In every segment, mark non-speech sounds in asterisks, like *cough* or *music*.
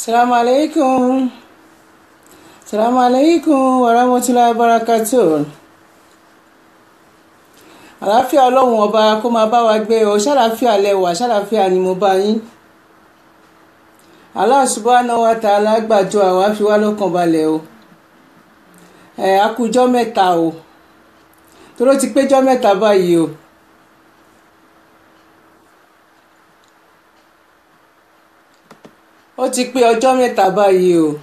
Assalamu alaikum. Assalamu alaikum wa rahmatullahi wa barakatuh. Àlàáfíà ọlọ́run ọba kó máa bá wa gbé o, ṣàlàáfíà lẹ́wà, ṣàlàáfíà ni mo bá yín. Allah subhanahu wa ta'ala gbàjọ àwa fi wá lọ́kàn balẹ̀ o. Ẹ̀ akújọ́ mẹ́ta o. Toró ti péjọ́ mẹ́ta báyìí o. ti pé ọjọ́ mẹ́ta báyìí o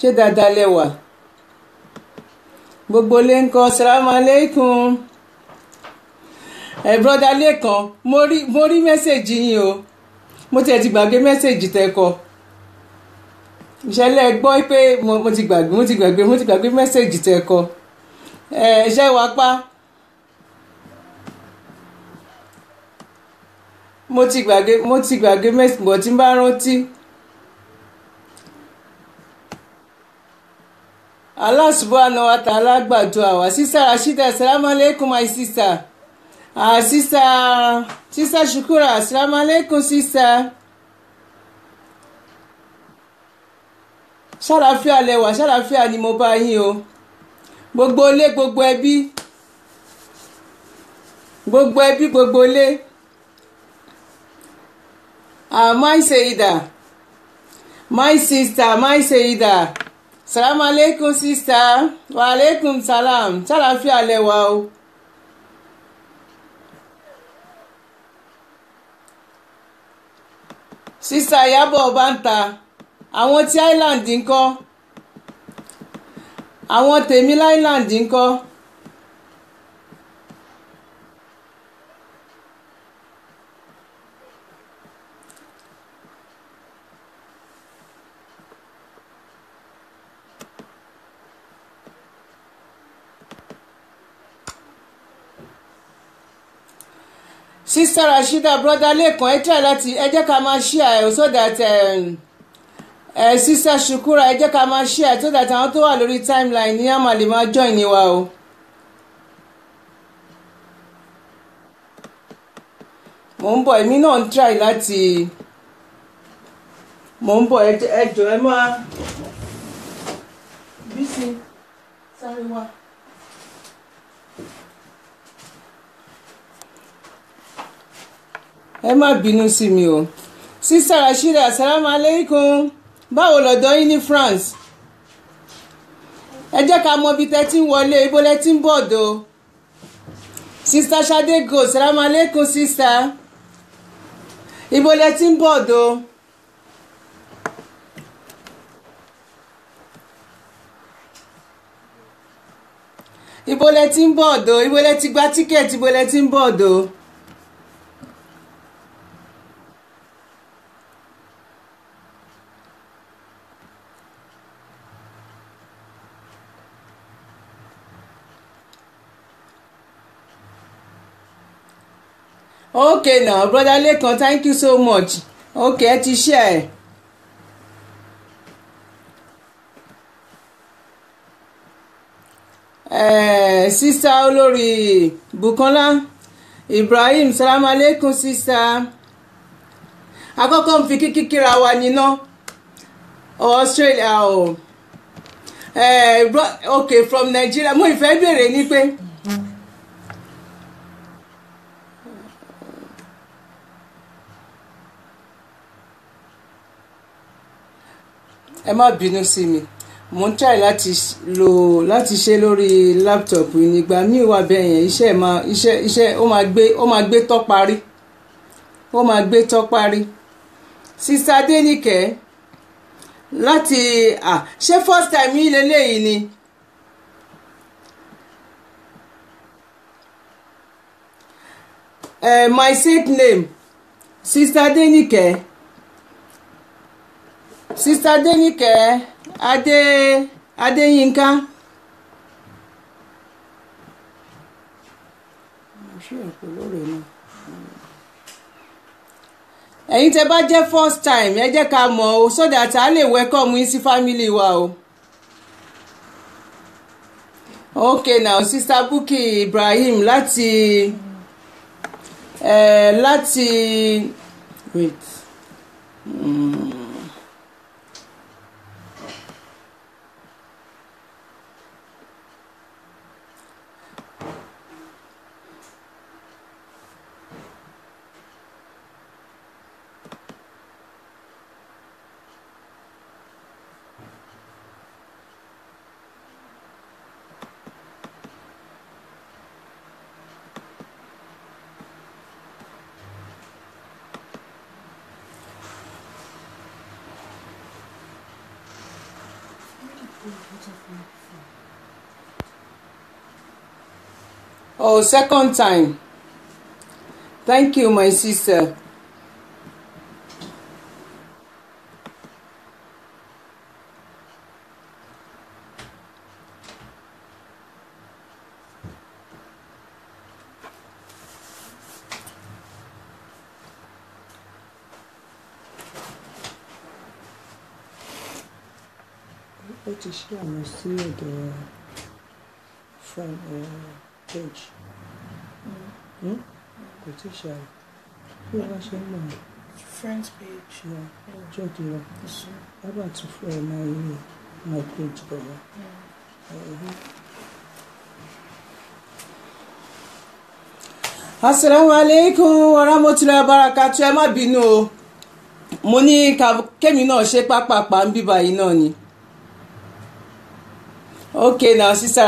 ṣé dáadáa lẹ́wà gbogbo lè ń kọ salamu aleykum ẹ broda lẹ́kan mo rí mẹ́sẹ̀gì yín o mo tiẹ̀ ti gbàgbé mẹ́sẹ̀gì tẹ́kọ̀ ìṣẹ̀lẹ̀ gbọ́ pé mo ti gbàgbé mo ti mẹ́sẹ̀gì tẹ́kọ̀ ẹ ṣẹ́ wá pa. mo ti gbàgbé mo ti gbàgbé mẹ́sìgbọ̀n tí n bá rántí. Allah subhanahu wa ta'ala gbàdúrà wa sísá Rashida assalamu alaikum my sister ah sísá sísá Shukura assalamu alaikum sísá. ṣàlàáfíà lẹwà ṣàlàáfíà ni mo bá yín o gbogbo ilé gbogbo ẹbí gbogbo ẹbí gbogbo ilé. Uh, my Saida. My sister, my Saida. Salam alaikum sister. Wa alaikum salam. Ṣàlàáfíà lẹ wà o. Sista Ìyábọ̀ Ọbàǹta. Àwọn tí Island ń kọ́. Àwọn tèmi Island ń sister Rashida brother Lẹ́kan ẹ try láti ẹ jẹ́ ká máa share ẹ̀ so that um, ẹ sister Shukura ẹ jẹ́ ká máa share so that àwọn tó wà lórí timeline ní àmà lè máa join ni wa o. mo ń bọ̀ èmi náà ń try láti mo ń bọ̀ ẹ jọ̀ọ́ ẹ máa Bísí sáré wá. ẹ má bínú sí mi o sísá Rashida assalamu alaikum báwo lọ́dọ̀ yín ní France ẹ jẹ́ ká mọ ibi tẹ́ ti ń wọlé ibo lẹ́ ti ń bọ̀dọ̀ sísá Ṣadé go assalamu alaikum sísá ibo lẹ́ ń bọ̀dọ̀. ibo lẹ ti ń bọ̀ ọ̀dọ̀ ibo lẹ gba tíkẹ́ẹ̀tì ibo lẹ ń bọ̀ ọ̀dọ̀. okay now brother Lekan thank you so much okay ẹ ti share. ẹ eh, sista olórí Bukola Ibrahim salamu aleykum sista akọ́kọ́ ń fi kíkí kíra wa níná Australia o oh. eh, okay from Nigeria mo ìfẹ́ bèrè ni pé. Mm -hmm. ẹ má bínú sí mi mo ń try láti lo láti ṣe lórí laptop ní ìgbà míì wà bẹ́ẹ̀ yẹn iṣẹ́ máa iṣẹ́ iṣẹ́ ó máa gbé ó máa gbé tọ́ parí ó máa gbé tọ́ parí sista Adéníkẹ́ láti à ṣé first time yín lélẹ́yìí ni. Uh, my sake name Sister Adéníkẹ́. sista denike ade adeyinka ẹ̀yin tẹ́ bá jẹ́ first time ẹ jẹ́ ká mọ̀ o so that a lè welcome yín sí family wa o. okay now sister buki Ibrahim láti uh, láti wait. Mm. Oh, second time. Thank you, my sister. ó ti ṣí àmì sí ọ̀dọ̀ uh, fún uh, page. Hmm? kò tí ì ṣàrò bí wọ́n friends page. Hmm. page hmm. uh-huh. asalaamualeykum warahmatulahi wabarakatu ẹ má bínú o mo ní kémi náà ṣe pápápá ń bíbá yìí náà ni ok now sister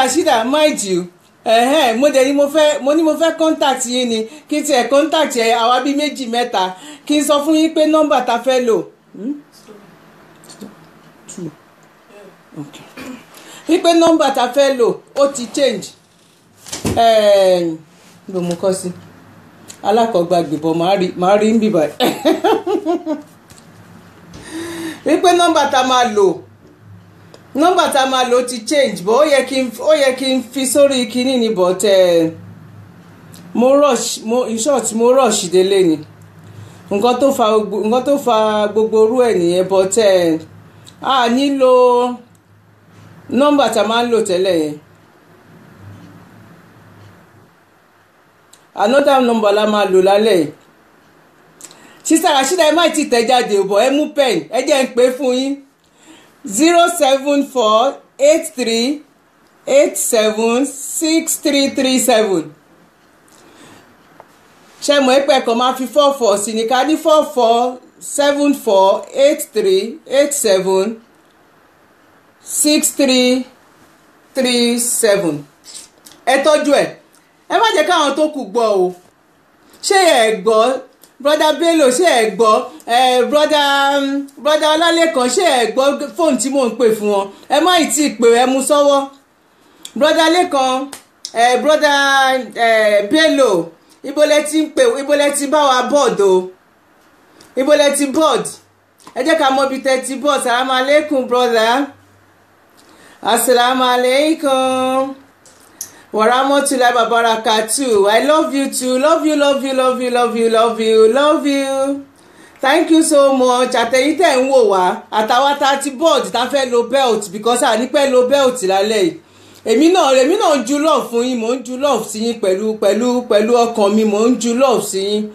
rashida ah mind you ẹ̀hẹ́n mo ni mo fẹ́ mo ní mo fẹ́ contact yín ni kí tiẹ̀ contact ẹ̀ àwa bíi méjì mẹ́ta kí n sọ fún yín pé nọ́mbà ta fẹ́ lò. Hmm? nọ́mbà ta fẹ́ lò ó ti change kọ́ sí rí ń *laughs* nọmba ta ma máa ti change bó o yẹ ki n ó yẹ fi sórí kinní ni but eh, mo rush mo in short mo rush délé ni nkan tó fa gbogbo oru ẹ̀ nìyẹn but uh, a nílò nọ́mbà tá a máa ń lò tẹ́lẹ̀ yẹn another number la ma lo lálẹ́ yìí sísá Rashida ẹ má ti tẹ̀ jáde bọ̀ ẹ mú pen ẹ jẹ́ ń pè fún yín zero seven four eight three eight seven six three three seven ṣe mo ẹ́pẹ́ kan máa fi four four sí ni ká ní four four seven four eight three eight seven six three three seven ẹ tọ́jú ẹ̀ ẹ má jẹ́ káwọn tó kù gbọ́ o ṣé ẹ gbọ́ broda bello ṣe ẹ gbọ́ broda broda um, ọlálẹ́kan ṣe ẹ gbọ́ fóònù tí mò ń pè fún wọn ẹ má ì tí ì pè ẹ mú sọ́wọ́ broda lẹ́kan broda bello ibolẹ ti ń pè ibolẹ ti bá wa board o ibolẹ ti board ẹ jẹ́ ká mọ ibi tẹ́ ti board salamaleykum broda asalaamualeykum warahmatullahi too. i love you too love you love you love you love you love you love you thank you so much àtẹ̀yìn tẹ̀ ń wò wá àtàwátá ti board tá a fẹ́ lo belt because a ní pẹ́ lo belt lálẹ́ yìí èmi náà èmi náà ń ju love fún yín mò ń ju love sí yín pẹ̀lú pẹ̀lú pẹ̀lú ọkàn mi mò ń ju love sí yín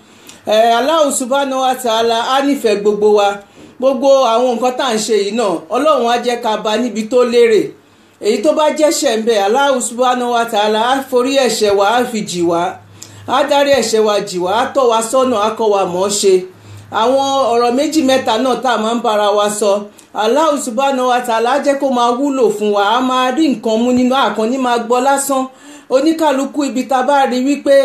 Allah subhanahu wa ta'ala á nífẹ̀ẹ́ gbogbo wa gbogbo àwọn nǹkan tá à ń ṣe yìí náà ọlọ́run á jẹ́ ká bá níbi tó lérè èyí tó bá jẹ́ṣẹ̀ ń bẹ Allahu subhanahu wa ta'ala á forí ẹ̀ṣẹ̀ wa á fi jì wá á dárí ẹ̀ṣẹ̀ wa jì wá á tọ́ wa sọ́nà á kọ́ wa mọ̀ ọ́ ṣe àwọn ọ̀rọ̀ méjì mẹ́ta náà tá a máa ń bára wa sọ Allahu subhanahu wa ta'ala á jẹ́ kó máa wúlò fún wa á máa rí nǹkan mú nínú àkànní máa gbọ́ lásán oníkálukú ibi tá a bá rí wípé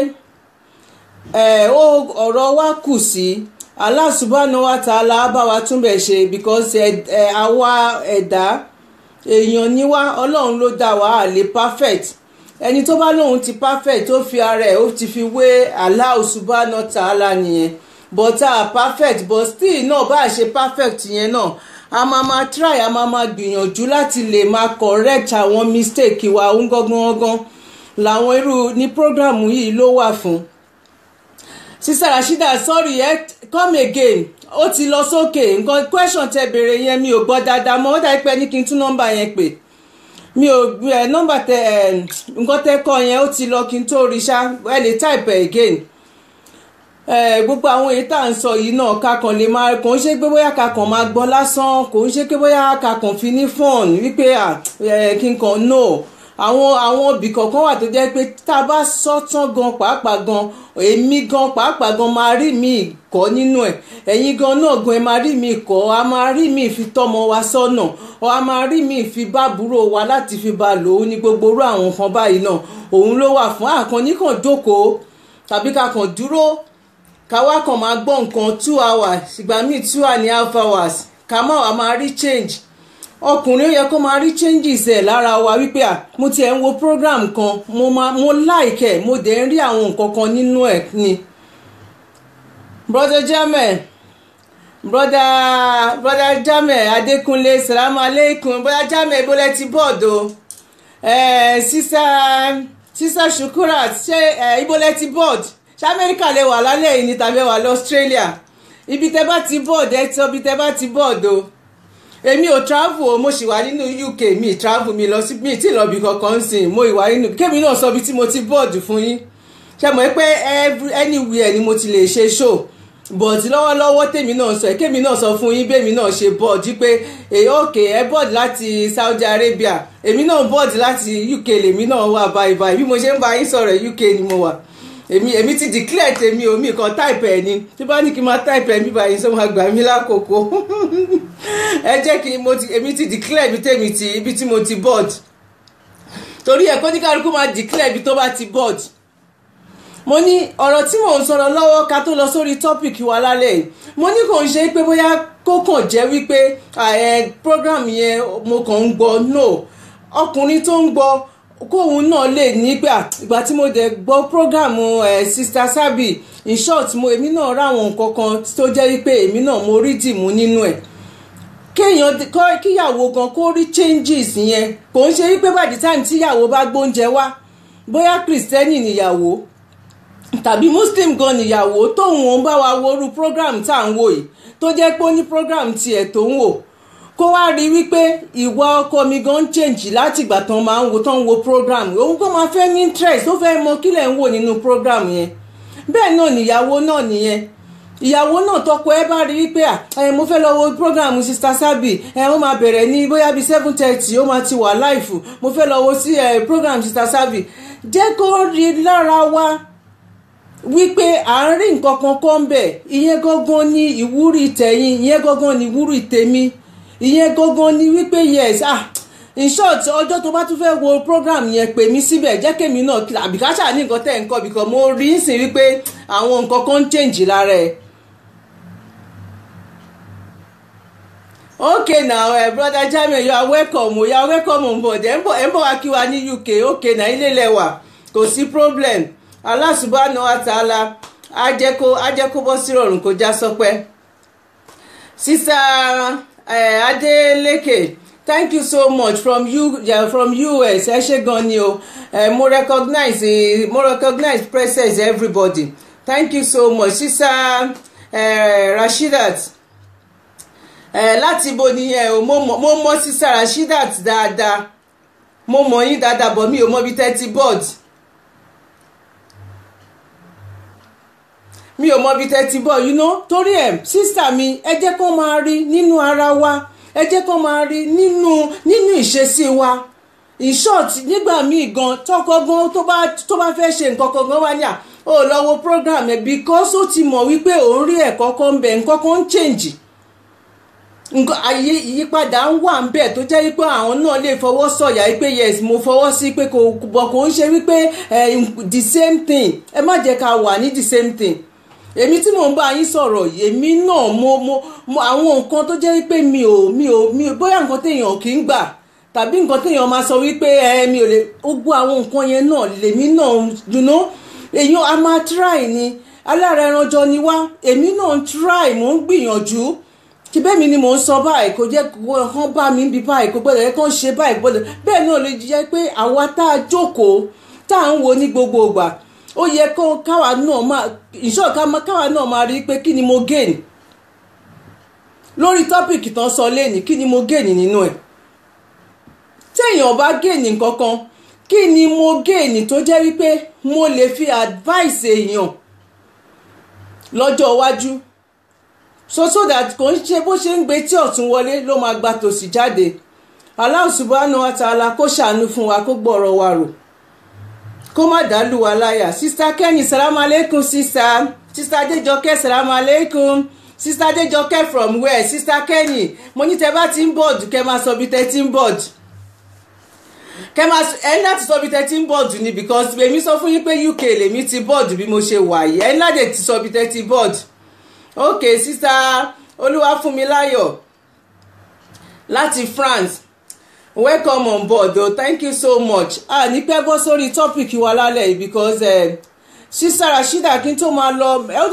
ọ̀rọ̀ wa kù sí Allah wa ta'ala á bá wa túnbẹ̀ ṣe because àwa ẹ̀dá èèyàn ni wá ọlọ́run ló dá wa àlè perfect ẹni tó bá lóun ti perfect ó fi ara ẹ̀ ó ti fi wé Allah subhanahu ta'ala nìyẹn but a perfect but still náà bá a ṣe perfect yẹn náà a máa ma try a máa ma gbìyànjú láti lè máa correct àwọn mistake wa ń gángan gángan làwọn irú ní program yìí ló wà fún sísá Rashida sorry ẹ come again ó ti lọ sókè nǹkan question tẹ béèrè yẹn mi ò gbọ́ dáadáa mọ́ ó dàbí pé ní kí n tún nọ́mbà yẹn pè mi ò ẹ nọ́mbà tẹ ẹ nǹkan tẹ kọ yẹn ó ti lọ kí n tó rí ṣá ẹ lè type ẹ again gbogbo àwọn èyí tá à ń sọ yìí náà kakàn lè máa kàn ń ṣe pé bóyá kakàn máa gbọ́ lásán kò ń ṣe pé bóyá kakàn fi ní fọ́ọ̀n wípé kí n kàn náà àwọn àwọn ibì kọ̀ọ̀kan wà tó jẹ́ pé tá a bá sọ tán gan pàápàá gan èmi gan pàápàá gan máa rí mi ìkọ́ nínú ẹ̀ ẹ̀yin gan náà gan ẹ máa rí mi ìkọ́ a máa rí mi fi tọ́mọ wa sọ́nà a máa rí mi fi bá àbúrò wa láti fi bá lò ó ní gbogbo orú àwọn nǹkan báyìí náà òun ló wà fún àkànní kan jókòó tàbí ká kàn dúró ká wá kàn máa gbọ́ nǹkan two hours ìgbà míì two and a half hours ká má wàá máa rí change ọkùnrin ó yẹ kó máa rí changes ẹ̀ lára wa wípé à mo tiẹ̀ ń wo program kan mo máa mo like ẹ̀ mo dẹ̀ ń rí àwọn nǹkan kan nínú ẹ̀ ni. brother Jamiu brother brother Jamiu Adékúnlé salamu aleykum brother Jamiu ibole ti bọ́ọ̀dù eh, sisa sisa Shukurat ṣe eh, ibole ti bọ́ọ̀dù ṣé Amẹ́ríkà lè wà lálẹ́ yìí ni tàbí wà lọ Australia ibi tẹ́ bá ti bọ́ọ̀dù ẹ tọ́ ibi tẹ́ bá ti bọ́ọ̀dù èmi ò travel o mo sì wà nínú UK mi travel mi lọ sí mi tí lọ bí kankan sìn mo ìwà nínú kémi náà sọ bí tí mo ti bọ́ọ̀dù fún yín ṣe mọ̀ pé anywhere ni mo ti lè ṣe show but lọ́wọ́lọ́wọ́ tèmi náà sọ kémi náà sọ fún yín bẹ́ẹ̀mi náà ṣe bọ́ọ̀dù pé èyí òkè ẹ bọ́ọ̀dù láti Saudi Arabia èmi náà bọ́ọ̀dù láti UK lèmi náà wà báyìí báyìí bí mo ṣe ń bá yín sọ̀rọ̀ UK ni mo wà èmi èmi ti declare tèmi omi kan type ẹ̀ ni tí bá ní kí n máa type ẹ̀ mi báyìí sọ ma gbà mí lákòókò *laughs* ẹ jẹ́ kí mo ti èmi ti declare ibi tèmi ti ibi tí mo ti board torí ẹ̀ kó ní kálukú máa declare ibi tó bá ti board mo ní ọ̀rọ̀ tí mò ń sọ̀rọ̀ lọ́wọ́ ká tó lọ sórí tọ́pìkì wa lálẹ́ yìí mo ní kò ń ṣe pé bóyá kó kàn jẹ́ wípé program yẹn mo kàn ń gbọ́ no ọkùnrin tó ń gbọ́ kóun náà lè nígbà ìgbà tí mo dẹ̀ gbọ́ program ẹ̀ Sister Sabi in short mo èmi náà ráwọn nǹkan kan tó jẹ́ wípé èmi náà mo rí dìmú nínú ẹ̀ kéèyàn kíyàwó gan kó rí changes yẹn kò ń ṣe wípé by the time tíyàwó bá gbóúnjẹ wá bóyá kristẹni nìyàwó tàbí muslim gan nìyàwó tóun ò ń bá wa wo irú program tá à ń wò yìí tó jẹ́ pé ó ní program tiẹ̀ tó ń wò kó wá rí wípé ìwà ọkọ mi gan ń change látìgbà tán máa ń wo tán ń wo program òun kó máa fẹ́ ní interest ó fẹ́ mọ kílẹ̀ ń wò nínú program yẹn bẹ́ẹ̀ náà nìyàwó náà nìyẹn ìyàwó náà tọkọ ẹ bá rí wípé ah, ẹ mo fẹ́ lọ wo program sista sabi ẹ ó máa bẹ̀rẹ̀ ní bóyá bíi seven thirty ó máa ti wà láìfù mo fẹ́ lọ wo sí program sista sabi jẹ́ kó rí lára wa wípé à ń rí nǹkan kan kọ́ ń bẹ̀ ìyẹn gangan ni ìwúrí tẹ̀yìn ìyẹn gangan ni ìwúrí tèmi ìyẹn gangan ni wípé yes ah in short ọjọ́ tó bá tún fẹ́ wo program yẹn pè mí síbẹ̀ jẹ́ kémi náà àbí ká ní nǹkan tẹ̀ ń kọ́ bìkọ́ rí ń wípé àwọn nǹkan kan ń change lára ẹ̀. okay now uh, brother Jamiu you are welcome oh, you are welcome on board ẹ̀ bọ̀ ẹ̀ bọ̀ wá kí wa ní UK okay náà ilé problem uh, Adeleke thank you so much from you yeah, from US ẹ ṣé gan ni o eh, mo recognize mo recognize presence everybody thank you so much sisa uh, eh, Rashidat uh, láti ibo nìyẹn o mo mọ sisa Rashidat dáadáa mo mọ yín dáadáa bọ̀ mi ò mọ ibi thirty, board mi ò mọ ibi ti bọ̀ yìí ná torí ẹ̀ mi ẹ jẹ́ kó máa nínú ara wa ẹ jẹ́ kó rí nínú nínú ìṣesí wa in short nígbà míì gan tọkọ gan tó bá tó bá fẹ́ ṣe nǹkan wá ní à ó lọ́wọ́ program ẹ̀ because ó ti mọ̀ wípé òun rí ẹ̀kọ́ kan ń ń change àyè ìyípadà ń wà ń bẹ̀ tó jẹ́ wípé àwọn náà lè fọwọ́ sọ̀yà wípé yes mo fọwọ́ sí pé kò bọ̀ kò eh, same thing èmi tí mò ń bá yín sọ̀rọ̀ èmi náà mo mo àwọn nǹkan tó jẹ́ pé mi ò mi ò mi bóyá nǹkan téèyàn kì í gbà tàbí nǹkan téèyàn máa sọ wípé ẹ mi ò lè gbogbo àwọn nǹkan yẹn náà lèmi náà dùnú èèyàn a máa try ni alára ẹranjọ ni wá èmi náà ń try mò ń gbìyànjú kí bẹ́ẹ̀ mi ni mò ń sọ báyìí kò jẹ́ kán bá mi bí báyìí kò gbọ́dọ̀ kán ṣe báyìí gbọ́dọ̀ bẹ́ẹ̀ náà ló jẹ́ pé àwa tá a jókòó tá à ń wo ní gbogbo ìgbà ó yẹ kó káwa náà máa ìṣọ́ káwa náà máa rí pé kí ni mo gain lórí tọ́pìkì tán sọ lẹ́nìí kí ni mo gain nínú ẹ̀ téèyàn bá gain nǹkan kí ni mo gain tó jẹ́ wípé mo lè fi advice èèyàn lọ́jọ́ iwájú so so that kò ń ṣe bó ṣe ń gbé tí ọ̀tún wọlé ló máa gba tòsí jáde Allah subhanahu kó ṣàánú fún wa kó gbọ́ ọ̀rọ̀ wa rò kó má dàlú wa láyà sista kẹ́ni salamu aleikum, sista sista adéjọkẹ́ salamu aleikum. sista adéjọkẹ́ from where sista kẹ́ni mo ní tẹ bá ti ń bọ̀d kẹ́ máa sọ bí tẹ ti ń bọ̀d kẹ́ máa ẹni láti sọ bí tẹ ń bọ̀d ni because èmi sọ fún yín pé UK lèmi ti bọ̀d bí mo ṣe wà yìí ẹni láti ti sọ bí tẹ ti bọ̀d ok sista olúwafúnmiláyọ̀ láti France welcome on board o thank you so much a ah, ní pẹ́ sori topic wa lálẹ́ yìí because eh, sisara shida kí n tó máa lọ ẹ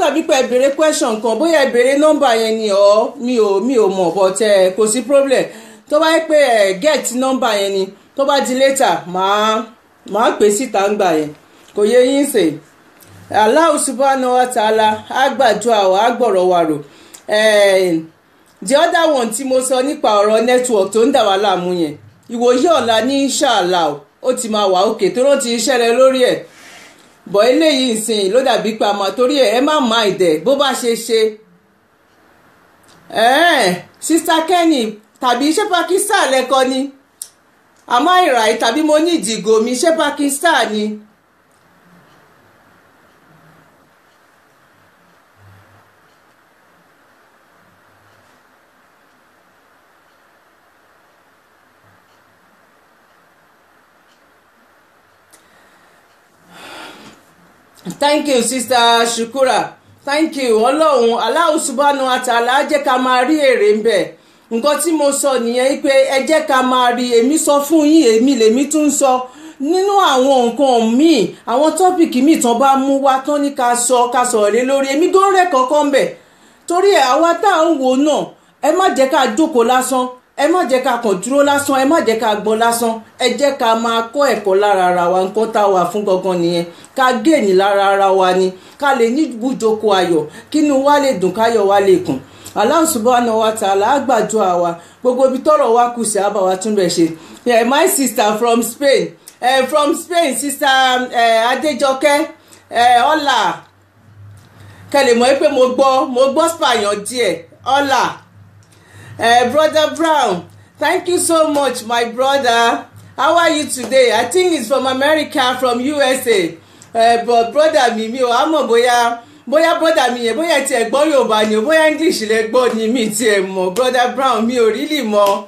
ó question kan bóyá ẹ béèrè nọ́mbà yẹn ni ọ mi o mi o mo but eh, ko si problem to ba yẹ eh, get nọ́mbà yẹn ni tó di later ma màá gbesi síta ń gbà yẹn kò yẹ yín sè Allah subhanahu wa ta'ala á wa á the other one tí mo sọ nípa ọ̀rọ̀ network tó ń dà láàmú yẹn ìwòye ọ̀la ní ṣàlà o ó ti máa wà òkè tó rántí iṣẹ́ rẹ lórí ẹ̀ bọ̀ eléyìí ìsìn ló dàbí pé àmọ́ torí ẹ̀ ẹ má má ìdẹ̀ bó bá ṣe ṣe sista Kenny tàbí ṣé Pakistan lẹ́kọ ni àmọ́ ìràì tàbí mo ní ìdìgò mi ṣé Pakistan ni. thank you sister shukura thank you ọlọ́run Allahu subhanahu wa ta'ala á jẹ́ ká máa rí èrè ń bẹ̀ nǹkan tí mo sọ nìyẹn pé ẹ jẹ́ ká máa rí èmi sọ fún yín èmi lèmi tún sọ nínú àwọn nǹkan míì àwọn tọ́pìkì míì tán bá mú wá tán ní ká sọ ká sọ̀rọ̀ lé lórí èmi gan rẹ̀ kọ̀ọ̀kan bẹ̀ torí àwa tá à ń wò náà ẹ má jẹ́ ká jókòó lásán ẹ má jẹ́ ká kàn dúró lásán ẹ má jẹ́ ká gbọ́n lásán ẹ jẹ́ ká máa kọ́ ẹ̀kọ́ lára ara wa nǹkan tá a wà fún gangan nìyẹn ká géènì lára ara wa ni ká lè ní ibùjókòó ayọ̀ kínú wa lè dùn káyọ̀ wa lè kàn Allah subhanahu wa ta'ala á gbàdúrà wa gbogbo ibi tọ́rọ̀ wa kù sí àbáwá tún bẹ̀ ṣe my sister from Spain uh, from Spain sister uh, Adéjọkẹ́ uh, eh, ọlà kẹlẹ mọ̀ pé mo gbọ́ mo gbọ́ spain spanish díẹ̀ ọlà. Uh, brother Brown, thank you so much, my brother. How are you today? I think it's from America, from USA. Uh, eh, but brother mi mi ò á Boya bóyá brother mi yẹn bóyá tiẹ̀ gbọ́ Yorùbá ni o bóyá English lẹ gbọ́ ni mi tiẹ̀ mọ̀ brother Brown mi ò rí lì mọ̀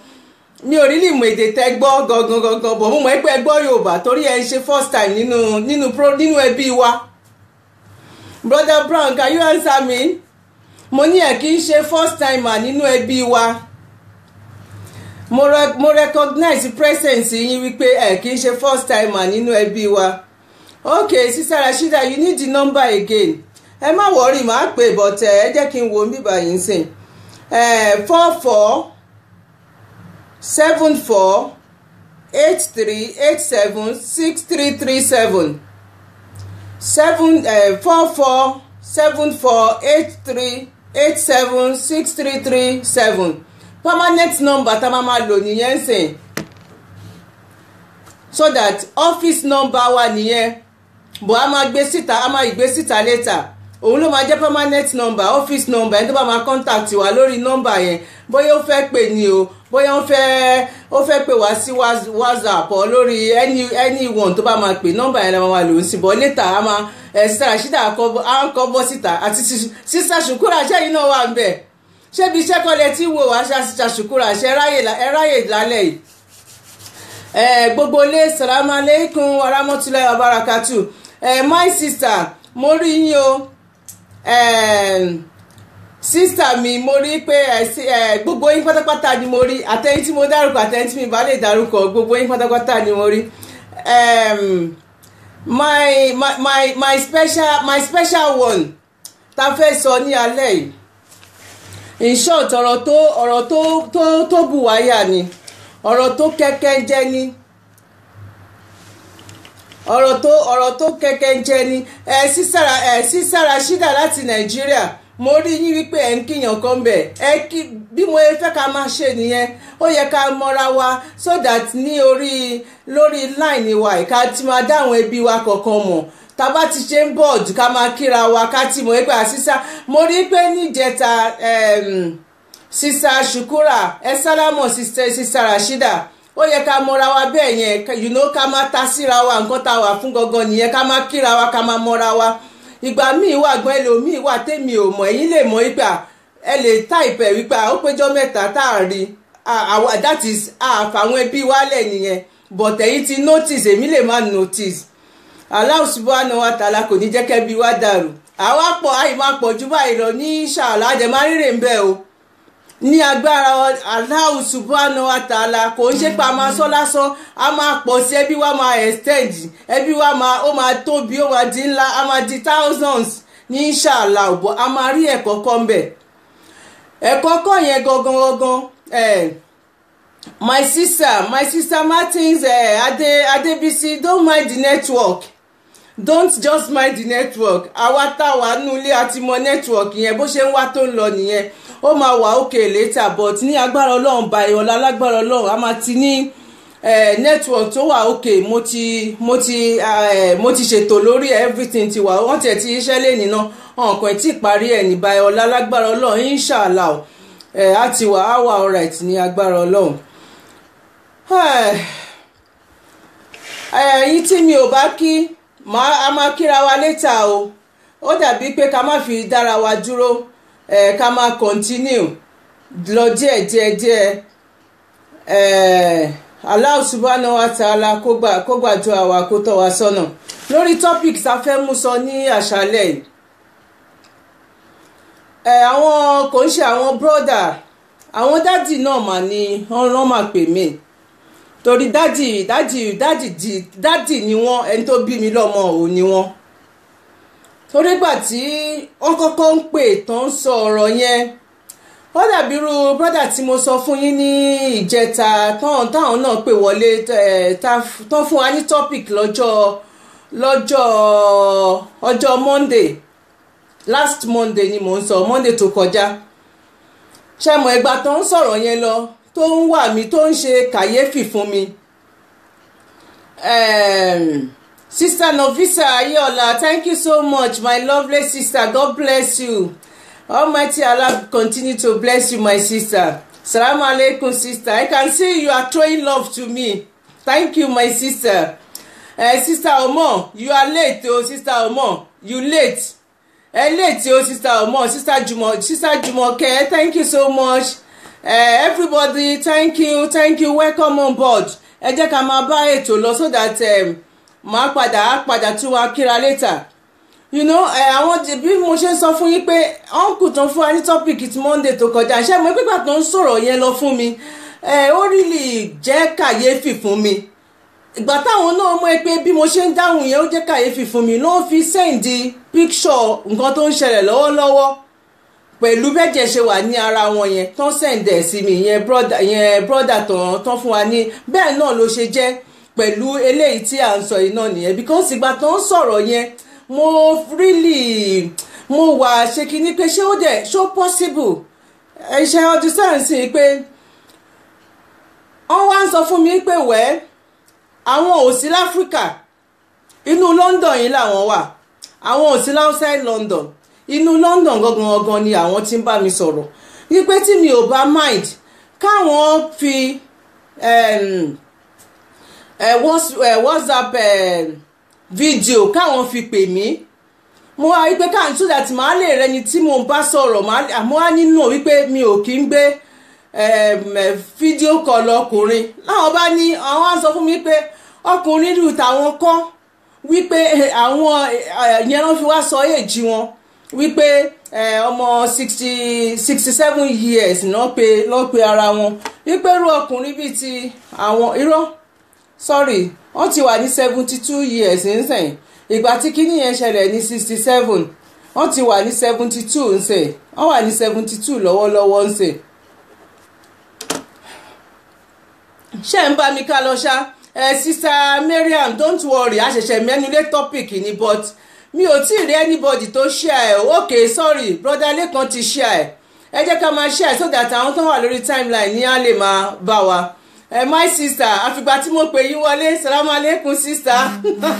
mi ò rí lè mọ èdè tẹ gbọ́ gangan gangan bọ̀ mo mọ̀ pé ẹ gbọ́ Yorùbá torí ẹ ń ṣe first time nínú nínú nínú ẹbí wa. Brother Brown, can you answer me? mo ní ẹ̀ kí n ṣe first timer nínú ẹbí wa mo, re mo recognize presence yín wípé ẹ̀ kí n ṣe first timer nínú ẹbí wa ok sister Rashida you need the number again ẹ má wọrí màá pè bọ̀tẹ̀ eh, ẹ jẹ́ kí n wo bíbá yìí sìn eh, four four seven four eight three eight seven six three three seven seven eh, four four seven four eight three eight seven six three three seven permanent number tá a máa máa lò nìyẹn sìn so that office number wa nìyẹn bọ̀ a máa gbé síta a máa ìgbé síta later òun ló máa jẹ́ permanent number office number ẹni tó bá máa contact wa lórí number yẹn bóyá ó fẹ́ pè ní o bóyá ó fẹ́ ó fẹ́ pè wá sí whatsapp ọ lórí any any one tó bá máa pè number yẹn la máa lò ó sí bọ́ later a máa ẹ̀ sísá àṣìdá à ń kọ́ bọ́ síta àti sísá ṣùkúrà ṣẹ́yìn náà wà ń bẹ̀ ṣébi iṣẹ́ kọ́lẹ̀ tí wò wá ṣàṣìṣà ṣùkúrà ṣẹ́ ráyè lálẹ́ yìí gbogbo ilé salamu aleykum warahmatulahi wabarakatu my sister mo rí yín o. Sista mi mo rí pé eh, eh, gbogbo yín pátápátá ni mo rí àtẹ̀yìn tí mo dárúkọ àtẹ̀yìn tí mi bá lè dárúkọ gbogbo yín pátápátá ni mo rí my my my my special my special one ta fẹ́ sọ ní alẹ́ yìí in short ọ̀rọ̀ tó ọ̀rọ̀ tó tó tó bù wáyà ni ọrọ tó kẹ́kẹ́ jẹ́ ni. ọ̀rọ̀ tó ọ̀rọ̀ tó kẹ̀kẹ́ ń jẹ ni ẹ sísára ẹ sísára ṣídà láti nàìjíríà mo rí yín wípé ẹ ń kíyàn kan bẹ̀ ẹ kí bí mo fẹ́ ká máa ṣe nìyẹn ó yẹ ká mọ́ra wa so that ní orí lórí line wa ìka tí máa dá àwọn ẹbí wa kọ̀ọ̀kan mọ̀ tàbá ti ṣe ń bọ̀dù ká máa kíra wa ká ti mọ̀ ẹgbẹ́ àṣìṣà mo rí pé níjẹta ehm, sísá ṣùkúrà ẹ sálámọ̀ sísá rashida. ó yẹ ká mọra wa bẹ́ẹ̀ yẹn you know ká wa nǹkan tá wà fún gangan nìyẹn ká wa ká má mọra wa ìgbà míì wà gan ẹlòmíì wà tèmi ò mọ̀ ẹ̀yin lè mọ̀ ìgbà ẹ lè ta wípé péjọ mẹ́ta a rí that is àfàwọn ẹbí nìyẹn but ti notice èmi lè notice Allah wa kò wa dàrú àwa pọ̀ àyè máa pọ̀ jù báyìí lọ ní o. ní agbára Allahu subhanahu wa ta'ala kò ń ṣe pé a máa sọ lásán a máa pọ̀ sí ẹbí wa máa extend ẹbí wa máa ó máa tóbi ó máa di ńlá a máa di thousands ní ṣàlà òbọ̀ a máa rí ẹ̀kọ́ kan bẹ̀ ẹ̀kọ́ kan yẹn gangan gangan eh, my sister my sister Martins eh, Ade Adebisi don't mind the network don't just mind the network àwa táwa nulẹ̀ àti mọ network yẹn bó ṣe ń wá tó ń lọ nìyẹn ó máa wà ókè létà but ní agbára ọlọ́run bá ìrọ̀lá alágbára ọlọ́run a máa ti ní eh, network tó wà ókè mo ti mo ti eh, mo ti ṣètò lórí everything ti wà wọ́n tẹ̀ ti iṣẹ́ lé nínà ọ̀nkàn tí parí ẹ̀ ní báyọ̀ ọ̀lá ọlọ́run inshallah ẹ̀ eh, á ti wà á wà alright ní agbára ọlọ́run ẹ̀yin *sighs* tí mi ò bá kí a máa kíra wa létà o ó dàbí pé ká má fi dára wa dúró ẹ ká máa continue lọ díẹ̀ díẹ̀ díẹ̀ ẹ Allah subhanahu wa ta'ala kó gbàdúrà wa kó tọ́ wa sọ́nà lórí topic tá a fẹ́ mú sọ ní àṣálẹ̀ yìí ẹ àwọn kò ń ṣe àwọn broda àwọn dádì náà mà ní ọ̀ràn mà pè mí torí dádì dádì dádì ni wọ́n ẹni tó bí mi lọ́mọ òun ni wọ́n torí gbà tí wọ́n kọ́kọ́ ń pè tó ń sọ ọ̀rọ̀ yẹn ó dàbí irú brọ́dà tí mo sọ fún yín ní ìjẹta táwọn táwọn náà pè wọlé tán fún wa ní topic lọ́jọ́ lọ́jọ́ ọjọ́ monday last monday ni mò ń sọ monday tó kọjá ṣẹ́mu ẹgbà tó ń sọ̀rọ̀ yẹn lọ tó ń wà mí tó ń ṣe kàyéfì fún mi. Um, Sister Novisa Ayola, thank you so much, my lovely sister. God bless you. Almighty Allah continue to bless you, my sister. Salaam alaikum, sister. I can see you are throwing love to me. Thank you, my sister. Uh, sister Omo, you are late, oh, sister Omo. You late. ẹ eh, late, oh sister omo sister jumo sister jumoke thank you so much uh, everybody thank you thank you welcome on board ẹ jẹ́ ká máa so that um, màá padà á padà tún wa kíra létà you know àwọn bí mo ṣe ń sọ fún yín pé uncle tó ń fún wa ní topic ti monday tó kọjá ṣé mo pípa tó ń sọ̀rọ̀ yẹn lọ fún mi ó rí lè jẹ́ kàyéfì fún mi ìgbà táwọn náà mọ̀ pé bí mo ṣe ń dáhùn yẹn ó jẹ́ kàyéfì fún mi ló ń fi sẹ́ǹdì picture nǹkan tó ń ṣẹlẹ̀ lọ́wọ́lọ́wọ́ pẹ̀lú bẹ́jẹ̀ ṣe wà ní ara wọn yẹn tán sẹ́ǹdẹ̀ sí mi yẹn brọ́dà tán fún wa ní bẹ́ẹ̀ náà ló ṣe jẹ́ pẹ̀lú eléyìí tí à ń sọ yìí náà nìyẹn because ìgbà tó ń sọ̀rọ̀ yẹn mo really mo wà ṣe kínní pé ṣé ó dẹ̀ ṣó possible iṣẹ́ ọdún sáyẹ̀nsì pé wọ́n wá ń sọ fún mi pé wẹ́ àwọn ò sí láfíríkà inú London yìí làwọn wà àwọn ò sí outside London inú London gangan gangan ni àwọn ti ń bá mi sọ̀rọ̀ wípé tí mi ò bá mind káwọn fi. Um, Eh, whatsapp eh, eh, video káwọn fi pè mí mo wá wípé káwọn tún dàtí màá lè rẹni tí mo bá sọ̀rọ̀ mo wá nínú wípé mi ò kí ń gbé ehm, fídíò kọlù ọkùnrin láwọn bá ní àwọn á sọ fún mi pé ọkùnrin rú tàwọn kọ́ wípé àwọn yẹn ló fi wá sọ èjì wọn wípé ọmọ sixty sixty seven years náà pe lọ́ọ́ pe ara wọn wípé irú ọkùnrin bíi ti àwọn irọ́ sorry wọ́n ti wà ní seventy two years nsìn ìgbà tí kinní yẹn ṣẹlẹ̀ ní sixty seven wọ́n ti wà ní seventy two nsìn wọ́n wà ní seventy two lọ́wọ́lọ́wọ́ nsìn. ṣé ń bá mi ká lọ ṣá ẹ sista Mariam don't worry a ṣẹ̀ṣẹ̀ topic ni but mi ò tí ì rí anybody tó share ẹ̀ okay sorry brother Lẹ́kan ti share ẹ̀ ẹ jẹ́ ká máa share so that àwọn tó wà lórí timeline ní á lè máa bá wa ẹ eh, my sister àfìgbà tí mo pè yín wọlé salamu aleykum sister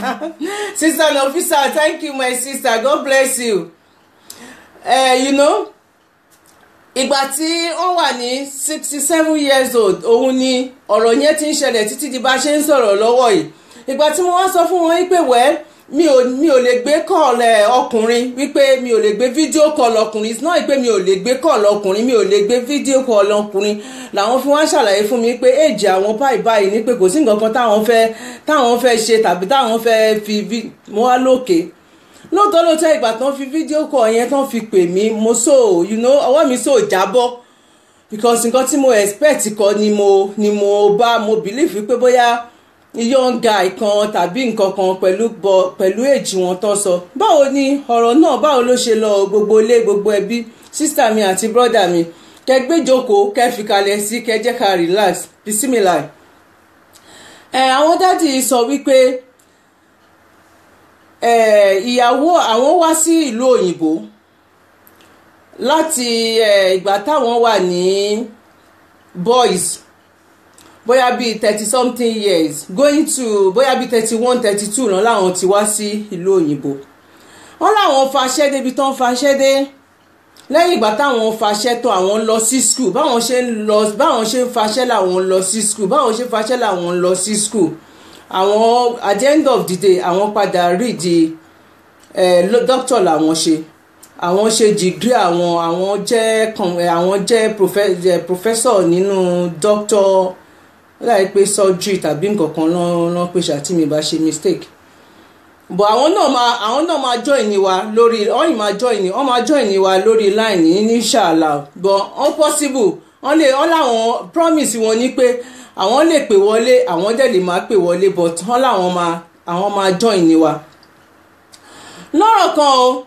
*laughs* sister and officer thank you my sister god bless you uh, you know ìgbà tí wọ́n wà ní sixty seven years old òun ni ọ̀rọ̀ yẹn ti ń ṣẹlẹ̀ títí di bá ṣe ń sọ̀rọ̀ lọ́wọ́ yìí ìgbà tí mo wá sọ fún wọn pé wẹ́ẹ́ mi ò mi ò lè gbé call eh, ọkùnrin wípé mi ò lè gbé video call ọkùnrin it's not pé mi ò lè gbé call ọkùnrin mi ò lè gbé video call ọkùnrin làwọn fi wá ṣàlàyé fún mi pé èjì àwọn báyìí báyìí ni pé kò sí nǹkan kan táwọn fẹ́ táwọn fẹ́ ṣe tàbí táwọn fẹ́ fi mo wá lókè lóòótọ́ lóòótọ́ ìgbà tán fi video call yẹn tán fi pè mí mo so you know ọwọ́ mi so jábọ́ because nǹkan tí mo expect kọ́ ni mo ni mo bá mo believe wípé bóyá young guy kan tàbí nǹkan kan pẹ̀lú bọ pẹ̀lú èjì wọn tó sọ báwo ni ọ̀rọ̀ náà báwo ló ṣe lọ gbogbo ilé gbogbo ẹbí sísítà mi àti brọ́dà mi kẹ gbéjókòó kẹ fìkàlẹ̀ sí kẹ jẹ́ ká relax bisimilah. ẹ àwọn dádì sọ wípé ẹ ìyàwó àwọn wá sí ìlú òyìnbó láti ìgbà táwọn wà ní boys bóyá bíi thirty something years going to bóyá bíi thirty one thirty two náà làwọn ti wá sí ìlú òyìnbó wọ́n làwọn faṣẹ́ débi tán faṣẹ́ dé lẹ́yìn ìgbà táwọn faṣẹ́ tó àwọn lọ sí skul báwọn ṣe ń lọ báwọn ṣe ń faṣẹ́ làwọn lọ sí skul báwọn ṣe ń faṣẹ́ làwọn lọ sí skul àwọn at the end of the day àwọn padà rí di eh, doctor làwọn ṣe àwọn ṣe degree àwọn àwọn jẹ́ eh, àwọn jẹ́ eh, professor nínú doctor ó dàbí pé surgery tàbí nǹkan kan lọ́n pèsè àti mi bá ṣe mistake but àwọn náà máa àwọn náà máa join ni wa lórí ọyìn máa join ni wọn máa join ni wa lórí line ní ṣàlà but wọn possible wọn lè wọn làwọn promise wọn ni pé àwọn lè pè wọlé àwọn dẹ̀ lè máa pè wọlé but wọn làwọn máa àwọn máa join ni wa lọ́rọ̀ kan o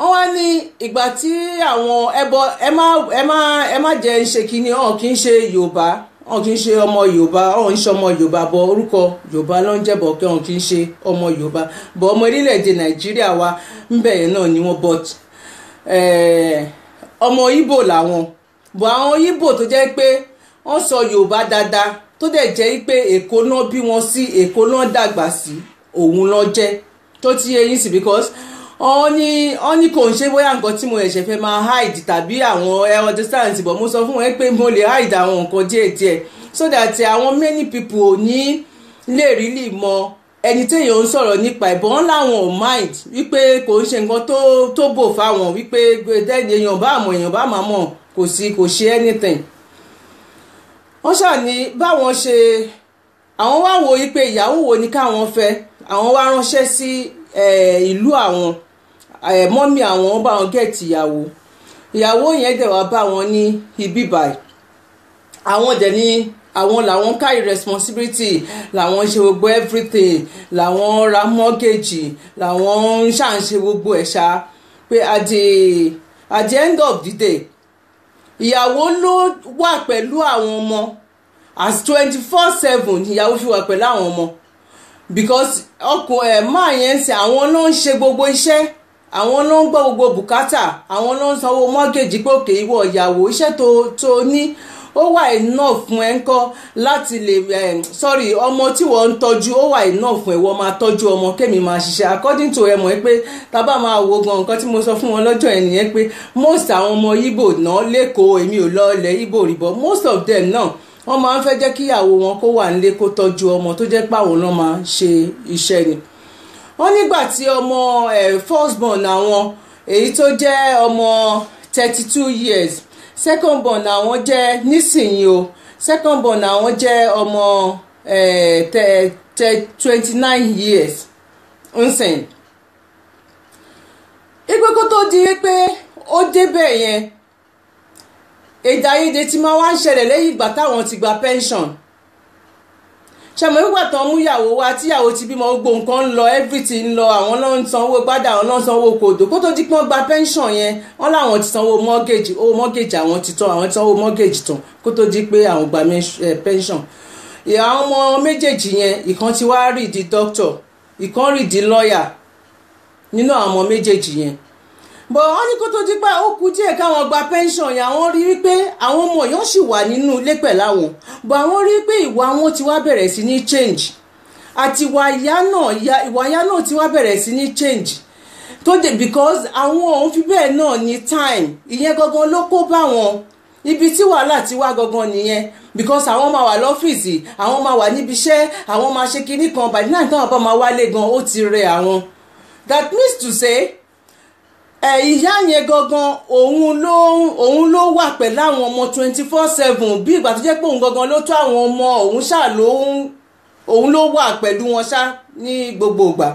wọ́n wá ní ìgbà tí àwọn ẹbọ ẹ má ẹ má ẹ má jẹ́ ń ṣe kínní ọ̀hún kì í ṣe yorùbá wọn kì í ṣe ọmọ yorùbá wọn ń ṣe ọmọ yorùbá bọ orúkọ yorùbá ló ń jẹ́bọ̀ kí wọn kì í ṣe ọmọ yorùbá bọ ọmọ orílẹ̀-èdè nàìjíríà wa ń bẹ̀yẹ̀ náà ni wọ́n bọ́t eh, ọmọ ibo làwọn bọ àwọn ibo tó jẹ́ pé wọ́n sọ yorùbá dáadáa tó dẹ̀ jẹ́ pé èkó náà bí wọn sí èkó náà dàgbà sí òun náà jẹ́ tó ti yẹ yín sí because ọ ní ọ ní kò ń ṣe bóyá nǹkan tí mo ẹ̀ṣẹ̀ fẹ́ máa hide tàbí àwọn ẹ understand but mo sọ fún wọn pé mo lè hide àwọn nǹkan díẹ̀ díẹ̀ so that àwọn many people ò ní lè rí lè mọ ẹni téèyàn ń sọ̀rọ̀ nípa ìbọn láwọn ò mind wípé kò ń ṣe nǹkan tó tó bò fáwọn wípé tẹ́lẹ̀ èèyàn bá àmọ̀ èèyàn bá máa mọ̀ kò sí kò ṣe anything wọ́n ṣáà ní báwọn ṣe àwọn wá wo ipe ìyàwó wo ni káwọn fẹ́ àwọn wá ránṣẹ́ sí ìlú àwọn. Eh, mọ́mí àwọn bá wọn gẹ̀ẹ́tì ìyàwó ìyàwó yẹn dẹ̀ wá bá wọn ní ibi báyìí àwọn dẹ̀ ní àwọn làwọn carry responsibility làwọn ṣe gbogbo everything làwọn ra mortgage làwọn ń ṣàǹṣe gbogbo ẹ̀ ṣá pé at the at the end of the day ìyàwó ló wà pẹ̀lú àwọn ọmọ as twenty four seven ìyàwó fi wà pẹ̀lú àwọn ọmọ because ọkùnrin ẹ̀ máa yẹn ṣe àwọn ló ń ṣe gbogbo iṣẹ́ àwọn ló ń gbọ́ gbogbo bùkátà àwọn ló ń sanwó mọ́gẹ́jì gòkè ìwọ ìyàwó iṣẹ́ tó tó ní ó wà iná fún ẹ ńkọ́ láti lè eh, sọ́rí ọmọ tí wọ́n ń tọ́jú ó wà iná fún ẹ wọ́n máa tọ́jú ọmọ kémi máa ṣiṣẹ́ according to ẹ mọ̀ pé tábà máa wo gan nǹkan tí mo sọ fún wọn lọ́jọ́ yẹn nìyẹn pé most àwọn ọmọ Ìgbò náà lẹ́kọ̀ọ́ èmi ò lọ ilẹ̀ Ìgbò rìbọ̀ most of them náà wọ́n máa ń fẹ́ jẹ́ kíyàwó wọn kó wà nílé kó tọ́jú ọmọ tó jẹ́ pàwọn náà máa ṣe iṣẹ́ ni wọ́n ti omo first born àwọn èyí tó jẹ́ ọmọ thirty two years second na wọn jẹ́ nísìnyí o second born àwọn jẹ́ ọmọ twenty nine years nsìn ìgbẹ́kọ̀ tó di pé ó débẹ̀ yẹn èdè àìyedè tí máa wá ń ṣẹlẹ̀ lẹ́yìn ìgbà táwọn ti gba pension ṣàmì wípé tán mú ìyàwó wa tíyàwó ti bímọ gbogbo nǹkan ń lọ everything ń lọ àwọn náà ń sanwó gbádà àwọn náà ń sanwó kòdò kó tó di pé wọ́n gba pension yẹn wọ́n láwọn ti sanwó mortgage owó mortgage àwọn ti tán àwọn ti sanwó mortgage tán kó tó di pé àwọn gba eh, pension àwọn ọmọ méjèèjì yẹn ìkan ti wá rí di doctor ìkan rí di lawyer nínú àwọn ọmọ méjèèjì yẹn bọ̀ wọ́n ní kó tó di pé ó kú díẹ̀ káwọn gba pension yẹn àwọn rí wípé àwọn ọmọ yẹn sì wà nínú ilé pẹ̀láwọn bọ̀ àwọn rí wípé ìwà wọn ti wá bẹ̀rẹ̀ sí ní change àti ìwà ìyá náà ìwà ìyá náà ti wá bẹ̀rẹ̀ sí ní change tó dé because àwọn òun fi bẹ́ẹ̀ náà ní time ìyẹn gangan ló kó bá wọn ibi tí wàhálà ti wá gangan nìyẹn because àwọn máa wà lọ́fíìsì àwọn máa wà níbi iṣẹ́ àwọn máa ṣe kinní kan bàdínà táwọn bá máa wálé gan ó ti rẹ àwọn that means to say ìyá yẹn gangan òun ló òun ló wà pẹ̀lú àwọn ọmọ twenty four seven bí ìgbà tó jẹ́ pé òun gangan ló tó àwọn ọmọ òun ṣáà ló ń òun ló wà pẹ̀lú wọn ṣá ní gbogbo ìgbà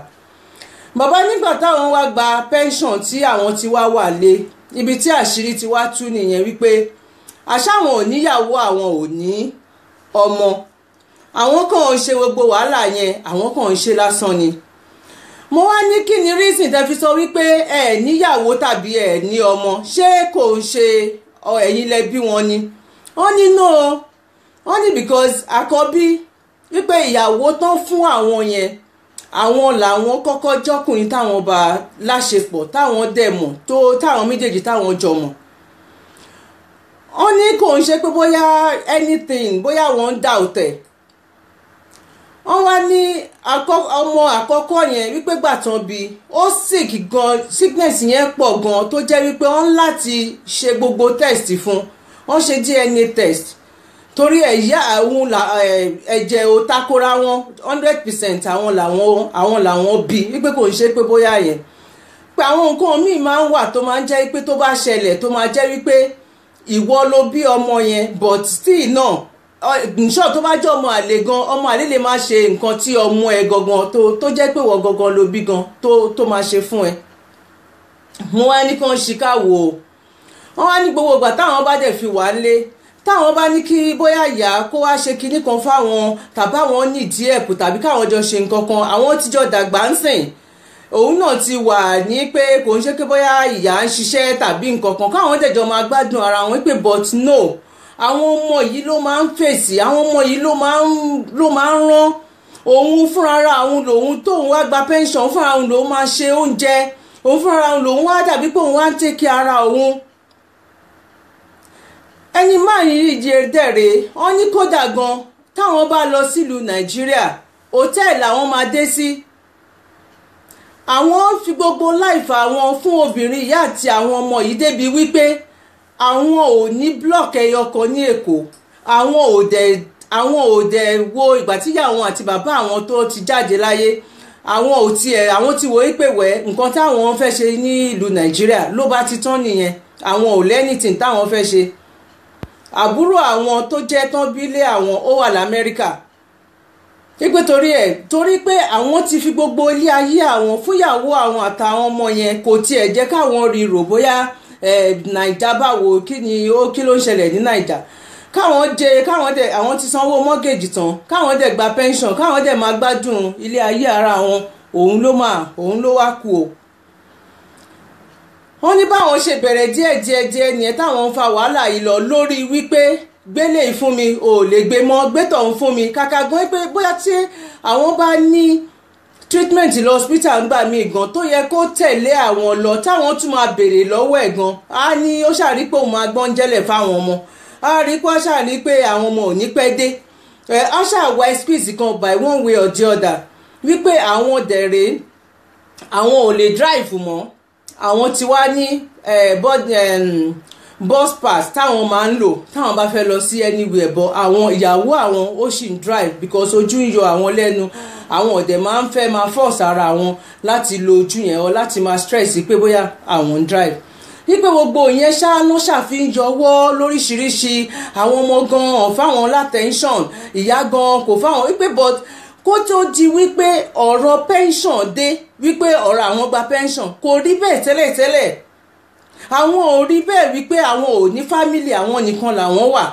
bàbá nígbà táwọn wá gba pension tí àwọn ti wá wà lé ibi tí àṣírí ti wá tú nìyẹn wípé àṣàwọn ò níyàwó àwọn ò ní ọmọ àwọn kan ń ṣe gbogbo wàhálà yẹn àwọn kan ń ṣe lásán ni mo wá ní kí ni reason tẹ́ fi sọ wípé ẹ níyàwó tàbí ẹ ní ọmọ ṣé kò ń ṣe ẹ̀yin lẹ bí wọn ni wọ́n ní no wọ́n ní because àkọ́bí wípé ìyàwó tán fún àwọn yẹn àwọn làwọn kọ́kọ́ jọ́kùnrin táwọn bá láṣepọ̀ táwọn dẹ̀ mọ̀ tó táwọn méjèèjì táwọn jọ mọ̀ wọ́n ní kò ń ṣe pé bóyá anything bóyá wọ́n ń dà ọ̀tẹ̀ wọ́n wá ní ọmọ àkọ́kọ́ yẹn wípé gbà tán bí ó sick gan sickness yẹn pọ̀ gan tó jẹ́ wípé wọ́n láti ṣe gbogbo test fún wọ́n ṣe DNA test torí ẹ̀yà àwọn ẹ̀jẹ̀ ò takora wọn hundred percent àwọn làwọn àwọn làwọn bí wípé kò ń ṣe pé bóyá yẹn pé àwọn nǹkan míì máa ń wà tó máa ń jẹ́ wípé tó bá ṣẹlẹ̀ tó máa jẹ́ wípé ìwọ ló bí ọmọ yẹn but still náà. No nṣọ́ tó bá jẹ́ ọmọ àlè gan ọmọ àlè lè máa ṣe nǹkan tí ọmọ ẹ gangan tó tó jẹ́ pé wọ́n gangan ló bí gan tó tó máa ṣe fún ẹ mo wá ní kí wọ́n ṣìkà wò ó wọ́n wá ní gbogbo ìgbà táwọn bá dẹ̀ fi wà lé táwọn bá ní kí bóyá ìyá kó wá ṣe kinní kan fáwọn tàbí àwọn nídìí ẹ̀kú tàbí káwọn jọ ṣe nǹkan kan àwọn ti jọ dàgbà ń sìn òun náà ti wà ní pé kò ń ṣe pé bóyá ìyá ń ṣiṣẹ́ tàbí nǹkan kan káwọn dẹ̀jọ́ máa gbádùn ara wọn pé but no àwọn ọmọ yìí ló máa ń fèsì àwọn ọmọ yìí ló máa ń ló máa ń rán òun fúnra òun lòun tóun wá gba pension fúnra òun lòun máa ṣe oúnjẹ òun fúnra òun lòun wá dàbí pé òun wá ń tèkì ara òun ẹni máa ń rí ìjẹ́dẹ̀rẹ́ wọn ní kódà gan táwọn bá lọ sílùú nàìjíríà hòtẹ́ẹ̀lì làwọn máa dé sí àwọn fi gbogbo láìfà wọn fún obìnrin ìyá àti àwọn ọmọ yìí débi wípé àwọn ò ní block ẹyọ kan ní èkó àwọn ò dẹ̀ àwọn ò dẹ̀ wo ìgbà tí àwọn àti bàbá àwọn tó ti jáde láyé àwọn ò tiẹ̀ àwọn ti wò ó pè wẹ́ nǹkan táwọn fẹ́ ṣe ní ìlú nàìjíríà ló bá ti tán nìyẹn àwọn ò lẹ́nìtìn táwọn fẹ́ ṣe àbúrò àwọn tó jẹ́ tán bílé àwọn ó wà lamẹ́ríkà pípé torí ẹ̀ torí pé àwọn ti fi gbogbo ilé ayé àwọn fúyàwó àwọn àtàwọn ọmọ yẹn kò tiẹ̀ jẹ́ káwọn rí rò bóyá Eh, nàìjà báwo kí ni ó kí ló ń ṣẹlẹ̀ ní nàìjà káwọn jẹ káwọn dẹ àwọn ti sanwó mọ́gẹ́jì tán káwọn dẹ gba pension káwọn dẹ máa gbádùn ilé ayé ara wọn òun ló máa òun ló wá kú o wọ́n ní báwọn ṣe bẹ̀rẹ̀ díẹ̀ díẹ̀ díẹ̀ nìyẹn táwọn ń fa wàhálà yìí lọ lórí wípé gbélé ìfún mi ò lè gbé mọ́ gbétọ̀ ń fún mi kàkà gan pé bóyá tí àwọn bá ní treatment lọ hospital ń gbà mí gan tó yẹ kó tẹ̀lé àwọn lọ táwọn tún máa béèrè lọ́wọ́ ẹ̀ gan á ní ó ṣàrí pé òun máa gbọ́n jẹ́lẹ̀ fáwọn ọmọ á rí pé ó ṣàrí pé àwọn ọmọ ò ní pẹ́ dé ẹ á ṣàwá excuse kan by one way or the other wípé àwọn dẹ̀rẹ̀ àwọn ò lè drive mọ́ àwọn ti wá ní bus pass táwọn máa ń lò táwọn bá fẹ́ lọ sí anywhere bọ́ àwọn ìyàwó àwọn ó sì ń drive because ojú ń yọ àwọn lẹ́nu àwọn ọ̀dẹ̀ máa ń fẹ́ máa force ara wọn láti lo ojú yẹn ọ láti máa stress pé bóyá àwọn ń drive wípé gbogbo ìyẹn ṣáánú ṣàfihàn ọwọ́ lóríṣiríṣi àwọn ọmọ gan-an fáwọn látẹ̀ńṣọ̀n ìyá gan-an kò fáwọn wípé but kó tó di wípé ọ̀rọ̀ pension dé wípé ọ̀rọ̀ àwọn gba pension kò rí bẹ́ẹ̀ tẹ́lẹ̀tẹ́lẹ̀ àwọn ò rí bẹ́ẹ̀ wípé àwọn ò ní fámìlì àwọn nìkan làwọn wà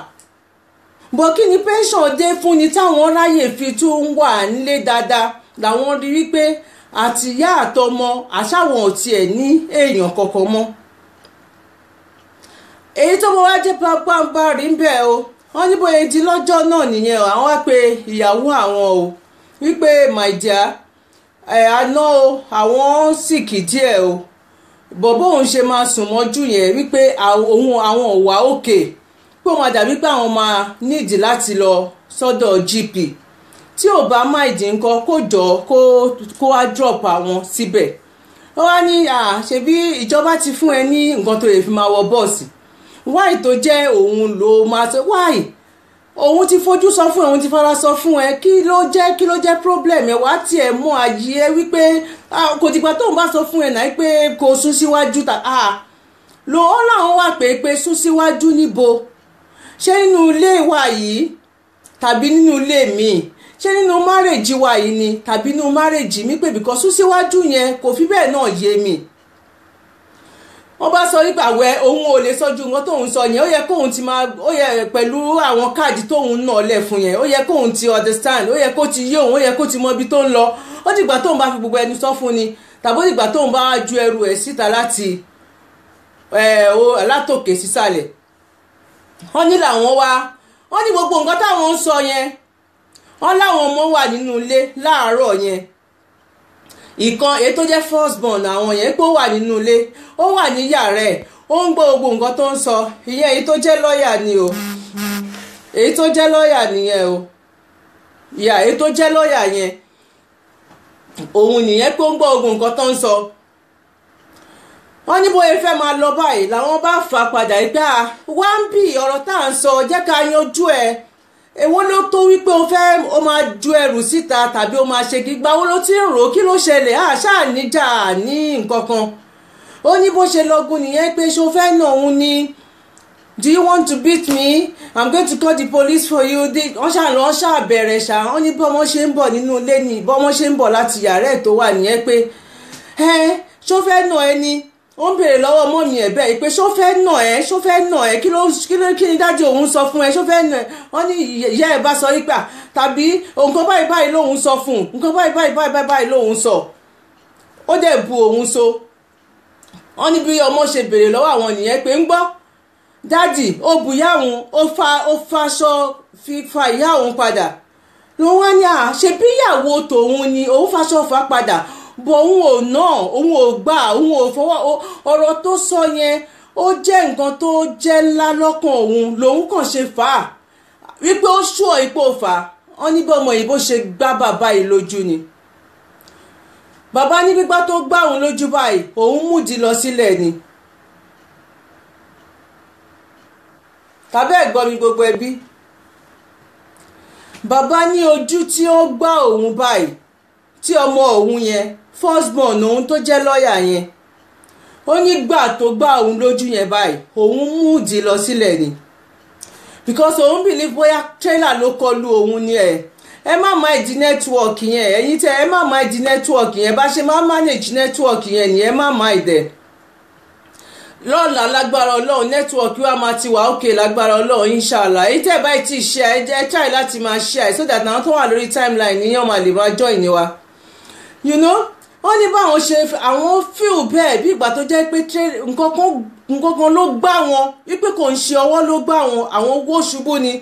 bó kí ni pension dé fún ni táwọn ráyè fi tún wà nílé dáadáa làwọn rí wípé àtìyá àtọmọ àṣàwọn ò tiẹ̀ ní èèyàn kankan mọ́ èyí tó mọ wá jẹ́ pàápàá rí ń bẹ̀ o wọ́n ní bóyá di lọ́jọ́ náà nìyẹn o àwọn á pe ìyàwó àwọn o wípé my dear ẹ̀ àná o àwọn sìkì díẹ̀ o bọ̀bọ́ òun ṣe máa sùn mọ́jú yẹn wípé àwọn òun àwọn ò wá òkè. Okay pé ó máa dàbí pé àwọn máa nídìí láti lọ sọ́dọ̀ GP tí ò bá má ìdí nǹkan kó jọ kó kó wá drop àwọn síbẹ̀ ó wá ní ṣebí ìjọba ti fún ẹ ní nǹkan tó lè fi máa wọ bọ́ọ̀sì wáì tó jẹ́ òun ló máa sọ wáì òun ti fojú sọ fún ẹ òun ti fara sọ fún ẹ kí ló jẹ́ kí ló jẹ́ problem ẹ wá tiẹ̀ mọ ayé ẹ wípé kò dìgbà tóun bá sọ fún ẹ náà pé kò sún síwájú ta lòun làwọn wà pé pé sún síwájú níbo ṣé nínú ilé wa yìí tàbí nínú ilé mi ṣé nínú márèjì wa yìí ni tàbí nínú márèjì mi pé bìkọ́ sún síwájú yẹn kò fi bẹ́ẹ̀ náà yé mi wọ́n bá sọ nípa àwẹ̀ òun ò lè sọ́jú nǹkan tóun sọ yẹn ó yẹ kóun ti máa ó yẹ pẹ̀lú àwọn káàdì tóun nà lẹ̀ fún yẹn ó yẹ kóun ti understand ó yẹ kó ti yé òun ó yẹ kó ti mọ ibi tó ń lọ ó dìgbà tóun bá fi gbogbo ẹnu sọ fún ni tàbí ó dìgbà tóun bá ju ẹrù ẹ̀ síta láti ẹ̀ látòkè sísàlẹ̀ wọ́n ní làwọn wá wọ́n ní gbogbo nǹkan táwọn ń sọ yẹn wọ́n láwọn ọmọ wà nínú ilé láàárọ̀ yẹn ìkan èyí tó jẹ́ first born àwọn yẹn pé ó wà nínú ilé ó wà ní yàrá ẹ̀ ó ń gbọ́ gbogbo nǹkan tó ń sọ ìyẹn èyí tó jẹ́ lọ́ọ̀yà ni o èyí tó jẹ́ lọ́ọ̀yà nìyẹn o ìyá èyí tó jẹ́ lọ́ọ̀yà yẹn òun nìyẹn pé ó ń gbọ́ gbogbo nǹkan tó ń sọ wọ́n ní bóyá fẹ́ máa lọ báyìí làwọn bá fà padà ìgbà wá ń bì ọ̀rọ̀ tá à ń sọ jẹ́ ká yanjú ẹ̀ èwo ló tó wípé o fẹ́ o máa ju ẹrù síta tàbí o máa ṣe gbígbà wo ló ti ń rò kí ló ṣẹlẹ̀ à níjà ní nǹkan kan ó ní bó ṣe lọ́gùn nìyẹn pé ṣo fẹ́ nà òun ni do you want to beat me i'm going to call the police for you wọ́n ṣáà lọ́ ṣáà bẹ̀rẹ̀ ṣá wọ́n ní bọ́mọ ṣe ń bọ̀ nínú ilé ni bọ́mọ ṣe ń bọ̀ láti yàrá ẹ̀ tó wà nìyẹn pé ẹ ṣo fẹ́ nà ẹni ó ń béèrè lọ́wọ́ ọmọ mi ẹ̀ bẹ́ẹ̀ pé ṣó fẹ́ nà ẹ́ ṣó fẹ́ nà ẹ́ kí ló kí ló kí ni dájú òun sọ fún ẹ ṣó fẹ́ nà ẹ́ wọ́n ní ìyá ẹ̀ bá sọ yípa tàbí nǹkan báyìí báyìí lòun sọ fún nǹkan báyìí báyìí báyìí báyìí lòun sọ ó dẹ̀ bu òun so wọ́n ní bí ọmọ ṣe béèrè lọ́wọ́ àwọn nìyẹn pé ń gbọ́ dádì ó bu ìyá òun ó fa ó faṣọ fi fa ìyá òun padà lòun wá ní à ṣe bí ìyàwó tòun ni òun faṣọ fà padà bọ̀ òun ò ná òun ò gbà òun ò fọwọ́ ọ̀rọ̀ tó sọ yẹn ó jẹ́ nǹkan tó jẹ́ ńlá lọ́kàn òun lòun kàn ṣe fà á wípé ó ṣú ọ ipò fà á wọn ní bí ọmọ yìí ṣe gbá bàbá yìí lójú ni bàbá ní gbígbá tó gbá òun lójú báyìí òun múdi lọ sílẹ̀ ni tàbí ẹ̀gbọ́n mi gbogbo ẹbí bàbá ní ojú tí ó gbá òun báyìí tí ọmọ òun yẹn firstborn òun tó jẹ́ lọ́ọ̀yà yẹn ó nígbà tó gbá òun lójú yẹn báyìí òun mú ìdí lọ sílẹ̀ ni because òun believe bóyá trailer ló kọlu òun ni ẹ̀ ẹ má má ìdí nẹ́tíwọ̀kì yẹn ẹ̀yin tẹ ẹ má má ìdí nẹ́tíwọ̀kì yẹn bá ṣe má manage network yẹn ni ẹ má má ìdẹ̀ lọ́ọ̀lá lágbára ọlọ́run nẹ́tíwọ̀kì wa máa ti wà òkè lágbára ọlọ́run inṣàlá èyí tẹ́ báyìí ti ṣe ẹ jẹ́ try láti máa share so that àwọn tó wà lórí timeline yẹn máa lè máa join ni wa you know wọ́n ní báwọn ṣe àwọn fíl bẹ́ẹ̀ bí ìgbà tó jẹ́ pé nǹkan kan ló gbá wọn wípé kò ń ṣe ọwọ́ ló gbá wọn àwọn owó ṣubú ni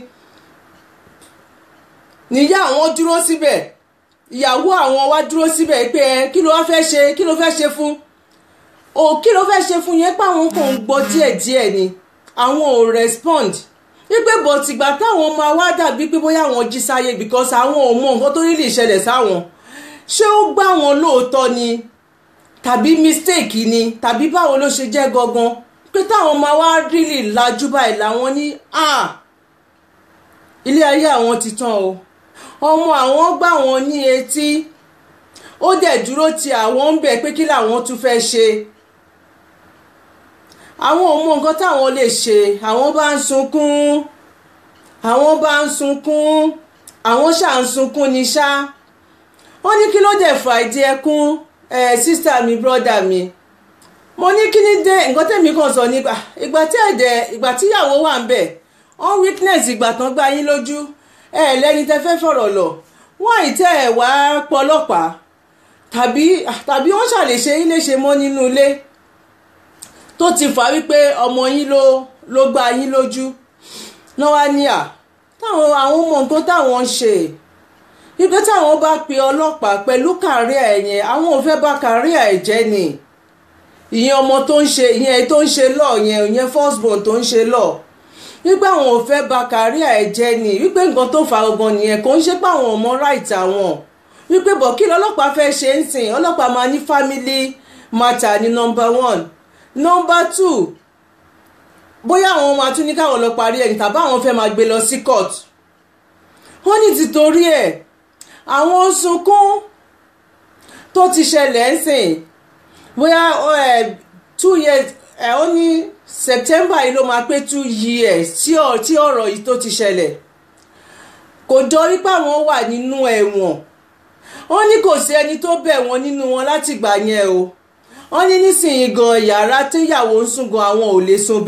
níyà àwọn dúró síbẹ̀ ìyàwó àwọn wá dúró síbẹ̀ pé ẹ kí ló wá fẹ́ ṣe kí ló fẹ́ ṣe fún o kí ló fẹ́ ṣe fún yẹn pé àwọn kò ń gbọ́ díẹ̀díẹ̀ ni àwọn ò respond wípé bọ̀tìgbà táwọn máa wá dàbí pé bóyá àwọn jí sáyé because àwọn ò mọ nǹkan tó rí lè ṣẹlẹ̀ sáwọn ṣé ó gbá wọn lóòótọ́ ni tàbí mistake ni tàbí báwo ló ṣe jẹ́ gangan pé táwọn máa wá rílì lajú báyìí làwọn ní ilé ayé àwọn ti tán o ọmọ àwọn gbà wọn ní etí ó dẹ̀ dúró ti àwọn ń bẹ̀ pé kí làwọn tún fẹ́ ṣe àwọn ò nǹkan táwọn lè ṣe àwọn bá ń sunkún àwọn bá ń sunkún àwọn ṣà ń sunkún ni ṣá ó ní kí ló dé fa ìdí ẹkún eh, sísá mi bírọ́dà mi mo ní kí ni dé nǹkan tẹ̀mí kan sọ nípa ah, ìgbà tí ẹ̀dẹ̀ ìgbà tíyàwó wà ń bẹ̀ on witness ìgbà tán gbá yín lójú ẹ lẹ́ni tẹ́ fẹ́ fọ̀rọ̀ lọ wọ́n ìtẹ́ ẹ̀ wá pọlọ́pàá tàbí ah, tàbí wọ́n ṣàlèṣe yín léṣe mọ́ nínú ilé tó ti fà wípé ọmọ yín ló ló gbá yín lójú náà wá ní à ah, táwọn àwọn ọmọ nǹkan táwọn ń ṣe ibi táwọn bá pe ọlọ́pàá pẹ̀lú kàríà ẹ̀ yẹn àwọn ò fẹ́ bà kàríà ẹ̀ jẹ́ ni ìyẹn ọmọ tó ń ṣe ìyẹn tó ń ṣe lọ yẹn ìyẹn first born tó ń ṣe lọ wípé àwọn ò fẹ́ bà kàríà ẹ̀ jẹ́ ni wípé nǹkan tó fa ọgbọ́n nìyẹn kò ń ṣe pé àwọn ọmọ right àwọn wípé bọ̀ kí lọ́lọ́pàá fẹ́ ṣe ń sìn ọlọ́pàá máa ní family matter ní number one number two bóyá àwọn ọmọ atúníkàwọ̀ lọ parí ẹ̀ ní tàbí àwọn fẹ́ máa gbé lọ sí court wọ́n ní ti torí ẹ̀ àwọn sunkún tó ti ṣẹlẹ̀ ń sìn bóyá two years ó ní September yìí ló máa pé two years tí ọ̀rọ̀ yìí tó ti ṣẹlẹ̀ kò dọrí pé àwọn wà nínú ẹ̀wọ̀n wọ́n ní kò sí ẹni tó bẹ̀ wọ́n nínú wọn látìgbà yẹn o wọ́n ní nísìnyí gan yàrá tíyàwó ń sùn gan àwọn ò lè sùn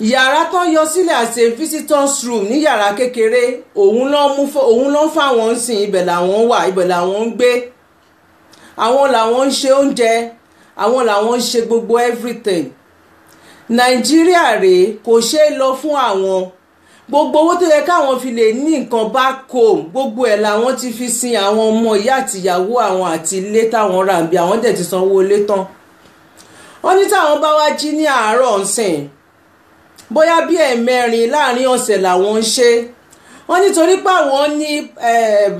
yàrá tó yọ sílẹ̀ àti visitors room ní yàrá kékeré òun ló mú òun ló ń fáwọn ń sìn ibẹ̀ làwọn wà ibẹ̀ làwọn ń gbé àwọn làwọn ń ṣe oúnjẹ àwọn làwọn ń ṣe gbogbo everything nàìjíríà rèé kò ṣeé lọ fún àwọn gbogbo owó tó yẹ káwọn fi lè ní nǹkan bá kó gbogbo ẹ̀ làwọn ti fi sin àwọn ọmọ ìyá àtìyàwó àwọn àti ilé táwọn rà àwọn dẹ̀ ti sanwó ilé tán wọ́n ní táwọn bá wá jí ní àárọ̀ ọ̀sìn bóyá bí ẹ̀ẹ̀mẹrin láàrin ọ̀sẹ̀ làwọn ń ṣe wọ́n nítorí pé àwọn ní ehm,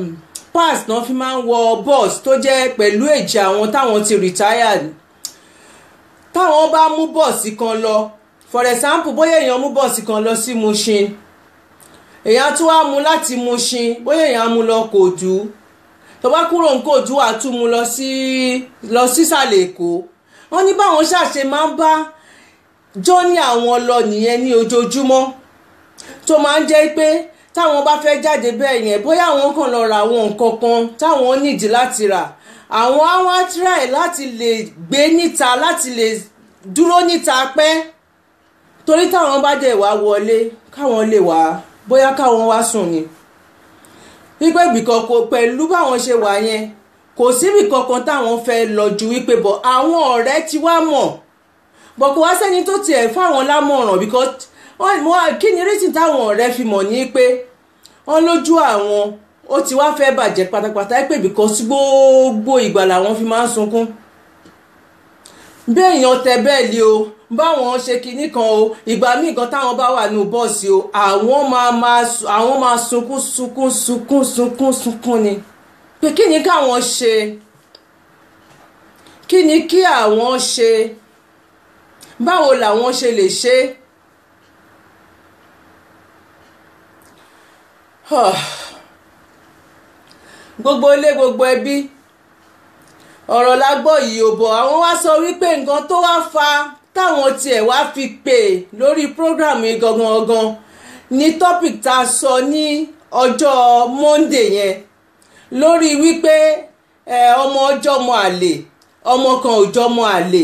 pass náà fi máa ń wọ bus tó jẹ́ pẹ̀lú èjì àwọn táwọn ti rìtáyà ni táwọn bá mú bọ́ọ̀sì kan lọ for example bóyá èèyàn mú bọ́ọ̀sì kan lọ sí Mushin èèyàn tún wá mú láti Mushin bóyá èèyàn mú lọ Kòdú tó bá kúrò ní Kòdú àtún mú lọ sí lọ sísàlẹ̀ Èkó wọ́n ní báwọn ṣàṣe máa ń bá jọ́ní àwọn lọ nìyẹn ní ojoojúmọ́ tó máa ń jẹ́ pé táwọn bá fẹ́ jáde bẹ́ẹ̀ yẹn bóyá àwọn kàn lọ ra àwọn nǹkan kan táwọn nídìí láti rà àwọn á wá try láti lè gbé níta láti lè dúró níta pẹ́ torí táwọn bá dẹ̀ wá wọlé káwọn lè wá bóyá káwọn wá sùn ni wípé bìkọ̀kọ̀ pẹ̀lú báwọn ṣe wà yẹn kò síbì kankan táwọn fẹ́ lọ ju wípé bọ̀ àwọn ọ̀rẹ́ ti wá mọ̀ bọ̀ kò wá sẹ́ni tó tiẹ̀ fáwọn lámọ̀ràn because kí ni reason táwọn ọ̀rẹ́ fi mọ̀ ní pé wọ́n lójú àwọn ó ti wá fẹ́ bàjẹ́ pátápátá ẹ pé because gbogbo ìgbà làwọn fi máa ń sunkún bẹ́ẹ̀ yan tẹ bẹ́ẹ̀ lé o báwọn ṣe kinní kan o ìgbà míì kan táwọn bá wà nù bọ́ọ̀sì o àwọn máa máa àwọn máa sunkún sunkún sunkún sunkún sunkún ni pé kí ni káwọn ṣe kí ni kí àwọn ṣe báwo làwọn ṣe lè ṣe gbogbo ilé gbogbo ẹbí ọ̀rọ̀ la gbọ́ yìí ò bọ̀ àwọn wá sọ wípé nǹkan tó wá fa táwọn tiẹ̀ wá fi pè lórí program yìí gangan gangan ní topic tá a sọ ní ọjọ́ Monday yẹn lórí wípé ọmọ ọjọ́ ọmọ àlè ọmọ kan ò jọmọ àlè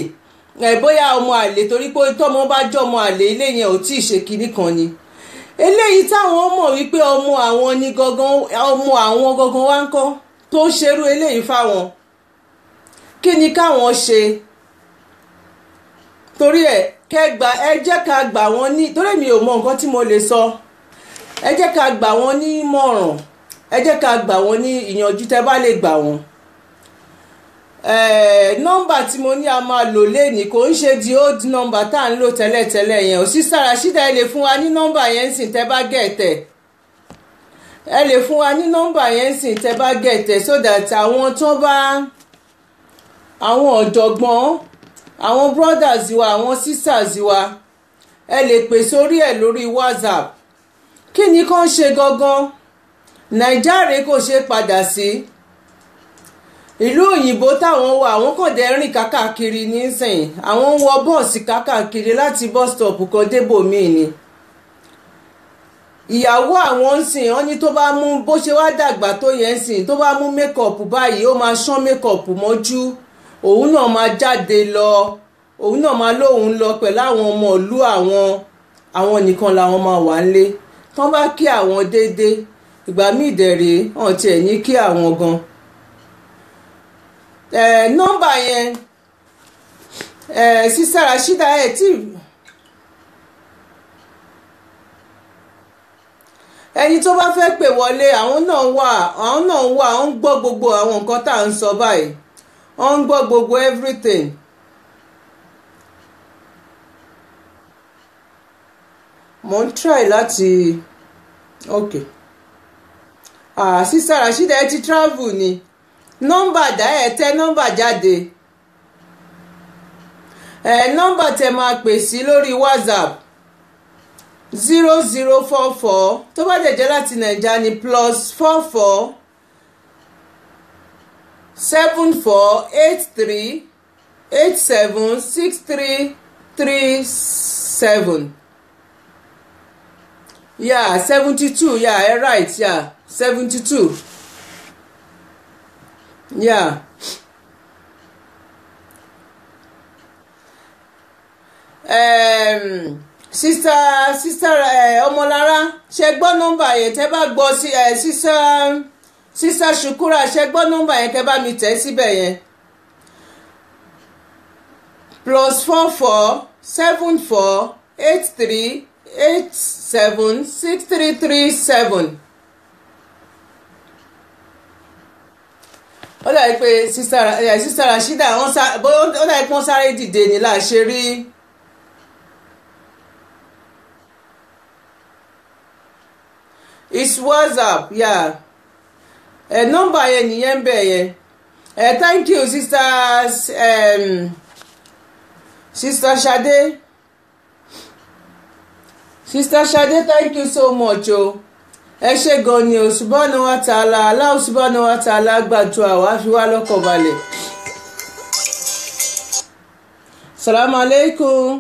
bóyá ọmọ àlè torí pé tọmọ bá jọ ọmọ àlè ilé yẹn ò tí ì ṣe kinní kan ni eléyìí táwọn mọ̀ wípé ọmọ àwọn ni gangan ọmọ àwọn gangan wá ń kọ́ tó ṣerú eléyìí fáwọn kí ni káwọn ṣe torí ẹ kẹgbà ẹ jẹ́ ká gbà wọ́n ní torí mi ò mọ nǹkan tí mo lè sọ ẹ jẹ́ ká gbà wọ́n ní ìmọ̀ràn ẹ jẹ́ ká gbà wọ́n ní ìyànjú tẹ́ bá lè gbà wọ́n. Eh, nọ́mbà tí mo ní a máa lò lénìí kò ń ṣe the old number tá à ń lò tẹ́lẹ̀tẹ́lẹ̀ yẹn ò sí sára ṣídà ẹ lè fún wa ní nọ́mbà yẹn sìn tẹ́ bá gẹ̀ẹ́tẹ̀ ẹ lè fún wa ní nọ́mbà yẹn sìn tẹ́ bá gẹ̀ẹ́tẹ̀ so that àwọn tó bá àwọn ọ̀jọ̀gbọ́n àwọn brothers wa àwọn sisters wa ẹ lè pè sórí ẹ̀ lórí whatsapp kí ni kàn ṣe gangan nàìjáre kò ṣe padà sí. Si ìlú òyìnbó táwọn wà àwọn kàn dé rìn kákàkiri nísìnyí àwọn ń wọ bọ́ọ̀sì kákàkiri láti bus stop kan débòmíì ni ìyàwó àwọn ń sìn wọn ní tó bá mú bó ṣe wá dàgbà tó yẹn ń sìn tó bá mú mékọ̀pù báyìí ó máa ṣán mékọ̀pù mọ́jú òun náà máa jáde lọ òun náà máa lóun lọ pẹ̀lú àwọn ọmọ ìlú àwọn àwọn nìkan làwọn máa wà ńlé tán bá kí àwọn déédéé ìgbà míì dẹ̀ rèé hàn tiẹ̀ ní kí àwọn gan-an nọ́mbà yẹn sísá Rasheedat ẹ̀ tí ẹni tó bá fẹ́ pè wọlé àwọn náà wà àwọn náà wà ó ń gbọ́ gbogbo àwọn nǹkan tá à ń sọ báyìí ó ń gbọ́ gbogbo everything. mo ń try láti ok ah sísá Rasheedat ẹ ti travel ni nọ́mbà dá ẹ tẹ nọ́mbà jáde ẹ nọ́mbà tẹ máa pè sí lórí whatsapp zero zero four four tó bá dẹ̀ jẹ́ láti nàìjíríà ní plus four four seven four eight three eight seven six three three seven yeah seventy two yeah right yeah seventy two. Yeah. Um, sister, sister sista ọmọlára ṣe gbọ́ nọ́mbà yẹn tẹ́ bá gbọ́ uh, sister, sister, Shukura ṣe gbọ́ nọ́mbà yẹn kẹ́ bá mi tẹ̀ síbẹ̀ yẹn plus four four seven four eight three eight seven six three three seven. ó dàbí pé sísá eh, Rashida ó dàbí pé wọ́n sáré dìde ní láṣẹ rí. it's whatsapp ya ẹ nọ́mbà yẹn nìyẹn ń bẹ yẹn ẹ thank you sisters. um, sister Shade sister Shade thank you so much o. Oh ẹ ṣe gan ni òṣùbọ́nà wa tààlà aláòṣùbọ́nà wa tààlà gbàdúrà wa fi wá lọ́kọ̀ balẹ̀. salamu aleykum.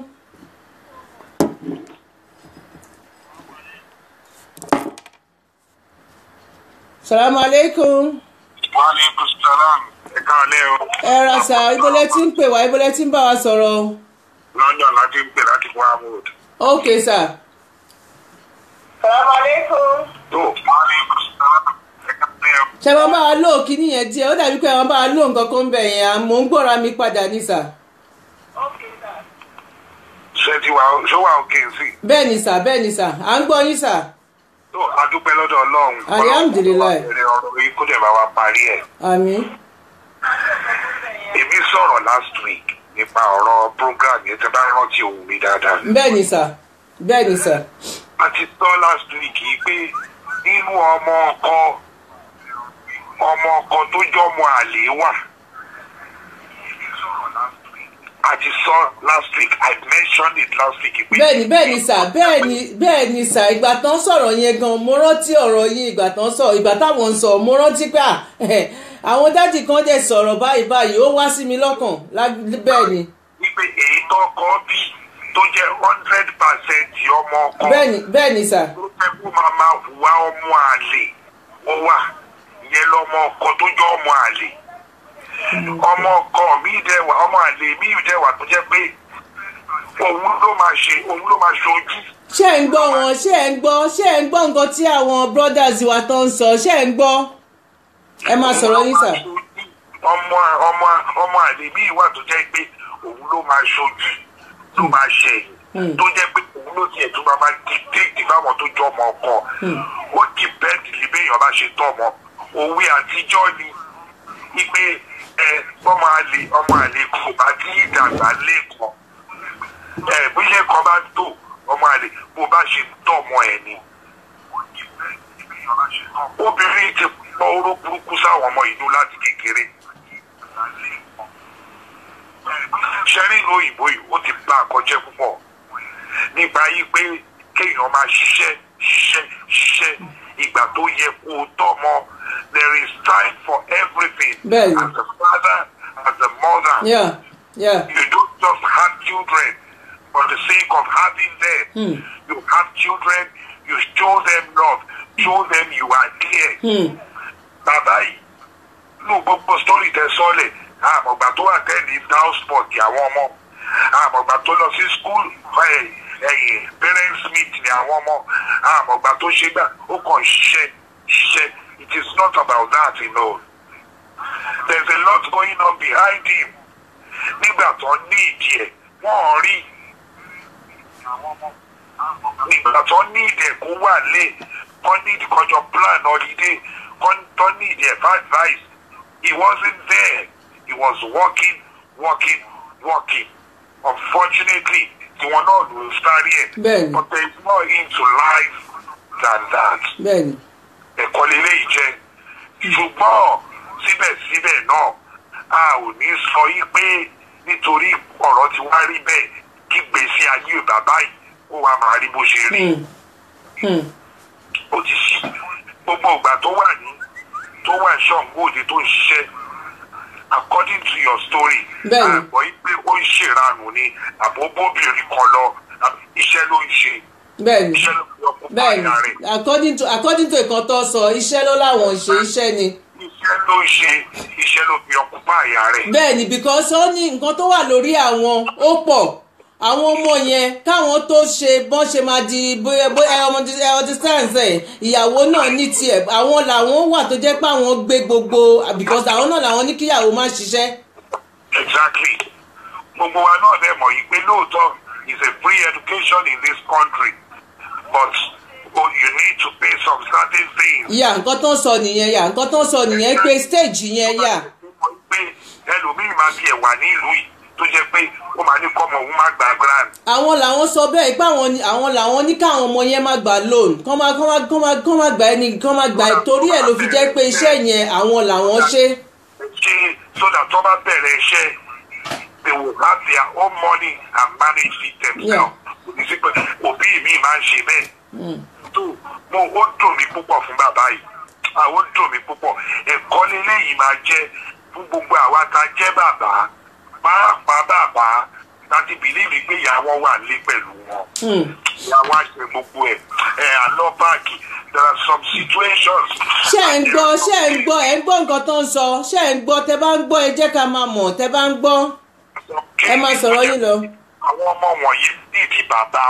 salamu aleykum. wa aleykum salam ẹ káàlẹ́ o. ẹ ra sa ibole tí ń pè wá ibole tí ń bá wa sọ̀rọ̀. london láti ń pè láti wá road. ok sir. ṣe máa bá wa lóò kíní yẹn díẹ̀ ó dàbí pé àwọn bá wa lóò nǹkan kan bẹ̀ yẹn mò ń gbọra mi padà ní sà. ṣé ti wà ṣó wà òkè sí. bẹ́ẹ̀ ni sà bẹ́ẹ̀ ni sà à ń gbọ́ yín sà. tó a dúpẹ́ lọ́dọ̀ ọlọ́run. alihamudulilayi. ọ̀rọ̀ yìí kó dẹ̀ bá wa parí ẹ̀. àmín. èmi sọ̀rọ̀ last week nípa ọ̀rọ̀ program yẹn tẹ́ bá rántí ohun mi dáadáa. bẹ́ẹ̀ ni sà bẹ́ẹ̀ ni sà. àti tọ́ last week yìí pé nínú ọmọ ọkọ ọmọ ọkọ tó jọmọ àlè wà àti sọ last week I mentioned it last week. bẹ́ẹ̀ni bẹ́ẹ̀ni sà bẹ́ẹ̀ni bẹ́ẹ̀ni sà ìgbà tán sọ̀rọ̀ yẹn gan mo rántí ọ̀rọ̀ yìí ìgbà tán sọ ìgbà táwọn ń sọ mo rántí pé ah, àwọn dádì kan dẹ̀ sọ̀rọ̀ báyìí báyìí ó wá sí mi lọ́kàn bẹ́ẹ̀ni. wípé èyí tó kọ́ bíi tó jẹ́ hundred percent ọmọ ọkọ bẹ́ẹ̀ni bẹ́ẹ̀ni sà tó fẹ́ kó máa ọmọ àlè ó wà yẹn lọmọ ọkọ tó jẹ́ ọmọ àlè ọmọ ọkọ mi dẹwà ọmọ àlè mi dẹwà tó jẹ́ pé òun ló máa ṣe òun ló máa ṣojú. ṣé ń gbọ́ wọn ṣé ń gbọ́ ṣé ń gbọ́ nǹkan tí àwọn brothers wa tó ń sọ ṣé ń gbọ́ ẹ máa sọ̀rọ̀ yín sà. ọmọ ọmọ ọmọ àlè mi wà tó jẹ́ pé òun ló máa ṣojú tó máa ṣe hmm. tó jẹ́ pé òun ló tiẹ̀ tó máa máa dìtẹ́ẹ̀tì fáwọn tó jọ ọmọ ọkọ hmm. ó ti bẹ́ẹ̀dì lè béèyàn bá ṣe tọ́ ọmọ òwe àtijọ́ ni wípé ẹ ọmọ àlè ọmọ àlè kò àti ìdàgbà lẹ́kọ̀ọ́ ẹ bíṣẹ́ kan bá tó ọmọ àlè bó bá ṣe tọ́ ọmọ ẹ̀ ni obìnrin ti pọ̀ oró burúkú sáwọn ọmọ ìlú láti kékeré ṣẹ́rí òyìnbó yìí ó ti bá àkọjẹ́ púpọ̀ nípa yí pé kéèyàn máa ṣiṣẹ́ ṣiṣẹ́ ṣiṣẹ́ ìgbà tó yẹ kó o tọ́ ọmọ there is time for everything Bẹ́ẹ̀ni. as a father as a mother yeah, yeah. you don't just have children for the sake of having them hmm. you have children you show them love show them you are there. Hmm. bàbá yìí nù gbogbo story tẹ sọ́lẹ̀. So àmọ̀gbà tó wà tẹ́ẹ̀dì downsport àwọn ọmọ àmọ̀gbà tó lọ sí school ẹ̀yìn eh, eh, parents meet ni àwọn ọmọ àmọ̀gbà tó ṣe gbà ó kàn ṣiṣẹ́ ṣiṣẹ́ it is not about that you know there is a lot going on behind him nígbà tó ní ìdí ẹ̀ wọ́n rí nígbà tó ní ìdí ẹ̀ kó wà lé kọ́ ní ìdíkọjọ plan holiday kọ́ tó ní ìdí ẹ̀ for advice he wasn't there he was working working working unfortunately he wọn not ló sáré ẹ but there is more into life than that ẹ̀kọ́ lélẹ́yìí jẹ́ ṣùgbọ́n síbẹ̀síbẹ̀ náà a ò ní sọ yí pé nítorí ọ̀rọ̀ tí wá rí bẹ́ẹ̀ kí gbèsè ayé bàbá yìí ó wàá máa rí bó ṣe hmm. hmm. ó ti ṣí gbogbo but tó wà ní tó wà ṣọ̀ǹgóòdì to ń ṣiṣẹ́ according to your story àgbọ̀ yìí pé ó ń ṣèrànù ni àbóbóbìnrin kan lọ iṣẹ́ ló ń ṣe bẹ́ẹ̀ni bẹ́ẹ̀ni according to according to ìkan tó sọ iṣẹ́ ló láwọn ń ṣe iṣẹ́ ni. iṣẹ́ ló ń ṣe iṣẹ́ ló fi ọkùnrin bá àyà rẹ̀. bẹ́ẹ̀ni because ó ní nǹkan tó wà lórí àwọn ó pọ̀ àwọn ọmọ yẹn káwọn tó ṣe bọ́n ṣe máa di ọdún sáǹsẹ̀ ìyàwó náà ní tiẹ̀ àwọn làwọn wà tó jẹ́ pé àwọn gbé gbogbo because àwọn náà làwọn ní kíyàwó má ṣiṣẹ́. exactly gbogbo wa náà dẹ̀ mọ̀ yìí pé lóòótọ́ is a free education in this country but oh, you need to pay some certain things. yà nǹkan tó ń sọ nìyẹn yà nǹkan tó ń sọ nìyẹn pé stage yẹn yà. ẹlòmíì máa fi ẹ̀wà ní ìlú yìí tó jẹ́ pé ó máa ní kọ́mọ òun má gba grant. àwọn làwọn sọ bẹ́ẹ̀ pé àwọn làwọn ní káwọn ọmọ yẹn má gba loan kán má kán má kán má kán má gba ẹni kán má gba torí ẹ̀ ló fi jẹ́ pé iṣẹ́ yẹn àwọn làwọn ṣe. ṣe sódà tó bá bẹ̀rẹ̀ iṣẹ́ they will have their own money and manage systems now. òbí sí pé òbí mi máa ń ṣe bẹ́ẹ̀. tó hmm. mo ó dùn mí púpọ̀ fún bàbá yìí àwọn ah, ó dùn mí púpọ̀ ẹ̀kọ́ nílé yìí máa jẹ́ fún gbogbo àwa tá jẹ́ bàbá pàápàá bàbá láti bìlíìfì pé ìyàwó wà lé pẹ̀lú wọn. Hmm. ìyàwó àṣẹ gbogbo ẹ̀ ẹ̀ àlọ́ báàgì there are some situations. ṣé ẹ̀ ń gbọ́ ṣé ẹ̀ ń gbọ́ ẹ̀ ń gbọ́ nǹkan tó ń sọ ṣé ẹ̀ ń gbọ́ tẹ bá ń gbọ́ ẹ jẹ́ ká máa mọ̀ tẹ bá ń gbọ́ ẹ máa sọ̀rọ̀ yín lọ. àwọn ọmọ wọ̀nyí nídi bàbá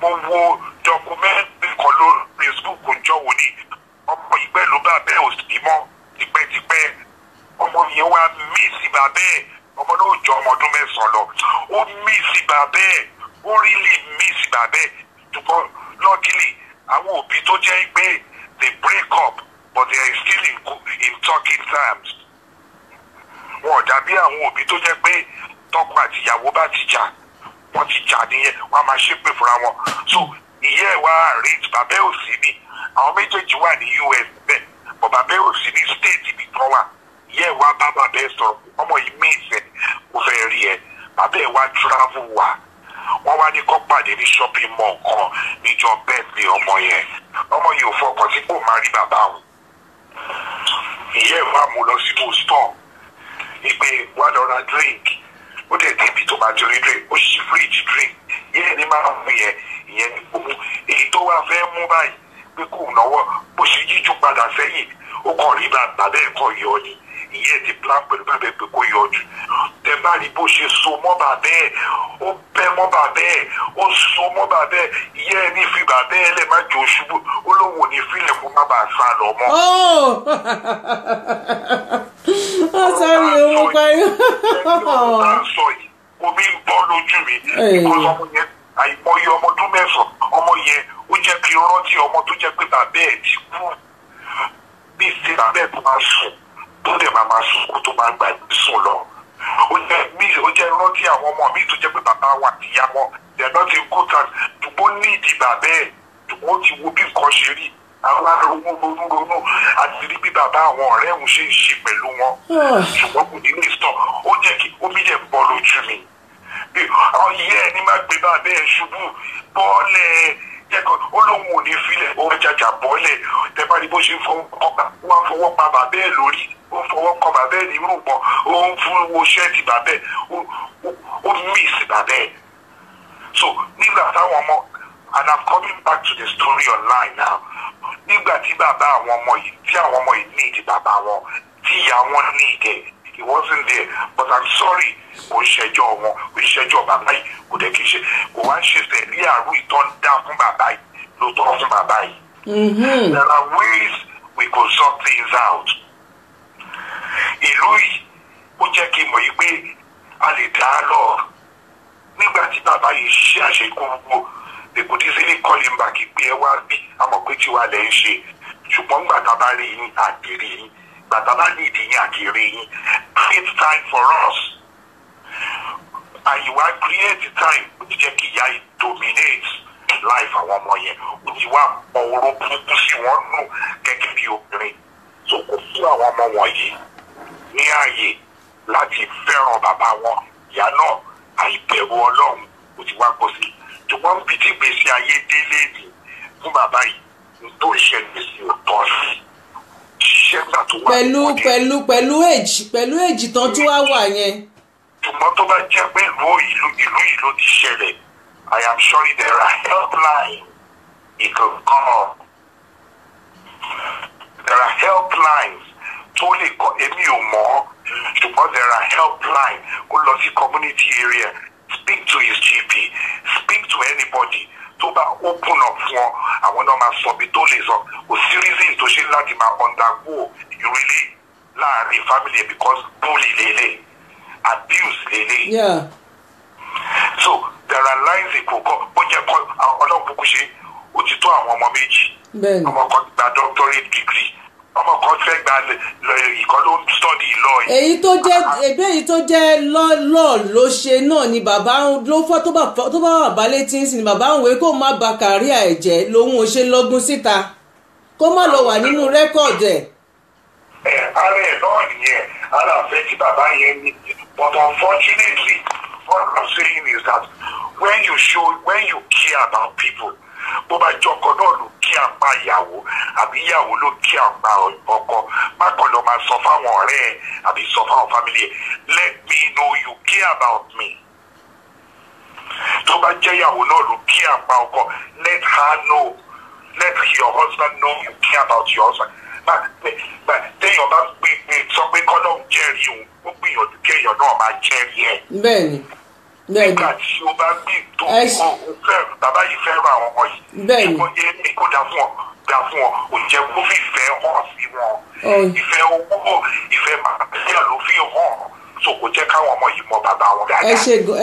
wọn mo wo dọkumẹ́ntì kan lórí Facebook jọ̀wọ́ ni ọmọ ìgbẹ́ ló bá bẹ́ẹ̀ òsì mọ́ tipẹ́tipẹ́ ọmọ yẹn wá mí sí bàbá ẹ̀ ọmọ náà jọ ọmọ ọdún mẹ́sàn-án lọ ó mísì bàbá ẹ̀ ó rílì mísì bàbá ẹ̀ ṣùgbọ́n luckily àwọn òbí tó jẹ́ pé they break up but they are still in, in talking terms wọn ò dàbí àwọn òbí tó jẹ́ pé tọkọ àtìyàwó bá ti jà wọ́n ti jà nìyẹn wọ́n á máa ṣépè fúnra wọn so ìyá ẹ̀ wá rèé bàbá ẹ̀ ò sí ní àwọn méjèèjì wà ní US bẹ́ẹ̀ but bàbá ẹ̀ ò sí ní state ibi kan wà yẹ wa bá bàbá ẹ sọ̀rọ̀ ọmọ yìí mí ìfẹ́ mo fẹ́ rí ẹ bàbá ẹ wá travel wá wọ́n wá ní kó ní shopping mall kan níjọ́ bẹ́ẹ̀ni ọmọ yẹn ọmọ yìí ò fọkàn tí kò máa rí bàbá òun ìyá ẹ̀ wá lọ sínú store ìpè wà lọ́ra drink ó dẹ̀ débi tó máa torí drink ó sì fridge drink yẹ́n ní máa mú yẹn ìyẹn ní kó mú èyí tó wá fẹ́ mú báyìí pé kò náwó bó ṣe yíjú padà sẹ́yìn ó kàn rí bàbá bẹ́ẹ̀ kàn yọ ni ìyẹn ti plan pẹ̀lú bàbá pé kó yọjú tẹ bá rí bó ṣe so mọ́ bàbá ẹ̀ ó bẹ́ mọ́ bàbá ẹ̀ ó so mọ́ bàbá ẹ̀ ìyẹn ẹni fi bàbá ẹ̀ lẹ̀ má jò ṣubú ó lóun ò ní filẹ̀ kó má bàa sá lọ mọ́. ó oh! *laughs* sọrí owó parí. omi ń bọ́ lójú mi because ọmọ yẹn àìmọye ọmọ ọdún mẹ́sàn-án ọmọ yẹn ó jẹ́ kí n rántí ọmọ tó jẹ́ pé bàbá ẹ̀ ti kú bí ìsinmi bàbá ẹ̀ tó máa sùn tó dẹ̀ máa máa sunkún tó máa gbàgbé sùn lọ ó jẹ́ mí ó jẹ́ rántí àwọn ọmọ mi tó jẹ́ pé bàbá wa ti yá wọn they're not in good times ṣùgbọ́n ní ìdìbà bẹ́ẹ̀ ṣùgbọ́n ti wo bí nǹkan ṣe rí àwọn ronú ronú ronú àti rí bí bàbá àwọn ọ̀rẹ́ òun ṣe ń ṣe pẹ̀lú wọn ah. ṣùgbọ́n kò ní ní sọ ó jẹ́ kí omi jẹ́ bọ́ lójú mi àwọn ìyá ẹni máa gbé bàbá ẹ̀ ṣubú bọ́ọ̀lẹ̀ jẹ́kọ̀ ó lóun ò ní filẹ̀ ó jàjà bọ́ọ̀lẹ̀ tẹ́ bá bó ṣe fọwọ́ pa bàbá ẹ̀ lórí ó fọwọ́ kọ bàbá ẹ̀ ní rúbọ̀ ó ń fún wo ṣẹ́ẹ̀tì bàbá ẹ̀ ó miss bàbá ẹ̀ so nígbà táwọn ọmọ and i'm coming back to the story online now nígbà tí bàbá àwọn ọmọ yìí tí àwọn ọmọ yìí need bàbá wọn tí ìyá wọn need he wasn't there but i'm sorry kò ṣẹjọ́ wọn kò ṣẹjọ́ bàbá yìí kò dẹ̀ kí ṣe kò wá ṣe sẹ̀ ní àrùn ìtọ́ dá fún bàbá yìí ló tọ́ fún bàbá yìí. Mm-hmm. there are ways we could sort things out ìlú yìí ó jẹ́ kí n mọ̀ yìí pé a lè dá a lọ nígbà tí bàbá yìí ṣe àṣekù gbogbo èkó tí sílé calling pé ẹ wá bí àmọ̀ pé tiwa lẹ̀ ń ṣe ṣùgbọ́n gbàtà bá rí yín àkèrè yín gbàtà bá ní ìdí yín àkèrè yín create time for us àyíwá create time ó ti jẹ́ kí ìyá yìí dominate life àwọn ọmọ yẹn ó ti wá ọ̀rọ̀ burúkú sí wọn nù gẹ́gẹ́ bí obìnrin so kò fún àwọn ọmọ wọ̀nyí ní ààyè láti fẹ́ràn bàbá wọn ìyá náà àìbẹ̀wò ọlọ́run kò ti wá gbọ́ sí i ṣùgbọ́n bí tí gbèsè ayé délé ni fún bàbá yìí tó ṣẹlẹ̀ sí ò sí ṣẹ́gbà pẹ̀lú pẹ̀lú pẹ̀lú èjì pẹ̀lú èjì tán tí wàá wà yẹn. ṣùgbọ́n tó bá jẹ́ pé ìlú ìlú yìí ló ti ṣẹlẹ̀ I am sorry there are helpline it can come there are helplines tó lè kọ èmi ò mọ̀ ṣùgbọ́n there are helplines kó lọ sí community area speak to his GP speak to anybody tó bá open up fún ọ àwọn náà máa sọ bí tó lè sọ kò sí reason tó ṣe láti máa undergo ìrìlẹ̀ láàrin family because bully lélẹ̀ abuse lélẹ̀. Yeah. so there are lines ìkókó bó jẹ́ kọ́ ọlọ́run kúkú ṣe ó ti tó àwọn ọmọ méjì ọmọ kan gba doctorate degree ọmọ kan fẹ́ gba ìkọ́ ló ń study law yìí. èyí tó jẹ́ èbí èyí tó jẹ́ lọ́ọ̀ ló ṣe náà ni bàbá ló fọ́ tó bá wà bá létí ń sìn ni bàbá òun kó má ba kàrí àìjẹ́ lòun ò ṣe lọ́gùn síta kó má lọ wà nínú rẹ́kọ̀dì ẹ̀. ẹ ara ẹ náà nìyẹn ara àfẹ tí bàbá yẹn ní but unfortunately what i'm saying is that when you show when you care about people bó bá jọkọ náà ló kí apá ìyàwó àbí ìyàwó ló kí apá ọkọ bákan máa sọ fáwọn ọ̀rẹ́ àbí sọ fáwọn fámìlì let me know you care about me tó bá jẹ́ ìyàwó náà ló kí apá ọkọ let her know let your husband know you care about your husband téèyàn bá gbé sọ pé kọ́lọ́ọ̀ jẹ́rìí òun ó gbìyànjú kéèyàn náà máa jẹ́rìí ẹ̀. bẹ́ẹ̀ni nígbà tí o bá bí tó o fẹ́ bàbá yìí fẹ́ ra àwọn ọmọ yìí ṣùgbọ́n èmi kò dá fún ọ dá fún ọ o jẹ kó fi ìfẹ́ hàn sí wọn ìfẹ́ owó ìfẹ́ màtíríà ló fi hàn so kò jẹ́ káwọn ọmọ yìí mọ bàbá wọn dáadáa.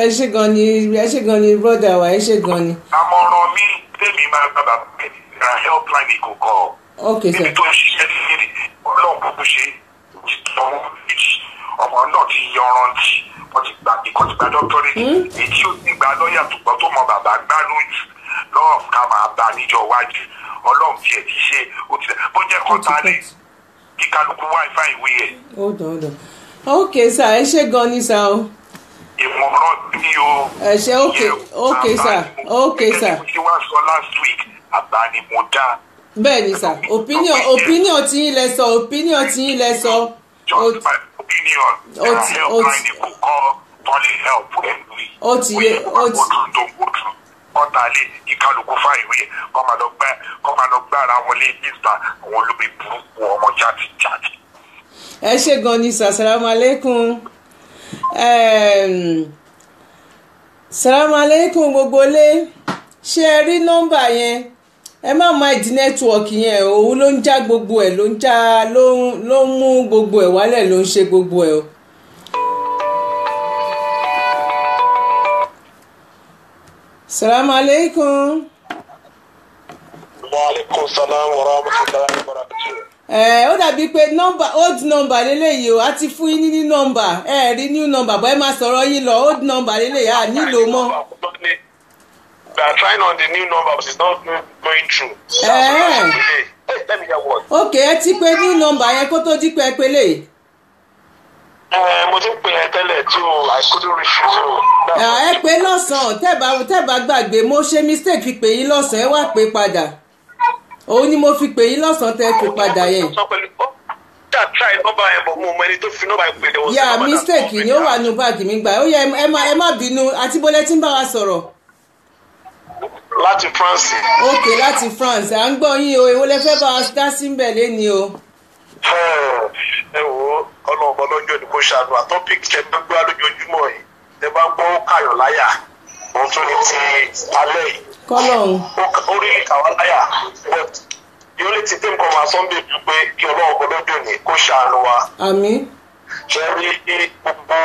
ẹ ṣe gan ni ẹ ṣe gan ni broda wa ẹ ṣe gan ni. àmọ̀ràn mi tèmi máa gba bàbá mi ra helpline ìkó kọ́ ọ. sir. níbi tó ń ṣiṣẹ́ nílé ọlọ́run kúkú ṣe ọmọ náà ti yanrantí wọ́n ti gbà hmm? èyí tí ó gba lọ́ọ̀yà tùpọ̀ tó mọ bàbá gbá lóyún lọ́ọ̀ ká máa bá níjọ wájú ọlọ́run tiẹ̀ ti ṣe ó ti bó jẹ́ kọ́ta ní kí kálukú wáìfà ìwé ẹ̀. hold on hold on ok sir ẹ ṣe gan ni sir o. ìmọ̀ràn bí o. ẹ ṣe ok ok sir ok sir. àbá ni sọ last week àbá mo dá. bẹ́ẹ̀ni sir opinion opinion ti yín lẹ sọ opinion ti yín lẹ sọ opinion that oh, help oh, line people call police help every oh, way oh, go through don't go through ọ̀tàlẹ̀ ìkàlùkù fáìwé kọ́mọdọ́gbára wọlé níta àwọn olóbi burúkú ọmọ jáde jáde. ẹ ṣe gan ni sà salamu aleykum salamu aleykum gbogbo lé ṣe ẹ rí nọ́mbà yẹn ẹ má mind network yẹn òun ló ń já gbogbo ẹ̀ ló ń já ló ń mú gbogbo ẹ̀ wálẹ̀ ló ń ṣe gbogbo ẹ̀ o. salaam aleykum. wa aleykum salaam wa rahmatulahi wa barakatuh. ẹ ó dàbí pé nọ́mbà old number lélẹ́yìí o a ti fún yín ní nọ́mbà ẹ rí new number bọ́ ẹ máa sọ̀rọ̀ yín lọ old number lélẹ́yìí a nílò mọ́. They are trying on the new number, but it's not going through. That's uh-huh. what Hey, let me hear what. Okay, ẹ ti pe new number yẹn kó tó di pé ẹ Mo ti pè ẹ tẹ́lẹ̀ tí o, I couldn't refuse o. Ẹ pé lọ́sàn-án, tẹ́bà tẹ́bà gbàgbé, mo ṣe mistake fi pè yín lọ́sàn-án, ẹ wá pè padà. Òun ni mo fi pè yín lọ́sàn-án tẹ́ fi padà yẹn yà mistake ni ó wà nù báàgì mi gbà ó yẹ ẹ má bínú àti bọ́lẹ́tì ń bá wa sọ̀rọ̀ láti France. ok láti France à ń gbọ́ yín o èwo lẹ fẹ́ bá wa dá sí ń bẹ̀ lẹ́ni o. ẹ wo ọ̀nà ọ̀bọ lọ́jọ́ ni kò ṣàánú àtọ́pìk tẹ bá gbọ́ lójoojúmọ́ yìí tẹ bá gbọ́ káyọ̀ láyà òun tún ní ti alẹ́ yìí. kọ́lọ́hún. ó rí káwọn láyà but yóò lè ti tẹ́ǹkọ́ máa sọ́ńdẹ̀ ju pé kí ọlọ́run ọ̀bọ lọ́jọ́ ni kò ṣàánú wa. àmín. ṣe rí gbogbo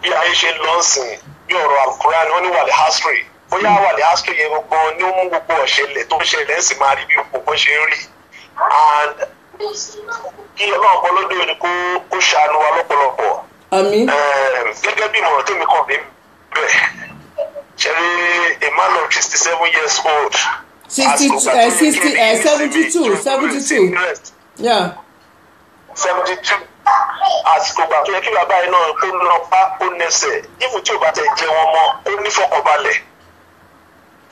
bí ayé ṣe lọ́sìn bí ọ̀rọ̀ àlùkùránì ó ní wàlẹ̀ hasri bóyá wà ní asco gbogbo ni ó mú gbogbo ọ̀ṣẹ̀lẹ̀ tó ń ṣẹlẹ̀ sì máa rí bí gbogbo ṣe ń rí and kí ọlọ́run bọ́ lóde òní kó kó ṣàánú wa lọ́pọ̀lọpọ̀ gẹ́gẹ́ bí ìmọ̀ràn tèmi kàn mí bẹ́ẹ̀ ṣẹlẹ̀ a man of sixty seven years old eh, sixty sixty eh, seventy two seventy two yeah kí bàbá yìí náà kó nọpá kó nẹsẹ̀ ìfún tí ò bá tẹ̀ jẹ́ wọn mọ́ kó nífọ̀kànbalẹ̀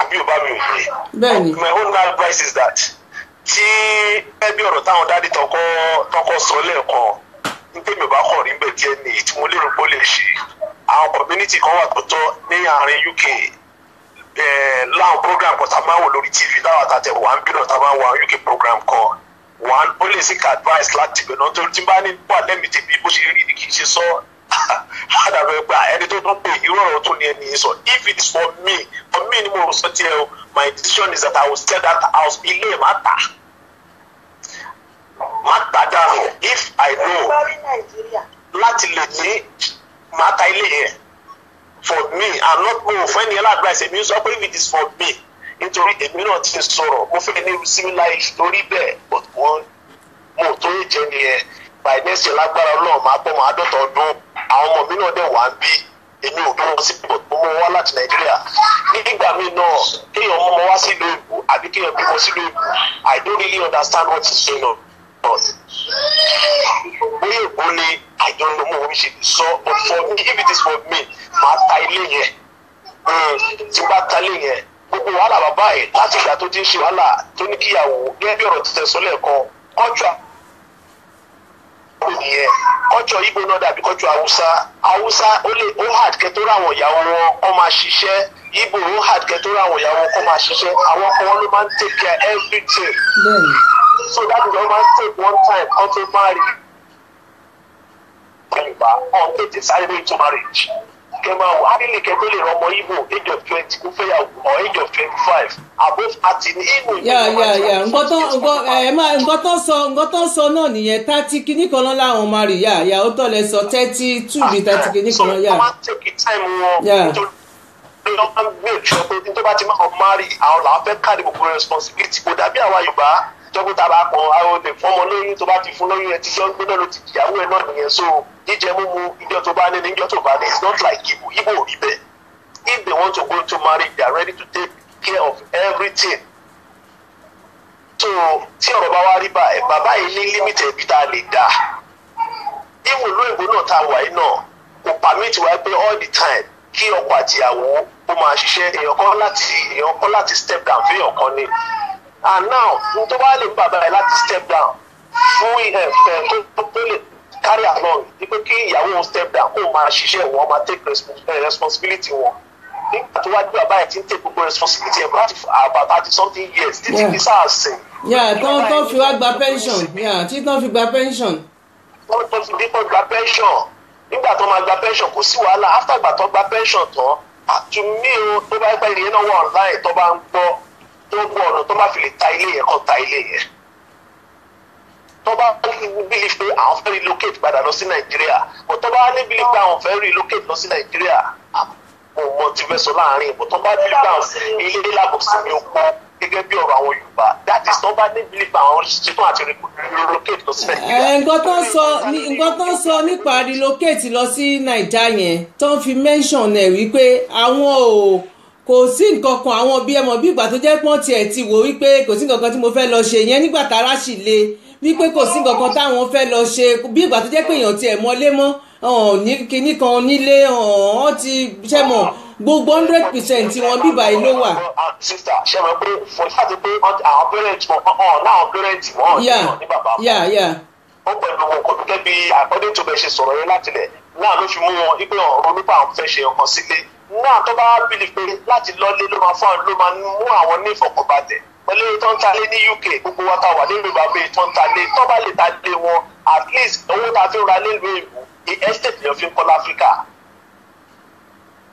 bí o bá mi ò pè. bẹ́ẹ̀ni my own advice is that tí ẹbí ọ̀rọ̀ táwọn dáàdi tọkọ tọkọ sọ lẹ́ẹ̀kan nígbèmí bá kọ̀ rí bẹ́ẹ̀ díẹ̀ nìyí tí mo lérò pé ó lè ṣe àwọn community kan wà tó tọ́ ní àárín UK láwọn program kan tá a máa wò lórí TV láwọn àtàtẹ̀ wà ń bínú tá a máa wò àwọn UK program kan wà ó lè seek advice láti bẹ̀rẹ̀ náà torí tí bá ní wà lẹ́mìí tèmi bó ṣe rí ni kì í ṣe sọ àdàbẹ̀ gba ẹni tó tún pè irú ọ̀rọ̀ tún ni ẹni sọ if it is for me for me ni mo sọ tiẹ̀ o my decision is that I will sell that house ilé má tà má tà dànù if I know láti lè ní má ta ilé yẹn for me i'm not go. mo fẹ́ ni ẹlẹ́dàgbàsẹ̀ mi sọ pé if it is for me nítorí èmi náà ti sọ̀rọ̀ mo fẹ́ ní similar issue lórí bẹ́ẹ̀ but wọ́n mo tó yẹ jẹ́ nìyẹn by lágbára náà máa pọ̀ mọ́ àádọ́ta ọdún àwọn ọmọ mi náà dẹ̀ wá ń bí èmi ò dúró sí ìbò tó mọ wá láti nàìjíríà nígbà míì náà kéèyàn ọmọ wá sílùú èkó àbí kéèyàn bímọ sílùú èkó i don't really understand what is going on bóyá èkó ni i don't know ṣe lè sọ but for me if it is for me màá ta ilé yẹn hmm, tí n bá ta ilé yẹn gbogbo wàhálà bàbá ẹ̀ láti ìgbà tó ti ń ṣe wàhálà tó ní kíyàwó gẹ́gẹ́ bí ọ̀rọ̀ tẹ̀ sọ́lẹ̀ kan kọ́ńtà nìyẹn kọ́jọ ibo náà dàbí kọ́jọ awusa haúsá ó lè ó hard kẹ́ o ráwọn ìyàwó wọn kọ́ máa ṣiṣẹ́ ibo ó hard ìyàwó kọ́ máa ṣiṣẹ́ àwọn ọkọ take care everything so that is why wọ́n take one time kọ́ tó on marriage. kẹ máa wò árílì kẹgbẹ́ lè rọmọ ibo age of twenty kó fẹ́ yàwó or age of twenty five above àti ní ibo. yà yà yà nǹkan tán nǹkan tán sọ nǹkan tán sọ náà nìyẹn thirty kìíní kan náà làwọn máa rì yà yà ó tọ́ lẹ sọ thirty two bí thirty kìíní kan náà yà. so wọ́n máa ń tẹ̀kí táìmù wọn lọ máa ń gbé ìjọba pé tó bá ti máa máa rí àwọn làwọn fẹ́ káàdì gbogbo responsibility kò dàbí àwa Yorùbá dókítà bá pọn àwọn olè fọmọ lóyún tó bá ti fún lóyún ẹ ti jọ ń ló ti dìyàwó ẹ náà nìyẹn so jíjẹ mímu ìjọ tó bá ní ní ìjọ tó bá ní it's not like ibo ibo ò rí bẹ́ẹ̀ if they want to go to marriage they are ready to take care of everything so tí ọ̀rọ̀ bá wá rí báyìí bàbá yìí ní límítì ẹ̀bí tá a lè dá ìwò lóyìnbó náà tá a wà yìí náà kò pàmìtì wáyé pé all the time kí ọkọ àtìyàwó ó máa ṣiṣẹ́ èèyàn kan láti èèyàn kan láti step down fún èèyàn kan ni and now n tó bá lè mú bàbá láti step down fún ẹ tó lè carry along wípé kí ìyàwó step down kó máa ṣiṣẹ́ wọn máa take eh, responsibility wọn nígbà tó wá gbé bàbá ẹ ti ń take gbogbo responsibility ẹ láti about thirty something years títí fi sáà sìn. yà tán tán fi wá gba pension yà tí tán fi gba pension. wọ́n tó fi dípò gba pension nígbà tó máa gba pension kò sí wàhálà after gbà tó gba pension tán àtúnmí o tó bá pẹ́ ìyẹn náà wà online tó bá ń gbọ́ gbogbo ọ̀nà tó bá fi lè ta ilé yẹn kan ta ilé yẹn tó bá believe pé àwọn fẹ́ relocate padà lọ sí nàìjíríà but tó bá ní pé àwọn fẹ́ relocate lọ sí nàìjíríà mo mọ ti fẹ́ sọ láàrin ìbò tó bá believe pé àwọn ilé lábòsí mi ò pọ̀ gẹ́gẹ́ bí ọ̀rọ̀ àwọn yorùbá that is tó bá ní believe àwọn ṣetán àti relocate lọ sí nàìjíríà. nǹkan tó ń sọ nǹkan tó nípa relocate lọ sí nàìjíríà yẹn tó ń fi mention ẹ̀ wípé àwọn ò kò sí nǹkan kan àwọn bí ẹmọ bí ìgbà tó jẹ́ pọ́n tiẹ̀ ti wò wípé kò sí nǹkan kan tí mo fẹ́ lọ ṣe yẹn nígbà tára sì le wípé kò sí nǹkan kan táwọn fẹ́ lọ ṣe bí ìgbà tó jẹ́ pé èèyàn tiẹ̀ mọ́lé mọ́ ní kinní kan nílé ọ̀hún ti ṣẹ́ mọ̀ gbogbo hundred percent wọn bíbá yìí ló wà. sista ṣe mọ̀ pé for the fact pé àwọn parents wọn náà parents wọn ní bàbá wọn ó pẹ̀lú wọn kò gẹ́gẹ́ bí according to bẹ́ẹ̀ ṣe sọ̀rọ̀ yẹn látilẹ̀ náà ló fi mú wọn ipe ọ̀rọ̀ nípa àwọn fẹ́ ṣe ọkàn sílé náà tó bá pé láti lọ́lé ló máa fún ló máa mú àwọn ní ìfọ̀kànbalẹ̀ pẹ̀lú tó ń talé ní UK gbogbo wa ta wà nínú ìbámu èyí tó ń talé tó bá lè talé wọn at least owó ta fi ń ra nílùú èbú ní estate yẹn fi ń kọ́ láfíríkà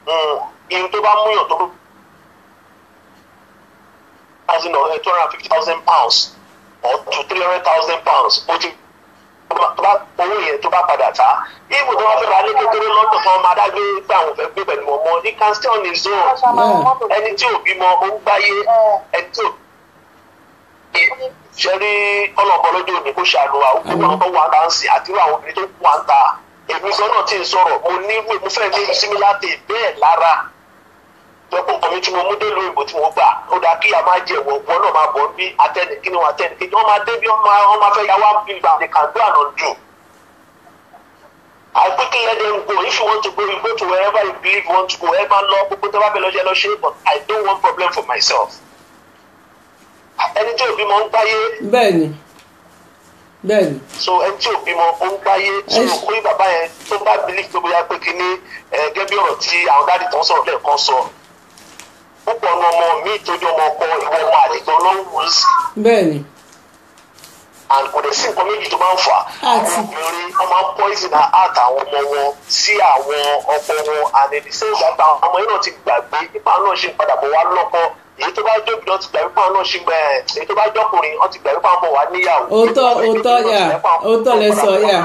hmm, ihun tó bá múyàn tó two hundred and fifty thousand pounds or two three hundred thousand pounds ó ti owó yẹn tó bá padà tà á ibu tó ra ní kékeré lọ́tọ̀ fún ọmọ adágbé pé àwọn fẹ́ gbé pẹ̀lú ọmọ he can stay on ẹni tí ò bímọ ó ń gbáyé ẹni tí ò ṣe rí ọlọ́pàá lójú òní kó ṣàlù àwọn òkú tó wà dáǹsì àti àwọn obìnrin tó wà ń ta èmi gan náà ti sọ̀rọ̀ mo ní mo fẹ́ ní similar day bẹ́ẹ̀ lára lọ́pọ̀ nǹkan mi tí mo mú dé lóyìnbó tí mo gbà ó dáa kí a máa jẹ ìwọ̀ ọ̀pọ̀ náà máa bọ̀ bí atẹ́ni kí ni wọ́n atẹ́ni kí ni wọ́n máa dé bí wọ́n máa fẹ́ yàwá bí gbà they can do and undo. I quickly let them go if you want to go you go to wherever you believe you want to go ẹ máa lọ gbogbo tó bá bẹ lọ jẹ lọ ṣe but I don't want problem for myself. ẹni tí òbí mọ ń gbáyé. bẹ́ẹ̀ni bẹ́ẹ̀ni. so ẹni tí òbí mọ ó ń gbáyé so kó bàbá yẹn tó bá believe tó bóyá pé kí púpọ̀ ní ọmọ mi ìtọ́jú ọmọ ọkọ ìwọ ọmọ àlejò ọlọ́wọ́ sí. bẹ́ẹ̀ni. and kò dẹ̀ sí nǹkan méjì tó máa ń fà á àwọn obìnrin wọn máa ń poison heart àwọn ọmọ wọn sí àwọn ọkọ wọn and in the same time àwọn ọmọ yìí náà ti gbàgbé nípa náà ṣe ń padà bọ̀ wá lọ́kọ èyí tó bá jẹ́ òbí náà ti gbà wípé àwọn náà èyí tó bá jẹ́ ọkùnrin wọn ti gbà wípé níyàwó. òótọ́ òótọ́ yà òótọ́ lẹ yà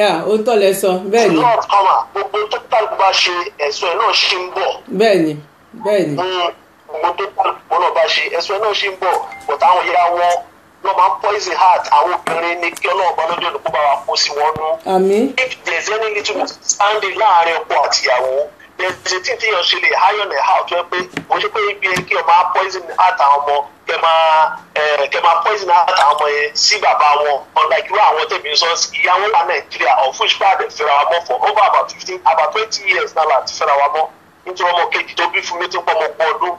yà òótọ́ lẹ bẹ́ẹ̀ ni. ṣùgbọ́n ọ̀kọ́mà gbogbo tó tàbí bá ṣe ẹ̀sùn ẹ̀ náà ṣe ń bọ̀. bẹ́ẹ̀ ni bẹ́ẹ̀ni. máa ń poison heart àwọn obìnrin ni kí ọlọ́run bá lọ́jọ́ ìdókòwò bá wa kó sí wọn nú. if there is any little misunderstanding láàárín ọkọ àtìyàwó there is a thing tí yàn ṣe lè iron ẹ̀ out wẹ́ pé mo ṣe pé ibi ẹ kí ọ máa poison heart àwọn ọmọ kẹ máa kẹ máa poison heart àwọn ọmọ yẹn sí bàbá wọn unlike irú àwọn tẹ̀mí sọ ìyàwó wa nàìjíríà of which part wa mọ́ for over about fifteen about twenty years náà láti fẹ́ra wa mọ́ nítorí ọmọ kejì tó bí fún mi ti pọ̀ mọ́ pọ̀ ọdún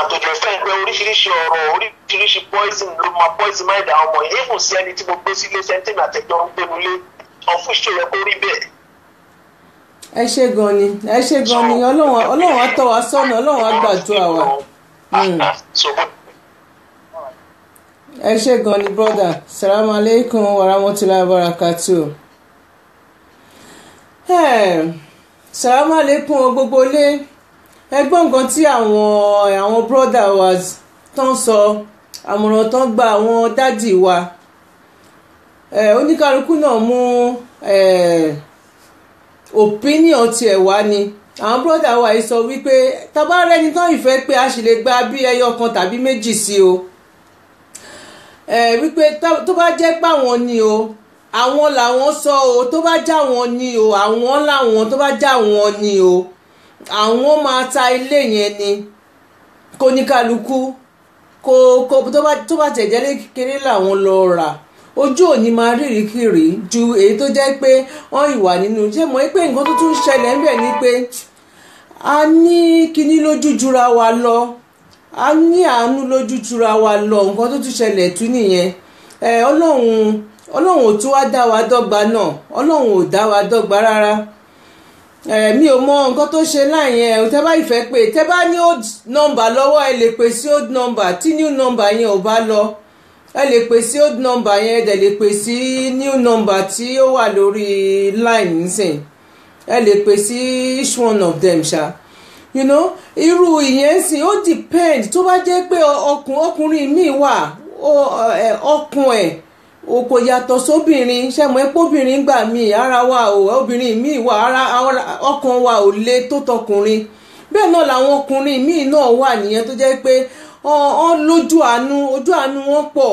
àtòjọ ìfẹ́ ẹgbẹ́ oríṣiríṣi ọ̀rọ̀ oríṣiríṣi poison ló máa poison máa dà ọmọ yìí kò sí ẹni tí mo gbé sílé sẹ́ńtìmì àtẹ̀jọ́ ń gbénu lé ọ̀fun ìṣòro kó rí bẹ́ẹ̀. ẹ ṣe gan ni ẹ ṣe gan ni ọlọ́run á tọ́ wa sọ́nà ọlọ́run á gbàdúrà wa. Hmm. ẹ ṣe gan ni brother salamu aleykum warahmatulahi wabarakatuh. Hey sàrámà lẹ́kùn gbogbo lé ẹgbọ́n nǹkan tí àwọn àwọn brother wa tán sọ àmọ̀ràn tán gba àwọn dádì wa oníkálukú náà mú opinion tiẹ̀ wá ni àwọn brọ́dà wa yìí sọ wípé tábà rẹni tán ìfẹ́ pé a sì lè gba bí ẹyọ kan tàbí méjì sí o wípé tó bá jẹ́ páwọn ni o àwọn làwọn sọ o tó bá já wọn ni o àwọn làwọn tó bá já wọn ni o àwọn máa ta ilé yẹn ni kó ní kálukú kó kó tó bá tẹ̀jẹ́ kékeré làwọn lọ rà ojú òní máa rírìkìrì ju èyí tó jẹ́ pé wọ́n ìwà nínú jẹ́ mọ́ pé nǹkan tó tún ṣẹlẹ̀ ń bẹ̀ ni pé a ní kinní lójú jura wa lọ a ní àánú lójú jura wa lọ nǹkan tó tún ṣẹlẹ̀ tún nìyẹn ọlọ́run. Eh, ọlọ́run ò tún wá dá wa dọ́gba náà ọlọ́run ò dá wa dọ́gba rárá mi ò mọ nǹkan tó ṣe láyẹn o tẹ́ bá ìfẹ́ pé tẹ́ bá ní old number lọ́wọ́ ẹ lè pè sí old number tí new number yẹn ò bá lọ ẹ lè pè sí old number yẹn ẹ dẹ̀ lè pè sí new number tí ó wà lórí line nísìn ẹ lè pè sí each one of them ṣá you know irú ìyẹn sìn ó depend tó bá jẹ́ pé ọkùnrin mi wà ọkùn ẹ̀ o kò yàtọ̀ sóbìnrin ṣẹ́mu ẹ póbìnrin gbà mí ara wa ò obìnrin mi wà ara ọkàn wa ò le tó tọkùnrin bẹ́ẹ̀ náà làwọn ọkùnrin míì náà wà nìyẹn tó jẹ́ pé ọ lójú àánú ojú àánú wọn pọ̀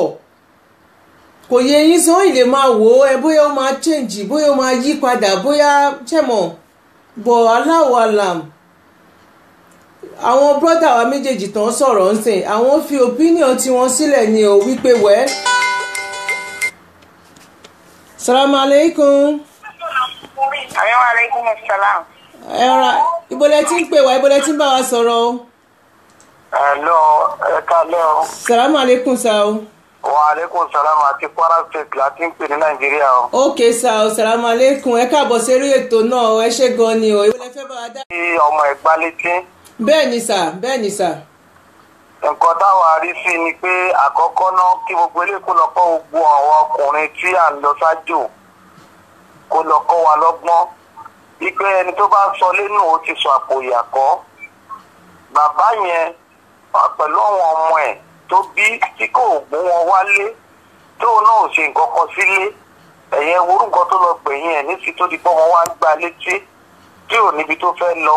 kò yẹ yín sọ yìí lè máa wò ó ẹ bóyá ó máa change bóyá ó máa yí padà bóyá ṣẹ̀mọ̀ bọ̀ aláwọ̀ alam àwọn brọ́dà wa méjèèjì tán sọ̀rọ̀ ń sìn àwọn fi opinion tiwọn sílẹ̀ ni ò wípé wẹ́ẹ́ salamu aleykum. àwọn aleykum salam. ẹ ra ibolẹ tí ń pè wá ibolẹ tí ń bá wa sọ̀rọ̀ o. hello ẹ kalẹ́ o. salamu aleykum sa o. wa aleykum salam àti Kwara State láti ń pè ní Nàìjíríà o. ok sa o salamu aleykum ẹ káàbọ̀ sórí ètò náà ẹ ṣé gan ni o. ibolẹ fẹ́ bá wa dá. ọmọ ẹ̀gbá létí. bẹ́ẹ̀ ni sà bẹ́ẹ̀ ni sà nǹkan táwọn arí sí ni pé àkọ́kọ́ náà kí gbogbo eléyìí kó lọ kọ́ gbogbo àwọn ọkùnrin tí à ń lọ sájò kó lọ kọ́ wa lọ́gbọ́n wípé ẹni tó bá sọ lẹ́nu ó ti sọ àpò ìyàkọ́ bàbá yẹn pẹ̀lú àwọn ọmọ ẹ̀ tó bí tí kò mú wọn wálé tóun náà ò ṣe nǹkan kan sílé ẹ̀yẹn worúkọ tó lọ gbẹ̀yìn ẹ̀ níṣìí tó di pọ́ wọn wá gba létí tí ò níbi tó fẹ́ lọ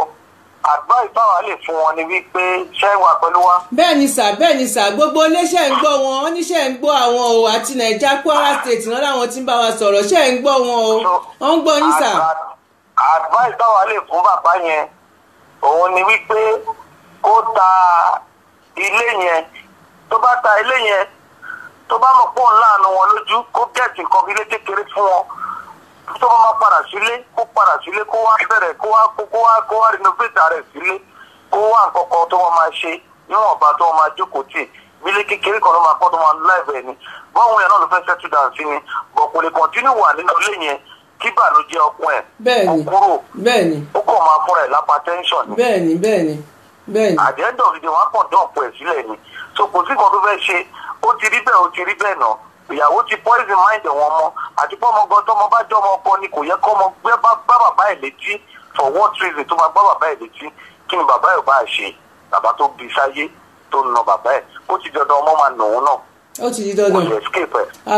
àgbá ìtawà lè fún wọn ni wípé ṣé wà pẹ̀lú wa. bẹ́ẹ̀ ni sà bẹ́ẹ̀ ni sà gbogbo oníṣẹ́ ń gbọ́ wọn oníṣẹ́ ń gbọ́ àwọn o àti nàìjà kwara state náà làwọn ti ń bá wa sọ̀rọ̀ ṣé ń gbọ́ wọn o wọ́n ń gbọ́ yín sà. àgbá ìtawà lè fún bàbá yẹn òun ni wípé kó ta ilé yẹn tó bá ta ilé yẹn tó bá mọ̀ pọ̀ ńlá wọn lójú kó gẹ̀ẹ́sì nǹkan ilé kékeré fún wọn tó bá máa padà sílé kó padà sílé kó wá bẹ̀rẹ̀ kó wá kó wá kó wá renovate rẹ̀ sílé kó wá nǹkankan tó wọ́n máa ṣe níwọ̀nba tó wọ́n máa jókòó tì ilé kékeré kan ló máa kọ́ tó máa láìpẹ́ ni báwọn yẹn náà ló fẹ́ settle down sí ni bọ̀ kò lè continue wà nínú ilé yẹn kí bàlójẹ́ ọkùn ẹ̀ kó kúrò ó kàn máa fúnra ẹ̀ lápá tẹ́ńsọ̀n ni. bẹ́ẹ̀ni bẹ́ẹ̀ni bẹ́ẹ̀ni. àjẹ́ńdọ̀ gidi wọn á kàn dán ọ̀pọ̀ ẹ̀ sílẹ̀ ni so kò sí nǹkan tó fẹ́ ṣe ó ti rí bẹ́ẹ̀ ó ti rí bẹ́ẹ̀ náà ìyàwó ti poison mind wọn mọ àti pọ́ ọmọ gan tọ́mọ bá jọ́ ọmọ ọkọ ni kò yẹ kọ́ ọmọ gbé bá bàbá ẹ̀ létí for what reason tó máa gbá bàbá ẹ̀ létí kí ni bàbá ẹ̀ bá ṣe bàbá tó bí sáyé tó na bàbá ẹ̀ ó ti dandan ọmọ máa nà òun náà ó ti di dandan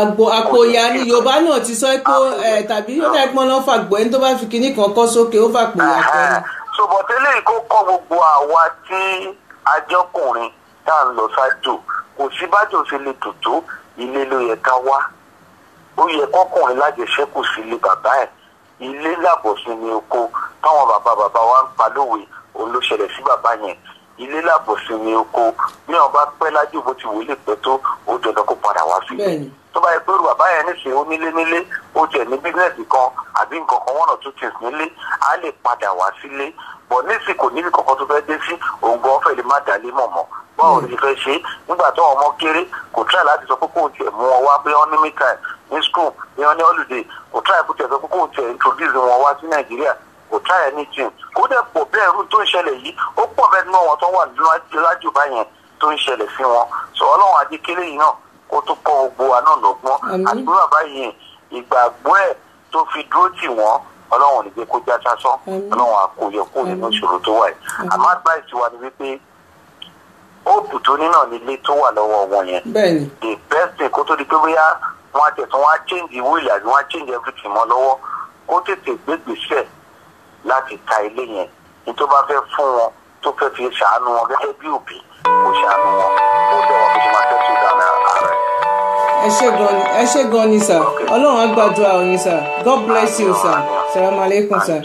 àgbò àpò ìyá ni yorùbá náà ti sọ pé ẹ tàbí ó dà pọn náà fàgbọ ẹni tó bá fi kinní kan kọ sókè ó fàpò ìyá kan. ṣùgbọ́n eléyìí kó kọ́ gbogbo àwa tí ajọ́kùnrin tá à ń lọ ṣáájú kò sí bájò ṣe lè tòótọ́ ilé ló yẹ ká wá ó yẹ kọkùnrin lájẹṣẹ́kù sílé bàbá ẹ̀ ilé làbọ̀sùn ni oko táwọn bàbá bàbá wa ń pa lówe òun ló ṣẹlẹ̀ sí bàbá yẹn ilé làbọ̀sùn ni oko bí wọn bá pẹ́ lájú bó ti wọlé pẹ́ tó ó dandan kó padà wá sílé tó bá yẹ pé bàbá yẹn níṣẹ́ ó nílé nílé ó jẹ ní bísínẹ́sì kan àbí nǹkan kan one or two things nílé á lè padà wá sílé bọ̀ níṣì kò níbi kankan tó fẹ́ dé sí òun gan fẹ́ lè má dálé mọ̀ mọ́ báwo ni fẹ́ ṣe nígbà tó ọmọ kéré kò try láti sọ pé kò tiẹ̀ mú wọn wá pé wọ́n ní mid time ní school ní wọ́n ní holiday kò try kò tiẹ̀ sọ pé kò tiẹ̀ introduce wọn wá sí nàìjíríà kò try anything kó dẹ̀ pọ̀ bẹ́ẹ̀ rú tó ń ṣẹlẹ̀ yìí ó pọ̀ bẹ́ẹ̀ nínú àwọn tó wà nínú alájùbá yẹn tó ń ṣẹlẹ̀ sí wọn sọ ọlọ́run adékélé yìí náà kó tó pọ́ gbogbo wa náà lọ́gbọ́n àdúrà bàbá yìí ìgbàgbọ́ ẹ̀ tó fi dúró tì wọ́n ọlọ́run ní pé kó já sásán ọlọ́run àkóyọ kó nínú ìṣòro tó wà yìí àmọ́ advice wa ni wípé òòpù tó ní náà nílé tó wà lọ́wọ́ wọn yẹn the best thing kó tó di pé bóyá wọn á tẹ̀sán wọn á change will àbí wọn á change everything mọ́ lọ́wọ́ kó tètè gbégbèsè láti ta ilé yẹn ní tó bá fẹ́ fún wọn tó fẹ́ fi ṣàánú wọn gẹ́gẹ́ bí òbí kó ṣàánú wọn kó tẹ̀wọ̀n kó ṣe máa fẹ́ tó dáná ẹ ṣé gan ni sir ọlọ́run á gbàdúrà sir god bless you sir salamu aleykum sir.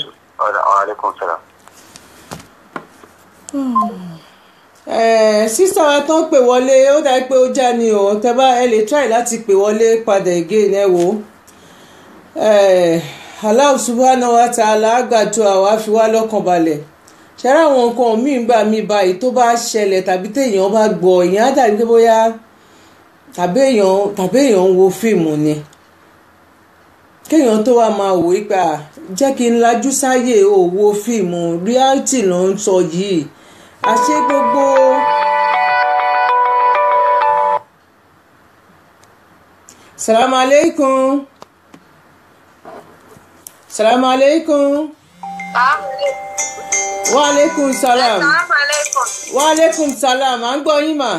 sísá wa tán pè wọlé ó dàbí pé ó já ni o tẹ bá ẹ lè try láti pè wọlé padà again ẹ wò Allah subhanahu wa ta'ala àgbàdúrà wa fi wá lọ́kàn balẹ̀ ṣẹ́ra àwọn nǹkan míì gbà mí báyìí tó bá ṣẹlẹ̀ tàbí téèyàn bá gbọ́ ìyẹn á dàbí pé bóyá tàbí èèyàn tàbí èèyàn ń wo fíìmù ni kéèyàn tó wá máa wò ípa jẹ́ kí n lajú sáyè o fíìmù reality ló ń sọ yìí àṣé gbogbo. salamu aleykum salamu aleykum. wa aleykum salam wa aleykum salam à ń gbọ́ yín mà.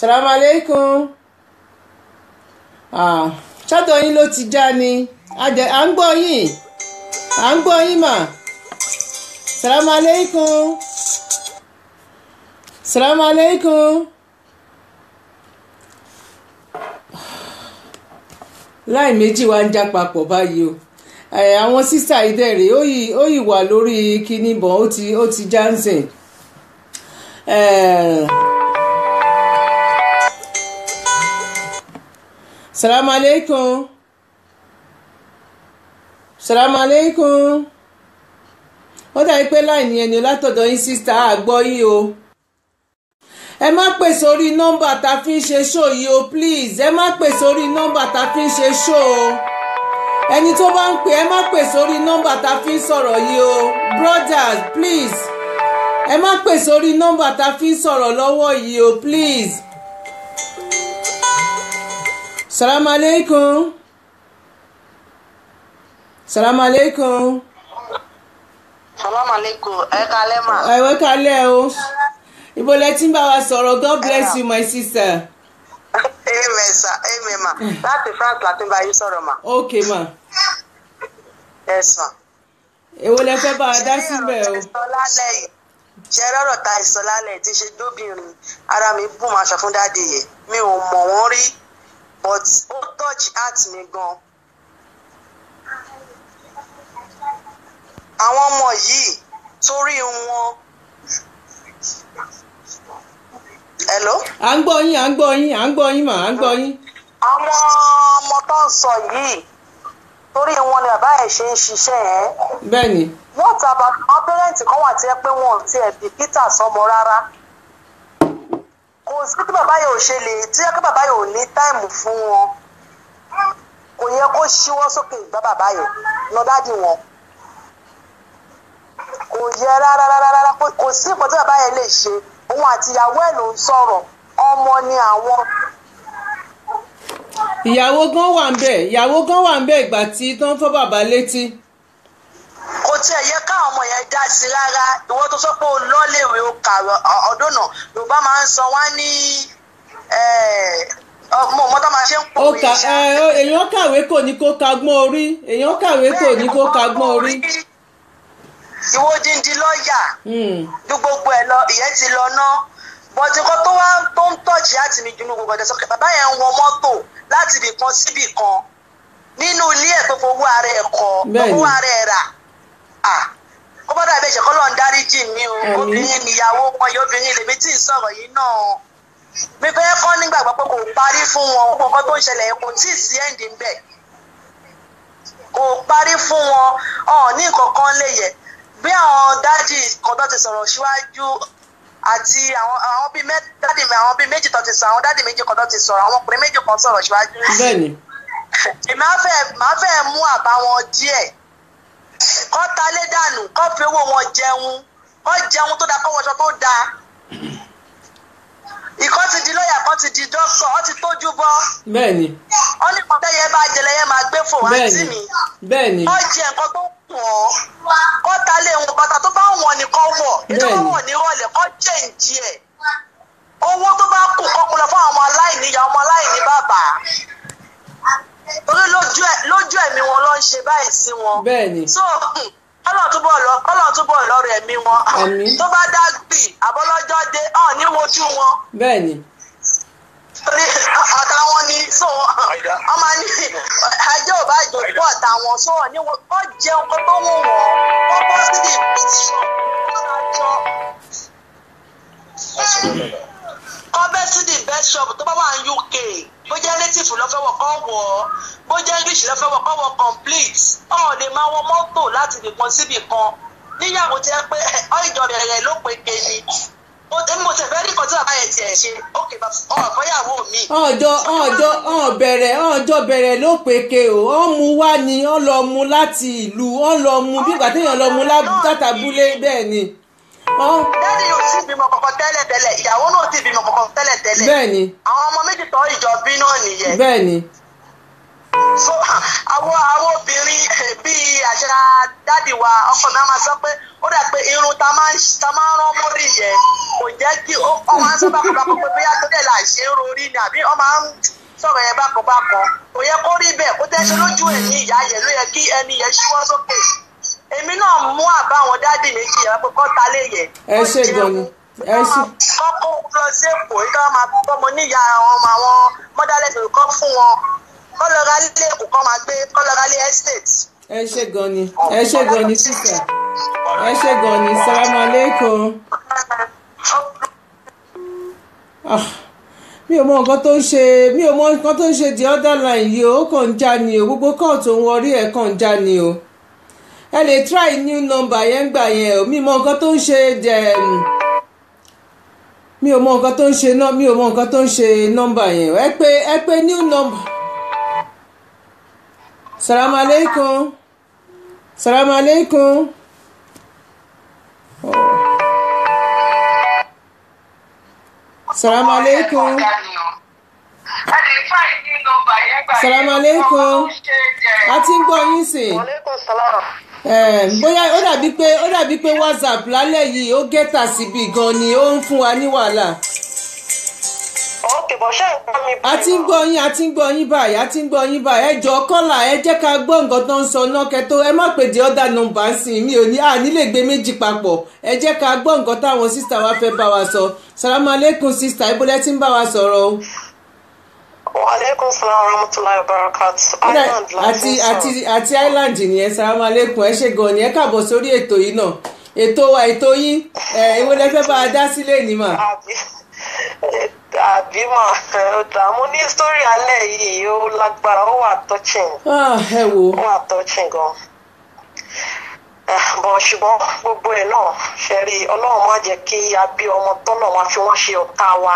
salamu aleykum ṣọ́tọ̀ ah, yín ló ti ja ni a ń gbọ́ yín à ń gbọ́ yín mà salamu aleykum salamu aleykum láì méjì wá ń já papọ̀ báyìí o eh, àwọn sísá ìdẹ́rì ó yìí wà lórí kinní ó ti já ń Salaam alaikum. Salaam alaikum. Ó dàbí pé láìní ẹni látọ̀dọ̀ yín sísá àgbọ̀ yìí o. Ẹ má pè sórí nọ́mbà tá a fi ń ṣe ṣó yìí o please. Ẹ má pè sórí nọ́mbà tá a fi ń ṣe ṣó o. Ẹni tó bá ń pè ẹ má pè sórí nọ́mbà tá a fi ń sọ̀rọ̀ yìí o. Brothers please. Ẹ má pè sórí nọ́mbà tá a fi ń sọ̀rọ̀ lọ́wọ́ yìí o please salamu alaikum salamu alaikum. salamu alaikum ẹ kalẹ ma. ẹ wọ́n kalẹ o ibo lẹ ti ń bá wa sọ̀rọ̀ god bless you my sister. amen sir amen ma láti france láti bá yín sọ̀rọ̀ ma. ok ma. ẹ sàn. èwo lẹ fẹ́ bá wa dá síbẹ̀ o. ṣe rọrọ ta ìsọlálẹ ti ṣe dóbìnrin ara mi bùn aṣọ fún dáàdi yẹn mi ò mọ̀ wọ́n rí but ó touch heart mi gan. àwọn ọmọ yìí torí wọn. Hello? à ń gbọ́ yín à ń gbọ́ yín à ń gbọ́ yín mà à ń gbọ́ yín. àwọn ọmọ tó ń sọ yìí torí wọn ni bàbá ẹ̀ ṣe ń ṣiṣẹ́ ẹ̀. bẹ́ẹ̀ni. wọ́n tàbá àwọn pẹ́rẹ́ǹtì kan wà tí ẹ pé wọn ò tiẹ̀ bìkítà sọmọ rárá kò sí kí bàbá yẹn ò ṣe lè tí yẹ kí bàbá yẹn ò ní táìmù fún wọn kò yẹ kó ṣíwọ́ sókè ìgbà bàbá yẹn lọ dádì wọn kò yẹ rárá rárá kò sí nǹkan tí bàbá yẹn lè ṣe òun àti ìyàwó ẹ̀ ló ń sọ̀rọ̀ ọmọ ni àwọn. ìyàwó gan wà ń bẹ̀ ìyàwó gan wà ń bẹ̀ ìgbà tí tó ń fọ́ bàbá létí kò tiẹ̀ yẹ káwọn ọmọ yẹn dá sí rárá ìwọ tó sọ pé o lọ́lẹ̀wé o kà ọdún náà yorùbá máa ń sọ wá ní mo mọ máa ṣe ń pò mí. èèyàn kàwé kò ní kó kagbọ́n orí èèyàn kàwé kò ní kó kagbọ́n orí. ìwọ díndín lọ́ọ̀yà hmm. ju gbogbo ẹ̀ lọ ìyẹn ti lọ ná bọ̀dì kan tó wá tó ń tọ̀jì láti mi dunu gbogbo ẹ̀dẹ̀ sọ bàbá yẹn ń wọ mọ́tò láti ibì kan síbì kan nínú ilé ẹ̀ tó fowó ara ẹ̀ kọ́ owó ara ẹ̀ rà ó bọ́dọ̀ ẹ̀bẹ̀ ṣe kọ́lọ́ ń dáríjì mi o obìnrin nìyàwó wọn yóò obìnrin lèmi tí ń sọ̀rọ̀ yìí náà mi fẹ́ kọ́ nígbàgbọ́ pé kò parí fún wọn gbogbo tó ń ṣẹlẹ̀ kò tí ì sí ẹ̀ǹdì ń bẹ̀ kò parí fún wọn ọ̀ọ́nì kankan lè yẹ bí àwọn dájì kan tó ti sọ̀rọ̀ síwájú àti àwọn àwọn bíi dádì mi àwọn bíi méjì tó ti sọ àwọn dádì méjì kan tó ti sọ̀rọ̀ àwọn ọkùnrin méjì kan sọ̀rọ̀ síwájú. bẹ́ẹ̀ni. èmi máa fẹ́ mú àbá wọn díẹ̀ kọ́ ta lé dànù kọ́ fi owó wọn jẹun kọ́ jẹun tó dáa kọ́ wọṣọ tó dáa ìkọ́ ti di lọ́ọ̀yà kan ti di dọ́kọ̀ ọ́ ti tójú bọ́. bẹ́ẹ̀ni. ó ní kọ́tẹ́ yẹn bá jẹlẹ yẹn máa gbé fò àǹtí mi. bẹ́ẹ̀ni. ó jẹ nǹkan tó wọ̀n kọ́ ta lé wọn bàtà tó bá wọ̀n nìkan wọ̀ ètò tó wọ̀n nírọ̀lẹ́ kọ́ jẹ̀ ń ẹ̀. owó tó bá kù kọ́kùnrin fún àwọn aláìní ọmọ aláìní bàbá torí lójú ẹ̀mí wọn ló ń ṣe báyìí sí wọn. bẹ́ẹ̀ni. so Ọlọ́run túbọ̀ lọ Ọlọ́run túbọ̀ lọ rẹ̀ mí wọn. àmín. tó bá dá gbì àbọ́lọ́jọ́ dé ọ̀ ní wojú wọn. bẹ́ẹ̀ni. torí ọ̀tá wọn ni so ọmọ ní ajé ò bá jò pọ̀ ọ̀tá so ọ̀ ní kó jẹun kó tó wù wọ́n kó bó sí ìbí tí wọ́n máa jọ ọbẹ̀ sí the best shop tó bá wà ní UK bó jẹ́ native lọ́fẹ́ wọ̀ kọ́ wọ̀ ọ́ bó jẹ́ English lọ́fẹ́ wọ̀ kọ́ wọ̀ complete ọ̀ lè máa wọ mọ́tò láti nìkan síbì kan níyàwó tí ẹ pé ọ́ ìjọ rẹ̀ ló pe ke ni mo tẹ̀ fẹ́ rí kan tí bàbá yẹn tiẹ̀ ṣe ókè ọ̀fọ́yàwó mi. ọjọ́ ọjọ́ ọbẹ̀rẹ̀ ọjọ́ bẹ̀rẹ̀ ló peke o ọ mu wá ni ọ lọ mu láti ìlú ọ lọ mu bí ìgbà téèyàn lọ mu látàbúlé bẹ́ẹ̀ ni dádì yóò ti bímọ kọkọ tẹ́lẹ̀ tẹ́lẹ̀ ìyàwó náà ti bímọ kọkọ tẹ́lẹ̀ tẹ́lẹ̀ bẹ́ẹ̀ni àwọn ọmọ méjì tó ìjọ bí náà nìyẹn bẹ́ẹ̀ni. so àwọn àwọn obìnrin eh, bíi àṣà dádì wa ọkọ mi máa sọ pé ó dà pé irun ta máa ń rán mórí yẹn kò jẹ́ kí ó máa ń sábà kọ́ba pé bóyá tó dẹ̀ là ṣe ń ni àbí ó máa ń sọ̀rọ̀ yẹn bákan kò yẹ kó rí bẹ́ẹ̀ kó tẹ́ ṣe lójú ẹ̀mí ìyá yẹn ló yẹ kí ẹni yẹn ṣíwọ́ sókè èmi náà mú àbá àwọn dádì méjì yàrá pé kọ́ta lè yẹ. ẹ ṣe gan ni ẹ ṣe. kọ́kọ́ lọ sí èkó yìí kí wọ́n máa bọ́ mo níyà àwọn ọmọ àwọn mọ́dálẹ́sì kọ́ fún wọn kọ́lọ́ra lé èkó kọ́ máa gbé kọ́lọ́ra lé estate. ẹ ṣe gan ẹ ṣe gan sísè ẹ ṣe gan ni ah, mi ò mọ nǹkan tó ń ṣe mi ò mọ nǹkan tó ń ṣe the other line yìí ó kàn ń já ni o gbogbo kóòtù ń wọrí ẹ̀ kàn ń já ni o ẹ lè try new number yẹn gbà yẹn o mi mọ nǹkan tó ń ṣe mi ò mọ nǹkan tó ń ṣe um, mi ò mọ nǹkan tó ń ṣe nọ́mbà yẹn ẹ pé ẹ pé new number Salaam aleykum Salaam aleykum. Salaam salamu aleykum. salamu aleykum. Oh. a ti ń gbọ́ yín sìn. bóyá ó dàbí pé ó dàbí pé whatsapp lálẹ́ yìí ó gẹ́tà síbi gan ni ó ń fún wa ní wàhálà. a ti ń gbọ́ yín a ti ń gbọ́ yín báyìí a ń gbọ́ yín báyìí ẹ jọ kọ́là ẹ jẹ́ ká gbọ́ nǹkan tó ń sọ náà kẹtó ẹ má pè dé ọ̀dà nọmba sí mi ò ní àní gbé méjì papọ̀ ẹ jẹ́ ká gbọ́ nǹkan táwọn sísá wa fẹ́ bá wa sọ salamu aleykum sísá ibo lẹ ti ń bá wa sọ̀rọ̀ o. wàlẹ́kùn sàlámù rahmatulahi barakat island láti sọ. àti àti island nìyẹn sàlámù alẹ́kùn ẹ ṣe gan-an nìyẹn kàbọ̀ sórí ètò yìí náà ètò wa ètò yín ewé lẹ fẹ́ bá a dá sílé ni mà. àbí mà dààmú ní sórí alẹ́ yìí ó lágbára ó wà touching. Ah, ẹ wo ó wà touching gan Eh, bọ̀ ṣùgbọ́n gbogbo ẹ̀ náà ṣe rí ọlọ́run má jẹ́ kí a bí ọmọ tọ́nà wa fi wọ́n ṣe ọ̀tá wa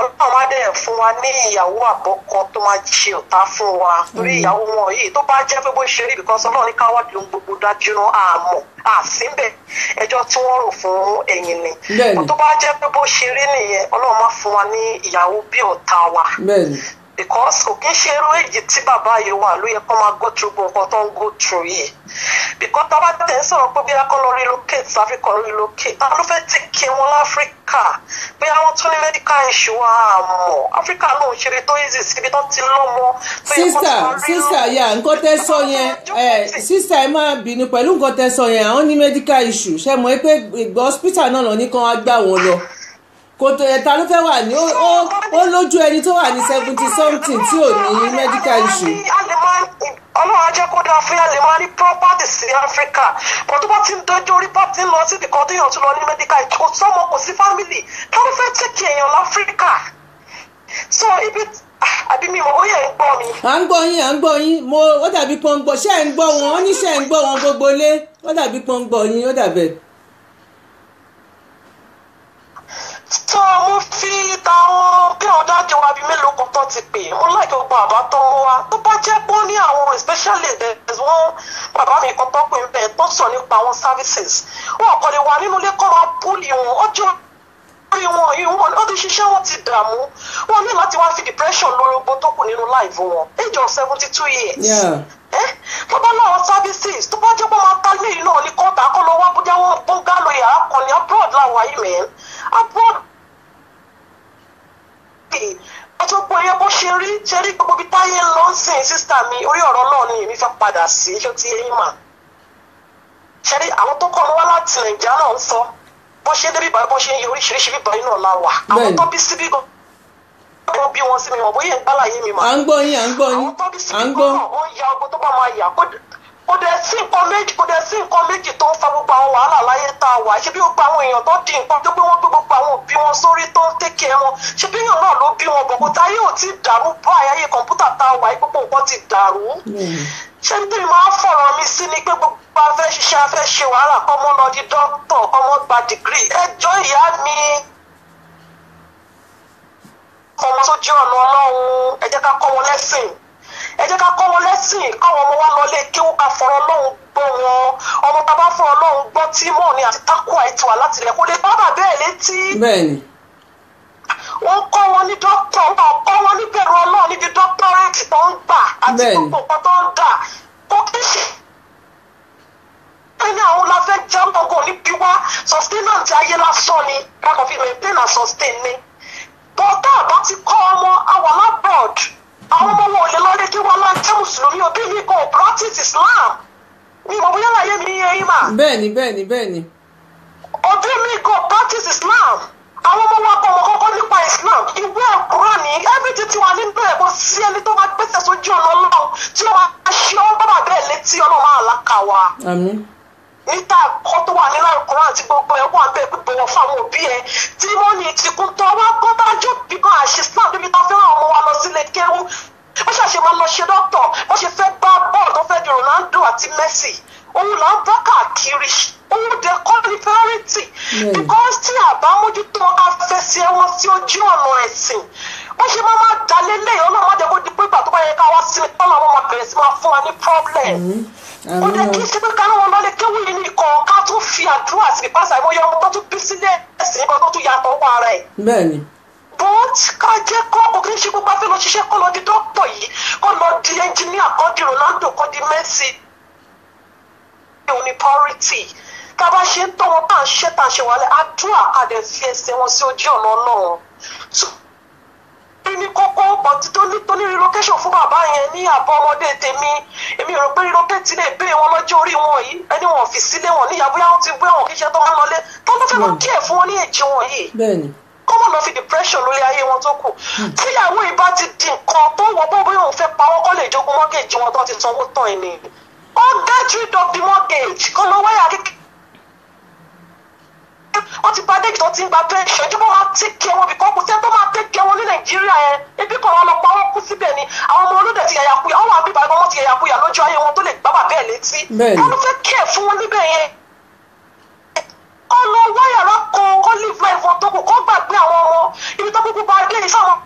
ọlọ́run má dẹ̀ fún wa ní ìyàwó àbọ̀kọ tó má ṣe ọ̀tá fún wa torí ìyàwó wọn yìí tó bá jẹ́ pé ṣe rí bìkọ́sọ́ ọlọ́run ní káwá ohun gbogbo dájú náà àmọ́ àsínbẹ̀ ẹjọ́ tí wọ́n rò fún ẹ̀yìn ni tó bá jẹ́ pé ṣe rí nìyẹn ọlọ́run má fún wa ní ìyàwó bí ọ̀tá wa because kò kí ń ṣe irú èjì tí bàbá yìí wà ló yẹ kó máa go through gbogbo nǹkan tó ń go through yìí because tá a bá tẹ̀ ń sọ̀rọ̀ pé bí a kọ́ lọ relocate tàbí kọ́ relocate ta ló fẹ́ ti kí wọn láfíríkà pé àwọn tún ní medical issue wa àmọ́ áfíríkà ló ń ṣeré tó easy síbi tó ti lọ́mọ. sísà sísà ya nǹkan tẹ́ sọ yẹn eh, sísà ẹ má bínú pẹ̀lú nǹkan tẹ́ sọ yẹn àwọn ní medical issue ṣe mọ̀ pé eh, hospital náà lọ ní kan á gbà wọn lọ kòtò ẹ̀ta ló fẹ́ wà ní ó lójú ẹni tó wà ní seventy something tí ò ní medical issue. ọlọ́run ajẹ́ kó dáa fún yàrá máa ní property sí Africa kò tó bá ti ń dojú orí bá ti ń lọ sí ìkọ́ tó yàn tó lọ ní medical kò sọ́mọ kò sí family ká ló fẹ́ tẹ̀kì èèyàn láfíríkà so ibi ah, àbí mi ò yẹ ń gbọ́ mi. à ń gbọ́ yín à ń gbọ́ yín mo ó dàbí pọ́ńgbọ́ ṣé ẹ̀ ń gbọ́ wọn ó ní ṣé ẹ̀ ń gbọ́ wọn gbogbo lé ó dàbí pọ́ńgbọ́ yín ó dàbẹ̀. so mo fi táwọn bí àwọn dájú wa bíi mélòó kan tó ti pè mo láìpẹ́ gbogbo àbá tó ń wá tó bá jẹ́ pé ní àwọn especially there's one bàbá mi kan tó pè ń bẹ̀ tó sọ nípa àwọn services wọn kò lè wà nínú ilé kọ́ máa búlì wọn ọjọ́ orí wọn yìí wọn ó ti ṣiṣẹ́ wọn ti dààmú wọn ní láti wá fi depression lórógbó tó kù nínú láìfò wọn age of seventy two years. Yeah eh? tó bá lọ́wọ́ services tó bá jẹ́ pé máa tálé yìí náà ní kọ́ńtà kọ́ lọ́wọ́ bójá wọn bó gálò yàrá abroad làwọn ayé mẹ́rin abroad pè ẹ tó gbọ́ ẹyẹ bó ṣe rí ṣe rí gbogbo ibi táyé lọ ń sìn sísítà mi orí ọ̀rọ̀ náà ni èmi fẹ́ padà sí ṣó ti yẹn mà ṣe rí àwọn tó kọ́ ọ wá láti nàìjíríà náà ń sọ bó ṣe débi báyìí bó ṣe ń yẹ oríṣiríṣi bíbá yìí náà la wà àwọn tó bí síbí gan àwọn bí wọn sí mi wọn bóyá ìgbàlàyé mi mà. à ń gbọ́ yín à ń gbọ́ yín à ń gbọ́. àwọn tó bí síbí gan náà wọ́n ya ọgbọ́n tó bá máa yà kó kò dẹ̀ sí nǹkan méjì kò dẹ̀ sí nǹkan méjì tó ń fa gbogbo àwọn wàhálà láyé tá a wà ṣé bí gbogbo àwọn èèyàn tó di nǹkan tó gbé wọn gbé gbogbo àwọn òbí wọn sórí tó ń tẹ́kẹ̀ ẹ wọn ṣé bí èèyàn náà ló bí wọn bọ̀ kòtà ò tí dàrú bọ́ àyáyé kọ̀ǹpútà tá a wà yìí gbogbo nǹkan ti dàrú. Hmm. ṣé n tẹ́lẹ̀ máa fọ̀rọ̀ mi sí ni pé gbogbo afẹ́ ṣiṣẹ́ afẹ́ ṣe wàhálà kọ́mọ lọ di dókítà kọ́mọ gba dìgírì ẹjọ́ ìyá ọ̀nà ọlọ́run ẹ ká kọ́ wọn lẹ́sìn ẹ jẹ́ ká kọ́ wọn lẹ́sìn káwọn ọmọ wa lọ lé kí wọ́n ká fọ̀rọ̀ ọlọ́run gbọ́ wọn ọmọ bàbá fọ̀rọ̀ ọlọ́run gbọ́ tí mò ń àti tákù àìtù wà rẹ̀ kó lè bá bàbá ẹ̀ létí. bẹ́ẹ̀ni. wọ́n kọ́ wọn ní dókítà wọ́n kọ́ wọn ní bẹ̀rù ọlọ́run níbi dókítàrẹ́tì tó ń gbà àti gbogbo nǹkan tó ń dà kó kí ṣe ẹni àwọn la jẹ́ ọgọ́ níbi wá sustainant ayé ni kákan fi maintain and ni bọ́tà bá ti kọ́ ọmọ àwọn abroad àwọn ọmọ wọn ò lè lọ rí kí wọ́n máa jẹ́ mùsùlùmí o bí yìí kò practice Islam mi mọ̀ bóyá láyé mi yé yín mà. bẹ́ẹ̀ni bẹ́ẹ̀ni bẹ́ẹ̀ni. òbí mi kò practice Islam àwọn ọmọ wa bọ̀wọ̀ kọ́kọ́ nípa Islam ìwé ọ̀kúrọ̀ ní everything tí wà nínú ẹ̀ kò sí ẹni tó máa gbèsè sójú ọ̀nà ọlọ́run tí wọ́n máa ṣe ọmọ bàbá bẹ́ẹ̀ létí ọlọ́run àlàkà wa níta kọ́ tó wà nínú ọkùnrin àti gbogbo ẹ̀ wà bẹ́ẹ̀ bọ̀wọ̀ fún àwọn òbí ẹ̀ tí wọ́n ní ìtìkùn tó wá gbọ́dájú bíkan àṣìṣàn níbi tó fẹ́ràn ọmọ wa lọ sílé kéwú wọ́n ṣàṣe máa lọ ṣe dọ́tọ̀ wọ́n ṣe fẹ́ gbá bọ́ọ̀lù tó fẹ́ di Ronaldo àti Messi òun là ń bọ́ káàkiri òun dé kọ́ ní priority hmm. because tí àbámójútó afẹsẹ̀ wọn tí ó jí ọ̀nà ẹ̀sìn bó ṣe máa máa dalé léyìn ọlọ́run má di pé tó bá yẹ ká wá sí mi máa bẹ̀rẹ̀ sí máa fún wa ní problem. kò dé kí ṣe pé kánú wọn lọ́lé kéwì yìí nìkan ká tún fi àdúrà sí ìpàṣẹ àìmọye ọmọ tó tún bí sílẹ̀ ẹ̀sìn kan tó tún yàtọ̀ wọ ara ẹ̀. bẹ́ẹ̀ni but ká jẹ́ kọ́ kò kí n ṣe gbogbo afẹ́ lọ ṣiṣẹ́ kọ́ lọ di dókítà yìí kọ́ lọ di ẹnjìníà kọ́ ní kókó bọ̀tí tó ní tó ní relocation fún bàbá yẹn ní àbọ̀ ọmọdé tèmi èmi rò pé relocate ti lè béèrè wọn lọ́jọ́ orí wọn yìí ẹni wọn fi sílé wọn níyà bóyá wọn ti bú ẹ̀wọ̀n kíṣẹ́ tó máa ń lọlé tó ló fẹ́ lọ kí ẹ̀ fún wọn ní èjì wọn yìí kọ́mọ̀ lọ fi depression lórí ayé wọn tó kù hmm. tíyàwó ìbá ti di nǹkan tó wọ bó bóyá òun fẹ́ pa wọ́n kọ́ lè jogún mortgage wọn tó ti sanwó tán ẹ̀ nìyí ó get rid of the mortgage kọ́ lọ wáyà kékeré wọ́n ti bandage tó ti ń gba pension ẹjọ́ bá wàá tẹ́kẹ̀ wọn bìkọ́ kò sẹ́ni tó máa tẹ́kẹ̀ wọn ní nàìjíríà yẹn ebi kan wọn lọ pa wọn kú síbẹ̀ ni àwọn ọmọ olóde ti yàyà kuyà ọwọ́ àbíbá ọmọ ti yàyà kuyà lójú ayé wọn tó lè gbá bàbá ẹ̀ létí wọn ló fẹ́ kẹ́ fún wọn níbẹ̀ yẹn ọlọ wáyàrá kan kọ́ live life wọn tó kù kọ́ gbàgbé àwọn ọmọ ibi tó kúkú bá dé ìfáwọn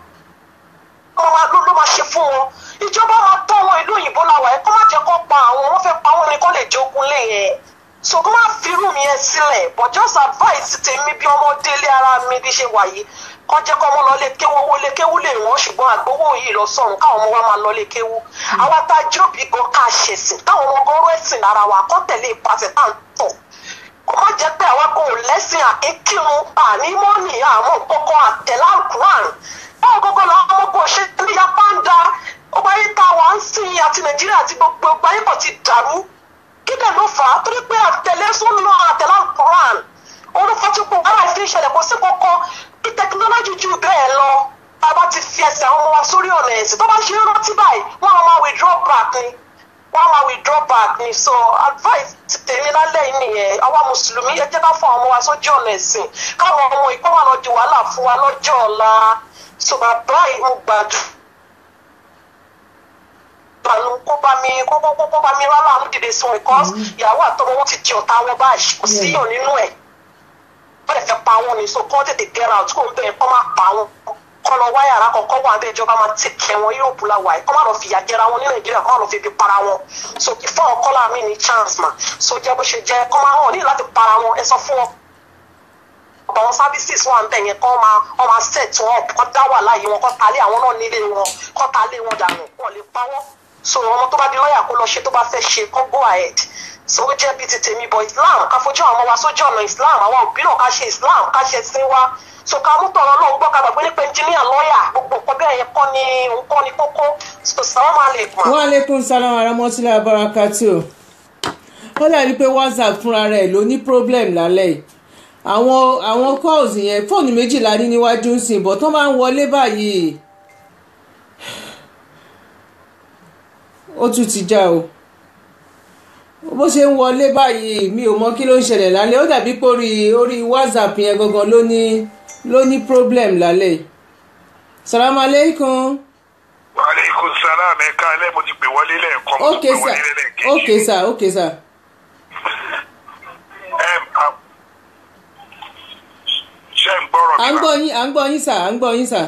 ìjọba máa tọ́ wọn ìlú òyìnbó làwà ẹ̀ má jẹ́ kó pa àwọn wọn fẹ́ pa wọn ni kó lè jogún lé yẹn so kó má firú mi yẹn sílẹ̀ but just advice tèmi bí ọmọ délé ara mi bí ṣe wà yìí kọ́ jẹ́ kọ́ ọmọ lọ kéwú owó lé kéwú lè wọ́n ṣùgbọ́n àgbowó yìí lọ sọ̀rùn káwọn ọmọ wa máa lọ kéwú hmm. àwa tá a jóbi gan ká ṣèsìn táwọn ọmọ gan rọ ẹ̀sìn lára wa kọ́ tẹ̀lé ìpàṣẹ tá à ń tọ̀ kó má jẹ́ pé àwa kò lẹ́sìn àkékírun àní mọ́nì àmọ́ kọ́kọ́ àtẹ̀lá àkùrán báwo gbogbo làwọn ọmọ kò ṣe ní yapa ń da ọgbà yìí tá a wà ń sìn àti Nàìjíríà àti gbogbo ọgbà kí lè ló fà á torí pé àtẹ̀lé súnmọ́ àtẹ̀lé Quran olùfọ́típò wàhálà ìfi ìṣẹ̀lẹ̀ kò sí kankan bí tẹkinọ́lọ́jì ju bẹ́ẹ̀ lọ tá a bá ti fi ẹsẹ̀ àwọn ọmọ wa sórí ọ̀nà ẹ̀sìn tó bá ṣe rántí báyìí wọ́n á máa withdraw back ni wọ́n á máa withdraw back ni so advice ti tèmi lálẹ́ yìí nìyẹn àwa mùsùlùmí ẹ jẹ́ ká fún àwọn ọmọ wa sójú ọ̀nà ẹ̀sìn káwọn ọmọ ìpọ́nmọ́ lọ di wàhálà fún wa lọ́jọ́ ọ̀la so bàbá ìhùn gbàdúrà bàánú kó bá mi kó bá mi rá láàánú dìde sun because mm. ìyàwó àtọmọ wọn ti di ọ̀tá wọn báyìí kò síyàn nínú ẹ̀ bẹ́ẹ̀ fẹ́ pa wọn ní so kọ́ tètè get out kó n bẹ́ẹ̀ kọ́ máa pa wọn kọ́ lọ wáyà ara kan kọ́ wà bẹ́ẹ̀ ìjọba máa ti kẹ́ wọn yóò la wáyé kọ́ máa lọ fìyà jẹra wọn ní nàìjíríà kọ́ máa lọ fi ibi para wọn so before ọkọ́lá mi ní chance ma so jẹ́ bó ṣe jẹ́ kọ́ máa hàn ní láti para wọn ẹ sọ fún wọn àwọn services wà ń bẹ̀ yẹn kọ́ máa ọ máa set wọn kọ́ dá wà láàyè wọn kọ́ ta lé àwọn náà nílé wọn kọ́ ta lé wọn dànù wọn lè pa so àwọn ọmọ tó bá di lọ́yà kó lọ ṣe tó bá fẹ́ ṣe kó go ahead so ó jẹ́ bíi ti tèmi bọ̀ islam ká fojú àwọn ọmọ wa sójú ọ̀nà islam àwọn òbí náà ká ṣe islam ká ṣe sin wa so ká mú tọ̀rọ̀ náà gbọ́ ká gbàgbé nípa ẹnjìníà lọ́yà gbogbo nǹkan bẹ́ẹ̀ yẹn kọ́ ni nǹkan ni kókó so salamu aleykum. wa aleykum salam aramotila barakatu ó dàbí pé whatsapp fúnra rẹ̀ ló ní problem lálẹ́ yìí àwọn àwọn calls yẹn fóònù méjìlá ní níwájú ń sìn bọ̀ tó máa ń wọlé báyìí otu tún ti já o bó ṣe ń wọlé báyìí mi ò mọ kí ló ń ṣẹlẹ̀ lálẹ́ ó dàbí pé orí whatsapp yẹn gangan ló ní ló ní problem lálẹ́ yìí salamu aleykum. maaleykum salaam ẹ̀ka alẹ́ mo ti pè wọlé lẹ́ẹ̀kan mo ti pè wọlé lẹ́ẹ̀kejì. ok sir ok sir. ṣé ń gbọ́rọ̀ mi. à ń gbọ́ yín à ń gbọ́ yín sà à ń gbọ́ yín sà.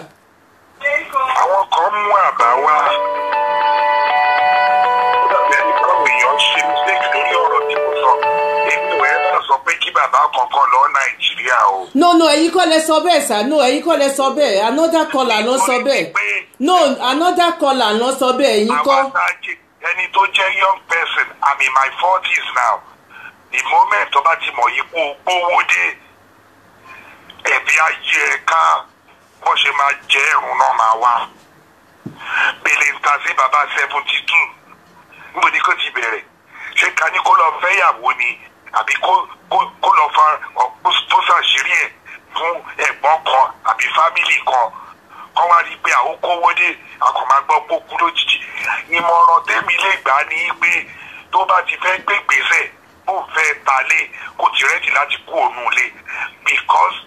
àwọn kan mú àbá wá. kankan lọ nàìjíríà o. no no ẹ̀yin kọ́ lẹ sọ bẹ́ẹ̀ sá no ẹ̀yin kọ́ lẹ sọ bẹ́ẹ̀ another caller ló sọ bẹ́ẹ̀ no another caller ló sọ bẹ́ẹ̀ ẹ̀yin kọ́. ẹni tó jẹ́ young person i'm in my forties now the moment tó bá ti mọ̀ yìí kó gbówó dé ẹ̀bí ayé ẹ̀ka bó ṣe máa jẹ́ ẹ̀rùn náà máa wá pèlè ń ta sí bàbá seventy two níbo ni kò ti bẹ̀rẹ̀ ṣé ká ní kó lọ fẹ́yàwó ni àbí kó lọ fa tó ṣàṣírí ẹ̀ fún ẹ̀gbọ́n kan àbí fámìlì kan kọ́ wá rí i pé àwọn kówó dé àkọ́mọgbọ́ pókú lójijì ìmọ̀ràn tẹ́mi lè gbà ní pé tó bá ti fẹ́ gbé gbèsè bó fẹ́ ta lé kó ti rẹ́dì láti kú òun lé because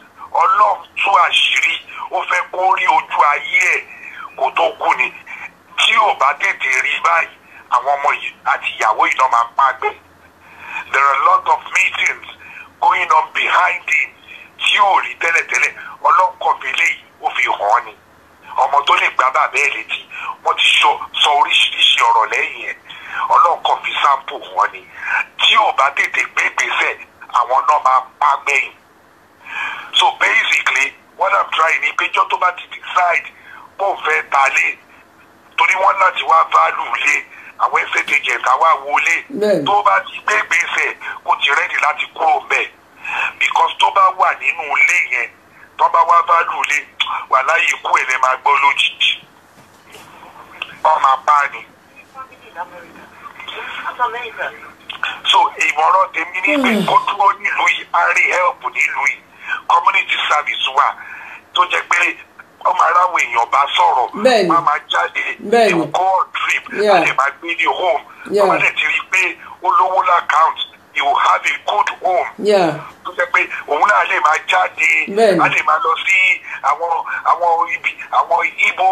ọlọ́run tú àṣírí ó fẹ́ kó rí ojú ayé ẹ̀ kó tó kú ni tí ò bá tètè rí báyìí àwọn ọmọ yìí àti ìyàwó yìí náà there are a lot of meetings going on behind him tí ò rí tẹ́lẹ̀tẹ́lẹ̀ ọlọ́kọ̀ọ́bí léyìí ó fi hàn án ni ọmọ tó lè gbá bàbá ẹ̀ létí wọ́n ti sọ oríṣiríṣi ọ̀rọ̀ lẹ́yìn ẹ̀ ọlọ́kọ̀ fi sáǹpù wọn ni tí ò bá tètè gbé gbèsè àwọn náà máa pa gbẹ̀yìn so basically what i'm trying ni péjọ tó bá ti decide bó fẹ́ ta torí wọ́n láti wá value lé àwọn estate agent àwa wọlé tó bá ti gbé gbèsè kó ti rẹ́dì láti kúrò mbẹ̀ because tó bá wà nínú ilé yẹn tó bá wá bá lùlé wà láyé ikú ẹ̀ lẹ́ máa gbọ́ lójijì ọmọ apá ni. so ìmọ̀ràn tèmi ní pé hmm. kó dúró nílùú yìí á rí help nílùú yìí community service wà tó jẹ́ pé wọ́n máa èèyàn bá sọ̀rọ̀ wọ́n máa jáde they will go on trip and they máa gbé ní home wọ́n máa dẹ̀ ti rí i pé ó lówó lákàùnt you have a good home. tó jẹ́ pé òun náà lè máa jáde a lè máa lọ sí àwọn àwọn ibi àwọn Igbo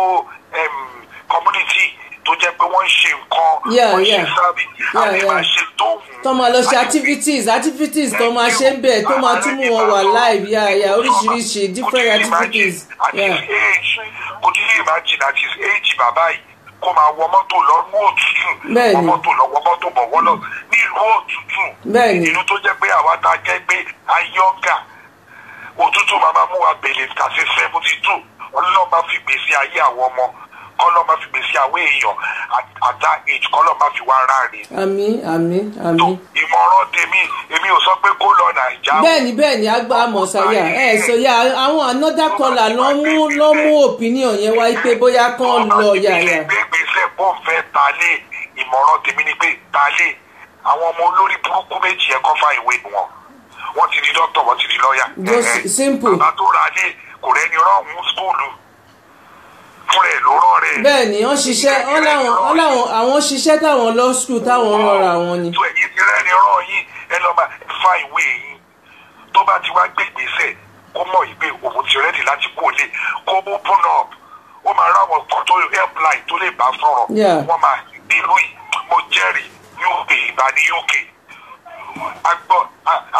um, community tó jẹ́ pé wọ́n ń ṣe nǹkan wọ́n ṣe sábì àti máa ṣe tó wù. tó máa lọ ṣe activities activities tó máa ṣe ń bẹ̀ tó máa tún mú wọn wà live yà yà oríṣiríṣi different activities. kò ní lè imagine at his age bàbá yìí kó máa wọ mọ́tò lọ ní òtútù wọ mọ́tò lọ wọ mọ́tò bọ̀ wọ́n lọ ní ìlú òtútù ìlú tó jẹ́ pé àwa ta jẹ́ pé ayọ́gà òtútù máa máa mú wa bèlè tàṣí seventy two ọlọ́ọ̀ máa fi gbèsè ayé àwọn ọmọ kọ́lọ́ máa fi gbèsè àwọn èèyàn at that age fi wá ara rẹ̀. àmín àmín àmín. ìmọ̀ràn tèmi èmi ò sọ pé kó lọ nàìjà. bẹ́ẹ̀ni bẹ́ẹ̀ni àgbà mọ̀sáyà ẹ sọ yà àwọn another caller ló mú ló mú opinion yẹn wáyé pé bóyá kán lọ yàrá. gbèsè bó fẹ́ ta lé ìmọ̀ràn tèmi ni pé ta lé àwọn ọmọ olórí burúkú méjì ẹ̀ kọ́ fa ìwé wọn wọ́n ti di dókítà wọ́n ti di lọ́ọ̀yà. just simple. bàbá tó ra lé kò rẹ́ni rọ́ọ̀hún skóòlù fún rẹ̀ ló rán rẹ̀. ni wọ́n ṣiṣẹ́ wọ́n láwọn àwọn ṣiṣẹ́ táwọn lọ skul táwọn rọra wọn ni. tó ẹ̀yin ti rẹ́ni rán yín ẹ lọ bá fa ìwé yín tó bá ti wá gbé ìgbésẹ̀ kó mọ̀ ìgbé òun ti rẹ́dì láti kú òde kó open up ó máa rá àwọn kan tó helpline tó lè bá sọ̀rọ̀ wọ́n máa nílùú mo jẹ́rìí UK ìbá UK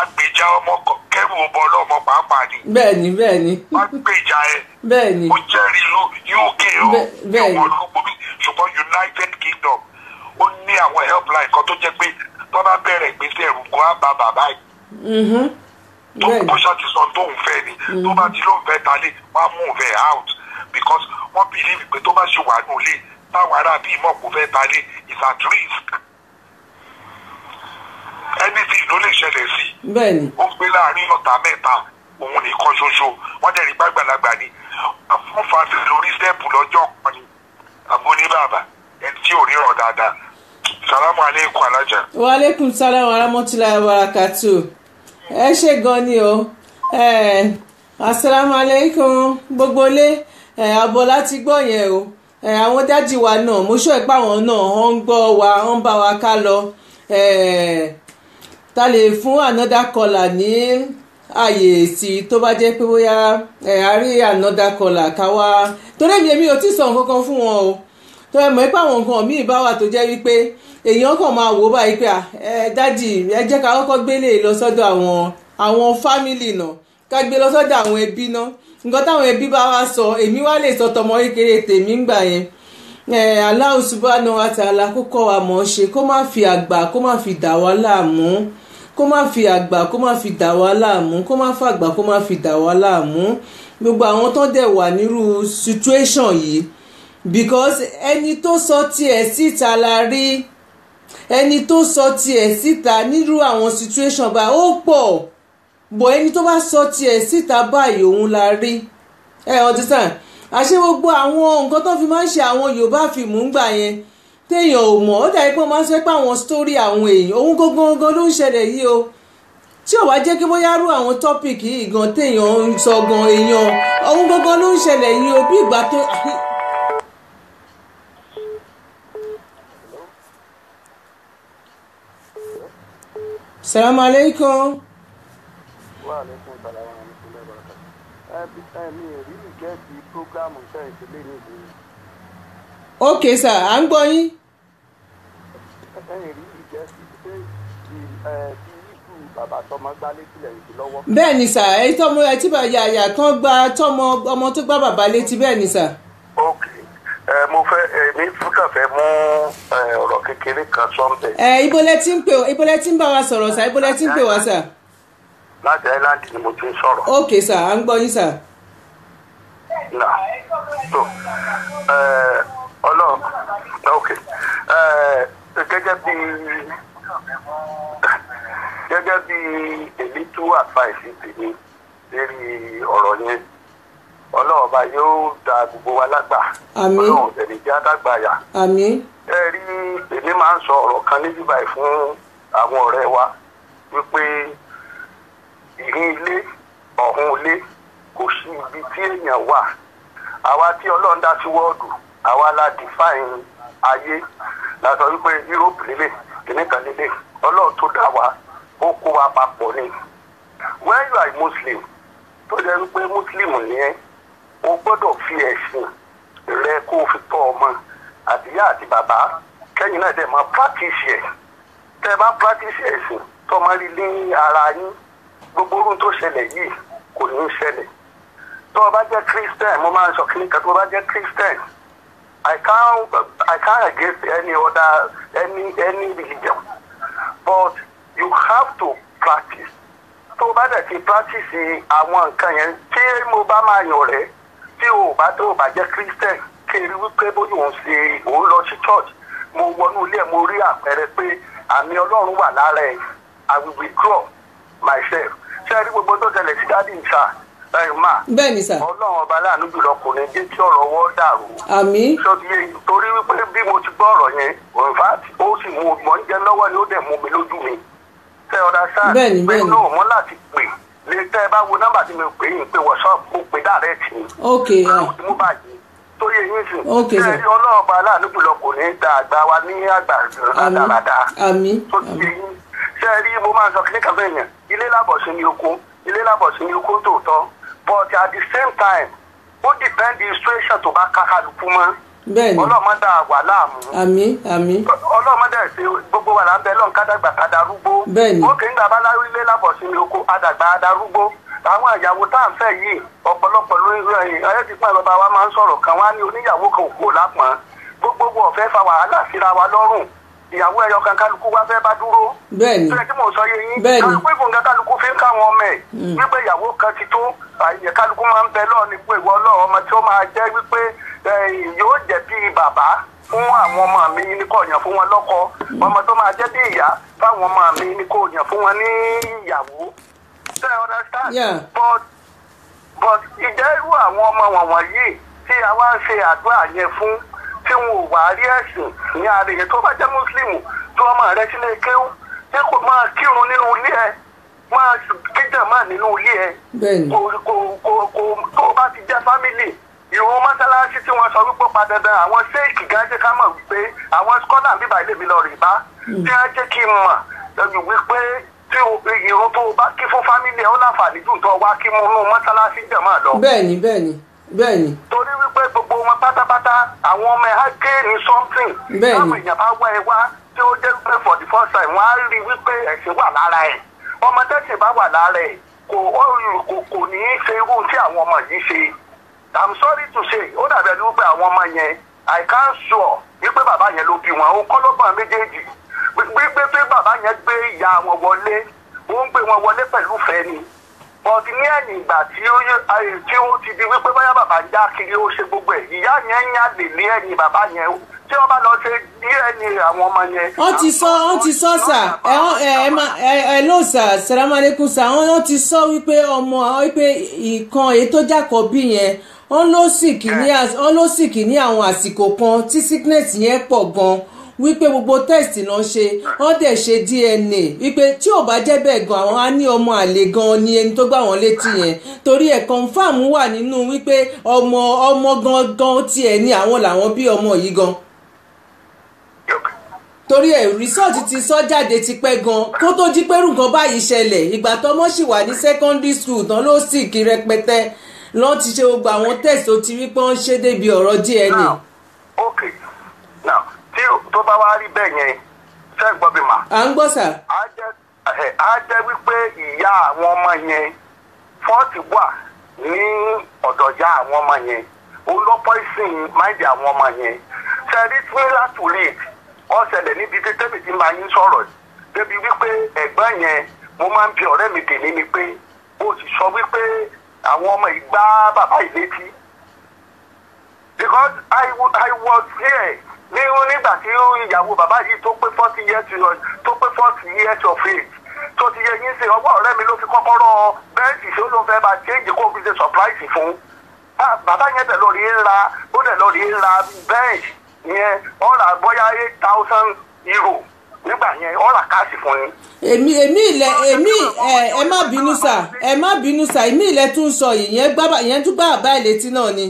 agbèjà ọmọ kẹrù ọmọ ọlọmọ pàápàá ni. bẹ́ẹ̀ni bẹ́ẹ̀ni. wọn ẹ. bẹ́ẹ̀ni. ó jẹ́rìí ló UK o. bẹ́ẹ̀ni ìwọ ló gbóbi United Kingdom ó ní àwọn helpline kan tó jẹ́ pé tó bá bẹ̀rẹ̀ ìgbésẹ̀ ẹrù kó á bá bàbá yìí. Mm-hmm. tó bó ṣáàtì sọ tóun fẹ́ ni tó bá mm-hmm. ti lóun fẹ́ ta lé wọn mú un fẹ́ out because wọn believe pé tó bá ṣe wà nù lé táwọn aráàbí mọ̀ kó fẹ́ ta lé is at risk anything ló lè ṣẹlẹ̀ sí i. ó gbé láàrin ọ̀tá mẹ́ta òun nìkan ṣoṣo wọ́n dẹ̀ rí gbàgbàlagbà ni fún Francis lórí stẹ́ẹ̀pù lọ́jọ́ kan ni àbóníbàbà ẹni tí ò ríran dáadáa salamu aleykum alájà. wa aleykum salam wa rahmatulahi wa barakatu ẹ ṣe gan ni o asalaamu aleykum gbogbo ilé abọ́ láti gbọ́ yẹn o àwọn dájú wa náà mo ṣọ́ ẹ̀ pé àwọn náà wọ́n ń gbọ́ wa wọ́n ń bá wa ká lọ ta lè fún another caller ní àyè sí tó bá jẹ́ pé bóyá ẹ̀ á rí another caller ká wá torí èmi èmi ò tí ì sọ nǹkan kan fún wọn o tó ẹ mọ̀ pé àwọn nǹkan míì bá wà tó jẹ́ wípé èèyàn kàn máa wò báyìí pé ẹ dájì ẹ jẹ́ ká kọ́kọ́ gbélé lọ sọ́dọ̀ àwọn àwọn fámìlì náà ká gbé lọ sọ́dọ̀ àwọn ẹbí náà nǹkan táwọn ẹbí bá wá sọ èmi wá lè sọ tọmọ kékeré tèmi ń gbà yẹn Allah subhanahu wa ta'ala kó kọ́ wa mọ̀ ọ́ ṣe kó má fi àgbà kó má fi dà wá láàmú kó má fi àgbà kó má fi dà wá láàmú kó má fàgbà kó má fi dà wá láàmú gbogbo àwọn tó dẹ̀ wà nírú situation yìí because ẹni tó sọ tiẹ̀ síta la rí ẹni tó sọ tiẹ̀ síta nírú àwọn situation bá ó pọ̀ bọ̀ ẹni tó bá sọ tiẹ̀ síta báyìí òun la rí ẹ understand àṣé gbogbo àwọn nǹkan tó fi máa ń ṣe àwọn Yorùbá fìmù ń gbà yẹn téèyàn ò mọ̀ ó dàbí pé ó máa ń sọ àwọn sítórí àwọn èèyàn ohun gbogbo ló ń ṣẹlẹ̀ yìí o tí ò wá jẹ́ kí bóyá rú àwọn tọ́pìkì yìí gan téèyàn ń sọ gan èèyàn ohun gbogbo ló ń ṣẹlẹ̀ yìí o bí ìgbà tó. *laughs* salamu ok sir à ń gbọ́ yín bẹ́ẹ̀ ni sà ẹ tọ́mọ ẹ tí yàyà kan gba tọ́mọ ọmọ tó gbá bàbá létí bẹ́ẹ̀ ni sà. ok ẹ mo fẹ́ èmi fúkà fẹ́ mú ọ̀rọ̀ kékeré kan sọmbẹ. ẹ ibo lẹ ti ń pè ibo lẹ ti ń bá wa sọ̀rọ̀ sà ibo lẹ ti ń pè wá sà. láti island ni mo ti ń sọ̀rọ̀. ok sà à ń gbọ́ yín sà. nà tó ọlọ́run ok gẹ́gẹ́ bí gẹ́gẹ́ bí èmi tú àfàìsí tèmi lérí ọ̀rọ̀ yẹn ọlọ́run ọba yóò da gbogbo wa lágbà ọlọ́run tẹ̀lé jẹ́ àdàgbà yà ẹ rí èmi máa ń sọ ọ̀rọ̀ kan níbí báyìí fún àwọn ọ̀rẹ́ wa wípé ìhín ilé ọ̀hún ilé kò sí ibi tí èèyàn wà àwa tí ọlọ́run dá sí wọ́ọ̀dù àwa la define ayé la sọ wípé Europe lélẹ̀ kìnìkan lélẹ̀ ọlọ́run tó dá wa ó kó wa papọ̀ ni when you are muslim tó jẹ́ wípé muslim ni ẹ́ o gbọ́dọ̀ fi ẹ̀sìn rẹ kó o fi tọ́ ọmọ àtìyá àti bàbá kẹ́yìn náà dẹ̀ máa practice ẹ̀ tẹ́ ẹ bá practice ẹ̀sìn tó máa rí ní ara yín gbogbo orun tó ṣẹlẹ̀ yìí kò ní í ṣẹlẹ̀ o bá jẹ́ christian mo máa ń sọ kíníkà tó bá jẹ́ christian I can't I can't against any other any any religion but you have to practice tó bá dẹ̀ ti practice àwọn nǹkan yẹn tí mo bá máa yàn rẹ̀ tí o bá tó o bá jẹ́ Christian kiri wípé bóyá òun ṣe òun lọ sí church mo wọnú ilé ẹ̀ mo rí àpẹẹrẹ pé àmì Ọlọ́run wà lára ẹ̀ I will withdraw myself ṣé ẹ rí gbogbo tó tẹ̀lé sí dádì ìta ma. bẹ́ẹ̀ni sà. ọlọ́run ọba aláàánú jùlọ kò ní jẹ́ kí ọ̀rọ̀ wọ́ dàrú. àmín. sọdí yẹn torí wípé bí mo ti gbọ́ ọ̀rọ̀ yẹn in fact ó sì mú mọ̀ ń jẹ lọ́wọ́ ni ó dẹ̀ mú mi lójú mi. ṣé ọ̀dà sáà bẹ́ẹ̀ni bẹ́ẹ̀ni pé náà wọ́n láti pè lè tẹ́ ẹ bá wo nọ́mbà tí mo pè yín pé wọ́sọ́ọ̀pù mo pè dàrẹ́ẹ̀tì ni. ok mo bá yìí tó ok sà ṣé ọlọ́run ọba aláàánú jùlọ kò da àgbà wa ní àgbà dáadáa. àmín àmín. ṣé ẹ rí mo máa ń sọ kíníkà bẹ́ẹ̀ yẹn ilé lábọ̀ṣe ni oko ilé lábọ̀ṣe ni but at the same time ó depend illustration tó bá ká kálukú mọ́ bẹ́ẹ̀ni ọlọmọdé àwà láàmú àmín àmín ọlọmọdé gbogbo wa là ń bẹ lọ́n kádàgbà kádàrúgbó bẹ́ẹ̀ni ó kì í gbàgbá láwílé lábọ̀sínmi oko àdàgbà àdàrúgbó àwọn ìyàwó tá à ń fẹ́ yìí ọ̀pọ̀lọpọ̀ lórí wa máa ń sọ̀rọ̀ kan wá ní oníyàwó kan gbogbo fa wàhálà síra wa lọ́rùn ìyàwó ẹyọ kan kálukú wá bá dúró. bẹ́ẹ̀ni bẹ́ẹ̀ni tí mo sọ yé yín kálukú ìgbòǹgà kálukú fi ń káwọn ọmọ ẹ̀ mm. wípé ìyàwó kan ti tó àyè kálukú máa ń bẹ lọ́ọ̀ ní pé ìwọ ọlọ́ọ̀ ọmọ tí ó máa jẹ́ wípé yóò jẹ́ bí bàbá fún àwọn ọmọ mi ní kò yàn fún wọn lọ́kọ mm. ọmọ tó máa jẹ́ bí ìyá fáwọn ọmọ mi ní kò yàn fún wọn ní ìyàwó. ṣé understand? but but ìjẹ́rú àwọn ọmọ wọ̀nyí tí a wá ń ṣe àdúrà yẹn fún tí wọn ò wá rí ẹ̀sìn ní ara yẹn tó bá jẹ́ mùsùlùmù tó ọmọ rẹ sílé kéwú jẹ́ kó máa kírun nínú ilé ẹ máa kíjà máa nínú ilé ẹ kò kò kò kò tó bá ti jẹ́ fámìlì ìrun mọ́sálásí tí wọ́n sọ wípé pa dandan àwọn séèkì gan jẹ́ ká mọ̀ wípé àwọn skọ́là bíbá ilé mi lọ rè bá hmm. tí wọ́n jẹ́ kí n mọ̀ lọ́jọ́ wípé tí ìrun tó bá kí fún fámìlì ẹ̀ ó láǹfààní jù tó wá kí mú inú mọ́sálásí jẹ̀ máa lọ. bẹ́ẹ̀ni bẹ́ẹ̀ni bẹ́ẹ̀ni. torí wípé gbogbo wọn pátápátá àwọn ọmọ ẹ̀ gé ní something. bẹ́ẹ̀ni táwọn èèyàn bá wá ẹ wá tí ó jẹ́ wípé for the first time wọ́n á rí wípé ẹ̀sìn wà lára ẹ̀ ọmọ tẹ́sìn bá wà lára ẹ̀ kò kò kò ní í ṣe irú tí àwọn ọmọ yìí ṣe i'm sorry to say ó dàbí ẹni wípé àwọn ọmọ yẹn i can't sure wípé bàbá yẹn ló bí wọn ó kọ́ lọ́gbọ̀n méjèèjì gbígbé pé bàbá yẹn gbé ìyá wọn wọlé ó ń gbé wọn wọlé pẹ̀lú fẹ́ ni but ní ẹ̀yìn ìgbà tí ó tí ó ti di wípé bóyá bàbá ń já kiri ó ṣe gbogbo ẹ̀ ìyá yẹn ń yá lè lé ẹ̀yìn bàbá yẹn tí wọ́n bá lọ ṣe dna àwọn ọmọ yẹn. wọ́n ti sọ wọ́n ti sọ sà ẹ ẹ ẹ ló sà sàrámàlẹ́kùn sà wọ́n ti sọ wípé ọmọ wípé ìkan èyí tó jákọ̀ bí yẹn wọ́n ló sì kì ní àwọn àsìkò kan tí sickness yẹn pọ̀ gan-an wípé gbogbo test náà ṣe wọ́n dẹ̀ ṣe DNA wípé tí ò bá jẹ́ bẹ́ẹ̀ gan àwọn á ní ọmọ àlè gan ni ẹni tó gbà wọ́n létí yẹn torí ẹ̀ confam wà nínú wípé ọmọ ọmọ gangan tiẹ̀ ni àwọn làwọn bí ọmọ yìí gan torí ẹ̀ rìsọ́ọ̀tì ti sọ jáde ti pẹ́ gan kó tó jí pé rúgan báyìí ṣẹlẹ̀ ìgbà tọmọ sì wà ní secondary school tán ló sì kí rẹpẹtẹ lọ́n ti ṣe gbogbo àwọn test tó ti rí pé wọ́n ṣe débi ọ̀rọ̀ DNA. now okay now tí tó bá wá rí bẹ́ẹ̀ yẹn ṣe ń gbọ́ bí mà. à ń gbọ́ sà. á jẹ́ wípé ìyá àwọn ọmọ yẹn fọ́ọ̀tì wà ní ọ̀dọ̀ ìyá àwọn ọmọ yẹn olópọ̀ ìsìn máìdì àwọn ọmọ yẹn ṣẹ́rí tí látòlè ọ̀ṣẹ̀lẹ̀ níbi tẹ́tẹ́mì tí máa ń sọ̀rọ̀ débi wípé ẹ̀gbọ́n yẹn mo máa ń bi ọ̀rẹ́ mi tèmi ni pé ó sì sọ wípé àwọn ọmọ ìgbà bàbá ìlétí because I, I was here ní nígbà tí ìyàwó bàbá yìí tó pé forty years tó pé forty years of age tó ti yẹ yín sí ọgbọ́n ọ̀rẹ́ mi ló fi kọ́kọ́rọ́ bẹ́ẹ̀sì ṣó ló fẹ́ bá change kó fi ṣe surprise fún bàbá yẹn tẹ̀ lórí ńlá ó tẹ̀ lórí ńlá bẹ́ẹ̀sì yẹn ọ̀rà bóyá eight thousand euro nígbà yẹn ọ̀rà káàsì fún yín. èmi èmi ilẹ̀ èmi ẹ ẹ má bínú sà ẹ má bínú sà èmi ilẹ̀ tún sọ ìyẹn gbá ìyẹn tún gbá àbá ìlétí náà ni.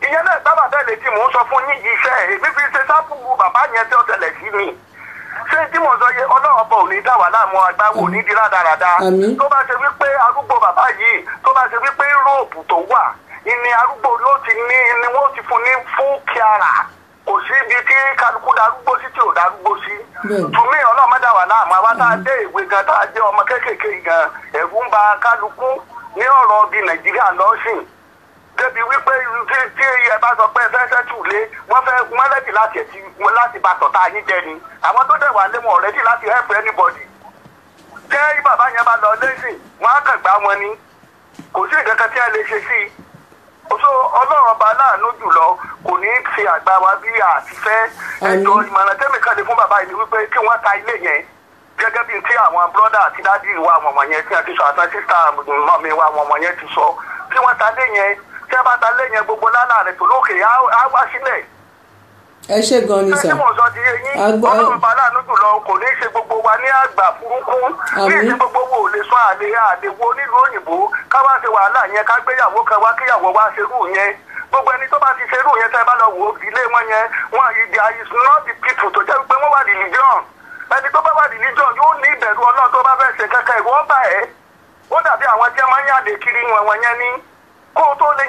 ìyẹn náà bá bàbá ẹ̀lẹ́tì mò ń sọ fún yín iṣẹ́ èmi fi ṣe sápùpù bàbá yẹn tí ó tẹ̀lẹ̀ sí mi ṣé tí mo sọ yẹ ọlọ́run ọba ò ní wà láàmú agbáwo ní di rádaràda tó bá ṣe wípé arúgbó bàbá yìí tó bá ṣe wípé róòpù tó wà ìní arúgbó ní ni wọ́n ti fún ní fún kíara kò sí ibi tí kálukú darúgbó sí tí ò tùmí ọlọ́run mẹ́ta wà láàmú dé ìwé gan tá a ọmọ kéékèèké gan ba kálukú ní débi wípé tí tí ẹ bá sọ pé fẹsẹ̀ tù lé wọ́n fẹ́ wọ́n lẹ́dí láti ẹ̀tí wọn láti bá sọ̀tà yín jẹ ni àwọn tó dẹ̀ lé wọn ọ̀rẹ́dì láti help anybody tẹ́ bàbá yẹn bá lọ lẹ́sìn wọ́n á kàn gbá wọn ni kò sí nǹkan kan tí a lè ṣe sí i so ọlọ́run ọba láàánú jùlọ kò ní í àgbà wa bí àtifẹ́ ẹjọ́ ìmọ̀ràn tẹ́mi fún bàbá yìí wípé kí wọ́n ta ilé yẹn gẹ́gẹ́ bíi tí àwọn brọ́dà àti dádì wa àwọn ọmọ yẹn ti sọ àti sísá mi wa àwọn ọmọ yẹn ti sọ kí wọ́n ta ilé yẹn tí a bá ta lẹ́yìn gbogbo lánà rẹ̀ tó lókè á wá sílẹ̀. ẹ ṣe gan ni sà agbọ́ ọlọ́run bá láàánú jùlọ kò ní ṣe gbogbo wa ní àgbà burúkú ní ìṣe gbogbo wo lè sọ àlè àlèwo nílùú òyìnbó ká wá ṣe wàhálà yẹn ká gbéyàwó kan wá kíyàwó wá ṣerú yẹn gbogbo ẹni tó bá ti ṣerú yẹn tẹ́ bá lọ wò ó ilé wọn yẹn wọn àyè di àyè sinọ́ di pitu tó jẹ́ pé wọ́n wà religion ẹni tó bá wà religion yóò ní ìbẹ̀rù ọlọ́run tó bá fẹ́ ṣe kẹ́kẹ́ ìwọ́n bá ẹ̀ ó dàbí àwọn tí wọ́n máa ń kiri wọn wọn yẹn ní kó o tó lè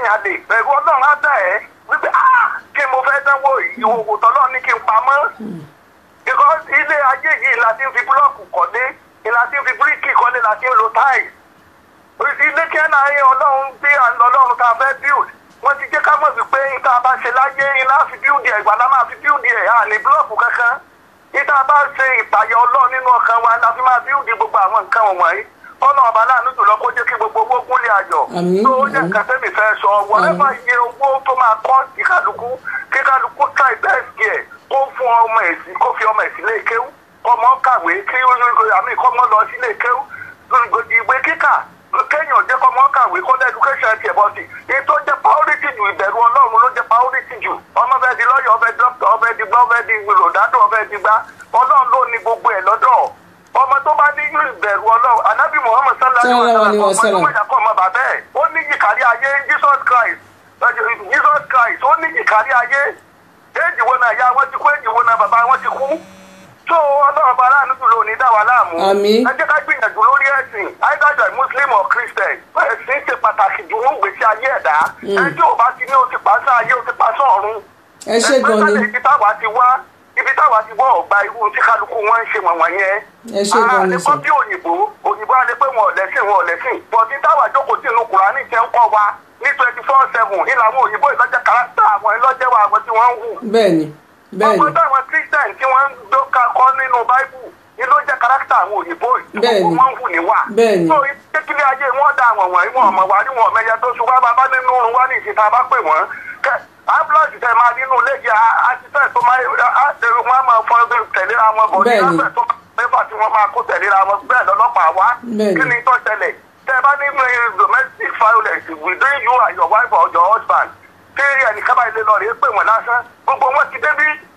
ọlọ́run ah, kí mo fẹ́ dánwò ní kí n pamọ́ because ilé yìí la ti ń fi búlọ́ọ̀kù kọ́lé la ti ń fi bíríkì kọ́lé la ti ń lo ilé fẹ́ build wọ́n ti jẹ́ fi build ẹ̀ fi build ẹ̀ à kankan ìta bá ṣe ọlọ́run nínú ọkàn wa la gbogbo àwọn nǹkan wọ̀nyí kọ́nà ọba láàánú jùlọ kó jẹ́ kí gbogbo owó gúnlẹ̀ ayọ̀ tó ó jẹ́ nǹkan tẹ́mi fẹ́ sọ wọ́lẹ́fà iye owó tó máa kọ́ sí kálukú kí kálukú ta ìbẹ́ẹ̀sì ẹ̀ kó fún ọmọ ẹ̀sìn kó fi ọmọ ẹ̀sìn lé kéwú kọ́mọ kàwé kí àmì kọ́mọ lọ sílé kéwú ìwé kíkà kéèyàn jẹ́ kọ́mọ kàwé kó lẹ́ education ti ẹ̀bọ̀ sí èyí tó jẹ́ priority ju ìbẹ̀rù ọlọ́run ló jẹ́ priority ju ọmọ bẹ́ẹ̀ di lọ́yọ̀ ọbẹ̀ dókítà ọbẹ̀ di gbọ́ ọbẹ̀ di ròdádó ọbẹ̀ di gbá ọlọ́run ló ní gbogbo ẹ̀ lọ́dọ̀ ọmọ tó bá ní ìbẹ̀rù ọlọ́run anabi muhammed sallallahu alayhi wa sallam ọmọ ìwé ìdàkọ̀ ọmọ bàbá ẹ̀ ó ní ìkàrí ayé jesus christ jesus christ ó ní ìkàrí ayé éèdì náà ya wọ́n ti kú éèdì náà bàbá wọ́n ti kú tó ọlọ́run bá aláàánú jùlọ ní láàmú muslim or christian ẹ̀sìn ṣe pàtàkì jù gbèsè ayé ẹ̀dá hmm. ti ní o ti pàṣẹ ayé o ti pàṣẹ ọ̀run ibi táwa ti wọ́ ọ̀gbà irú tí kálukú wọn ń ṣe wọ̀nwọ̀n yẹn. ẹ ṣe gan ni sọ. bí òyìnbó òyìnbó àlepẹ́ wọn ọ̀lẹ́sìn wọn ọ̀lẹ́sìn bọ̀dí táwa jókòó tí inú kùránì tẹ́ ń kọ́ wa ní twenty four seven ìlà òyìnbó ìlọ́jẹ́ kárátà àwọn ìlọ́jẹ́ wa àwọn tí wọ́n ń hù. bẹ́ẹ̀ni bẹ́ẹ̀ni. ọgbọ́n táwọn christian tí wọ́n àwọn òyìnbó ìlú wọn ń hù níwà. bẹ́ẹ̀ni so ìdíkílẹ̀ ayé wọn dá àwọn wọ̀nyí wọn ọmọ wa ní wọn ọmọ ẹyẹ tó ṣùgbọ́n bàbá nínú wa ní ìsìn bá pè wọ́n ambulance tẹ máa nínú ilé yìí àtisẹ́ tó máa wọ́n máa fọ́n tẹ̀léra wọn bọ̀ ní àfẹ́ tó mẹ́fà tí wọ́n máa kó tẹ̀léra wọn bẹ́ẹ̀ lọ́lọ́pàá wá kí ni tó ṣẹlẹ̀ tẹ bá nínú domestic violence within you and your wife or your husband kí ẹnìkan báyìí lè lọ rèé pè wọ́n lásán gbogbo wọn ti débí.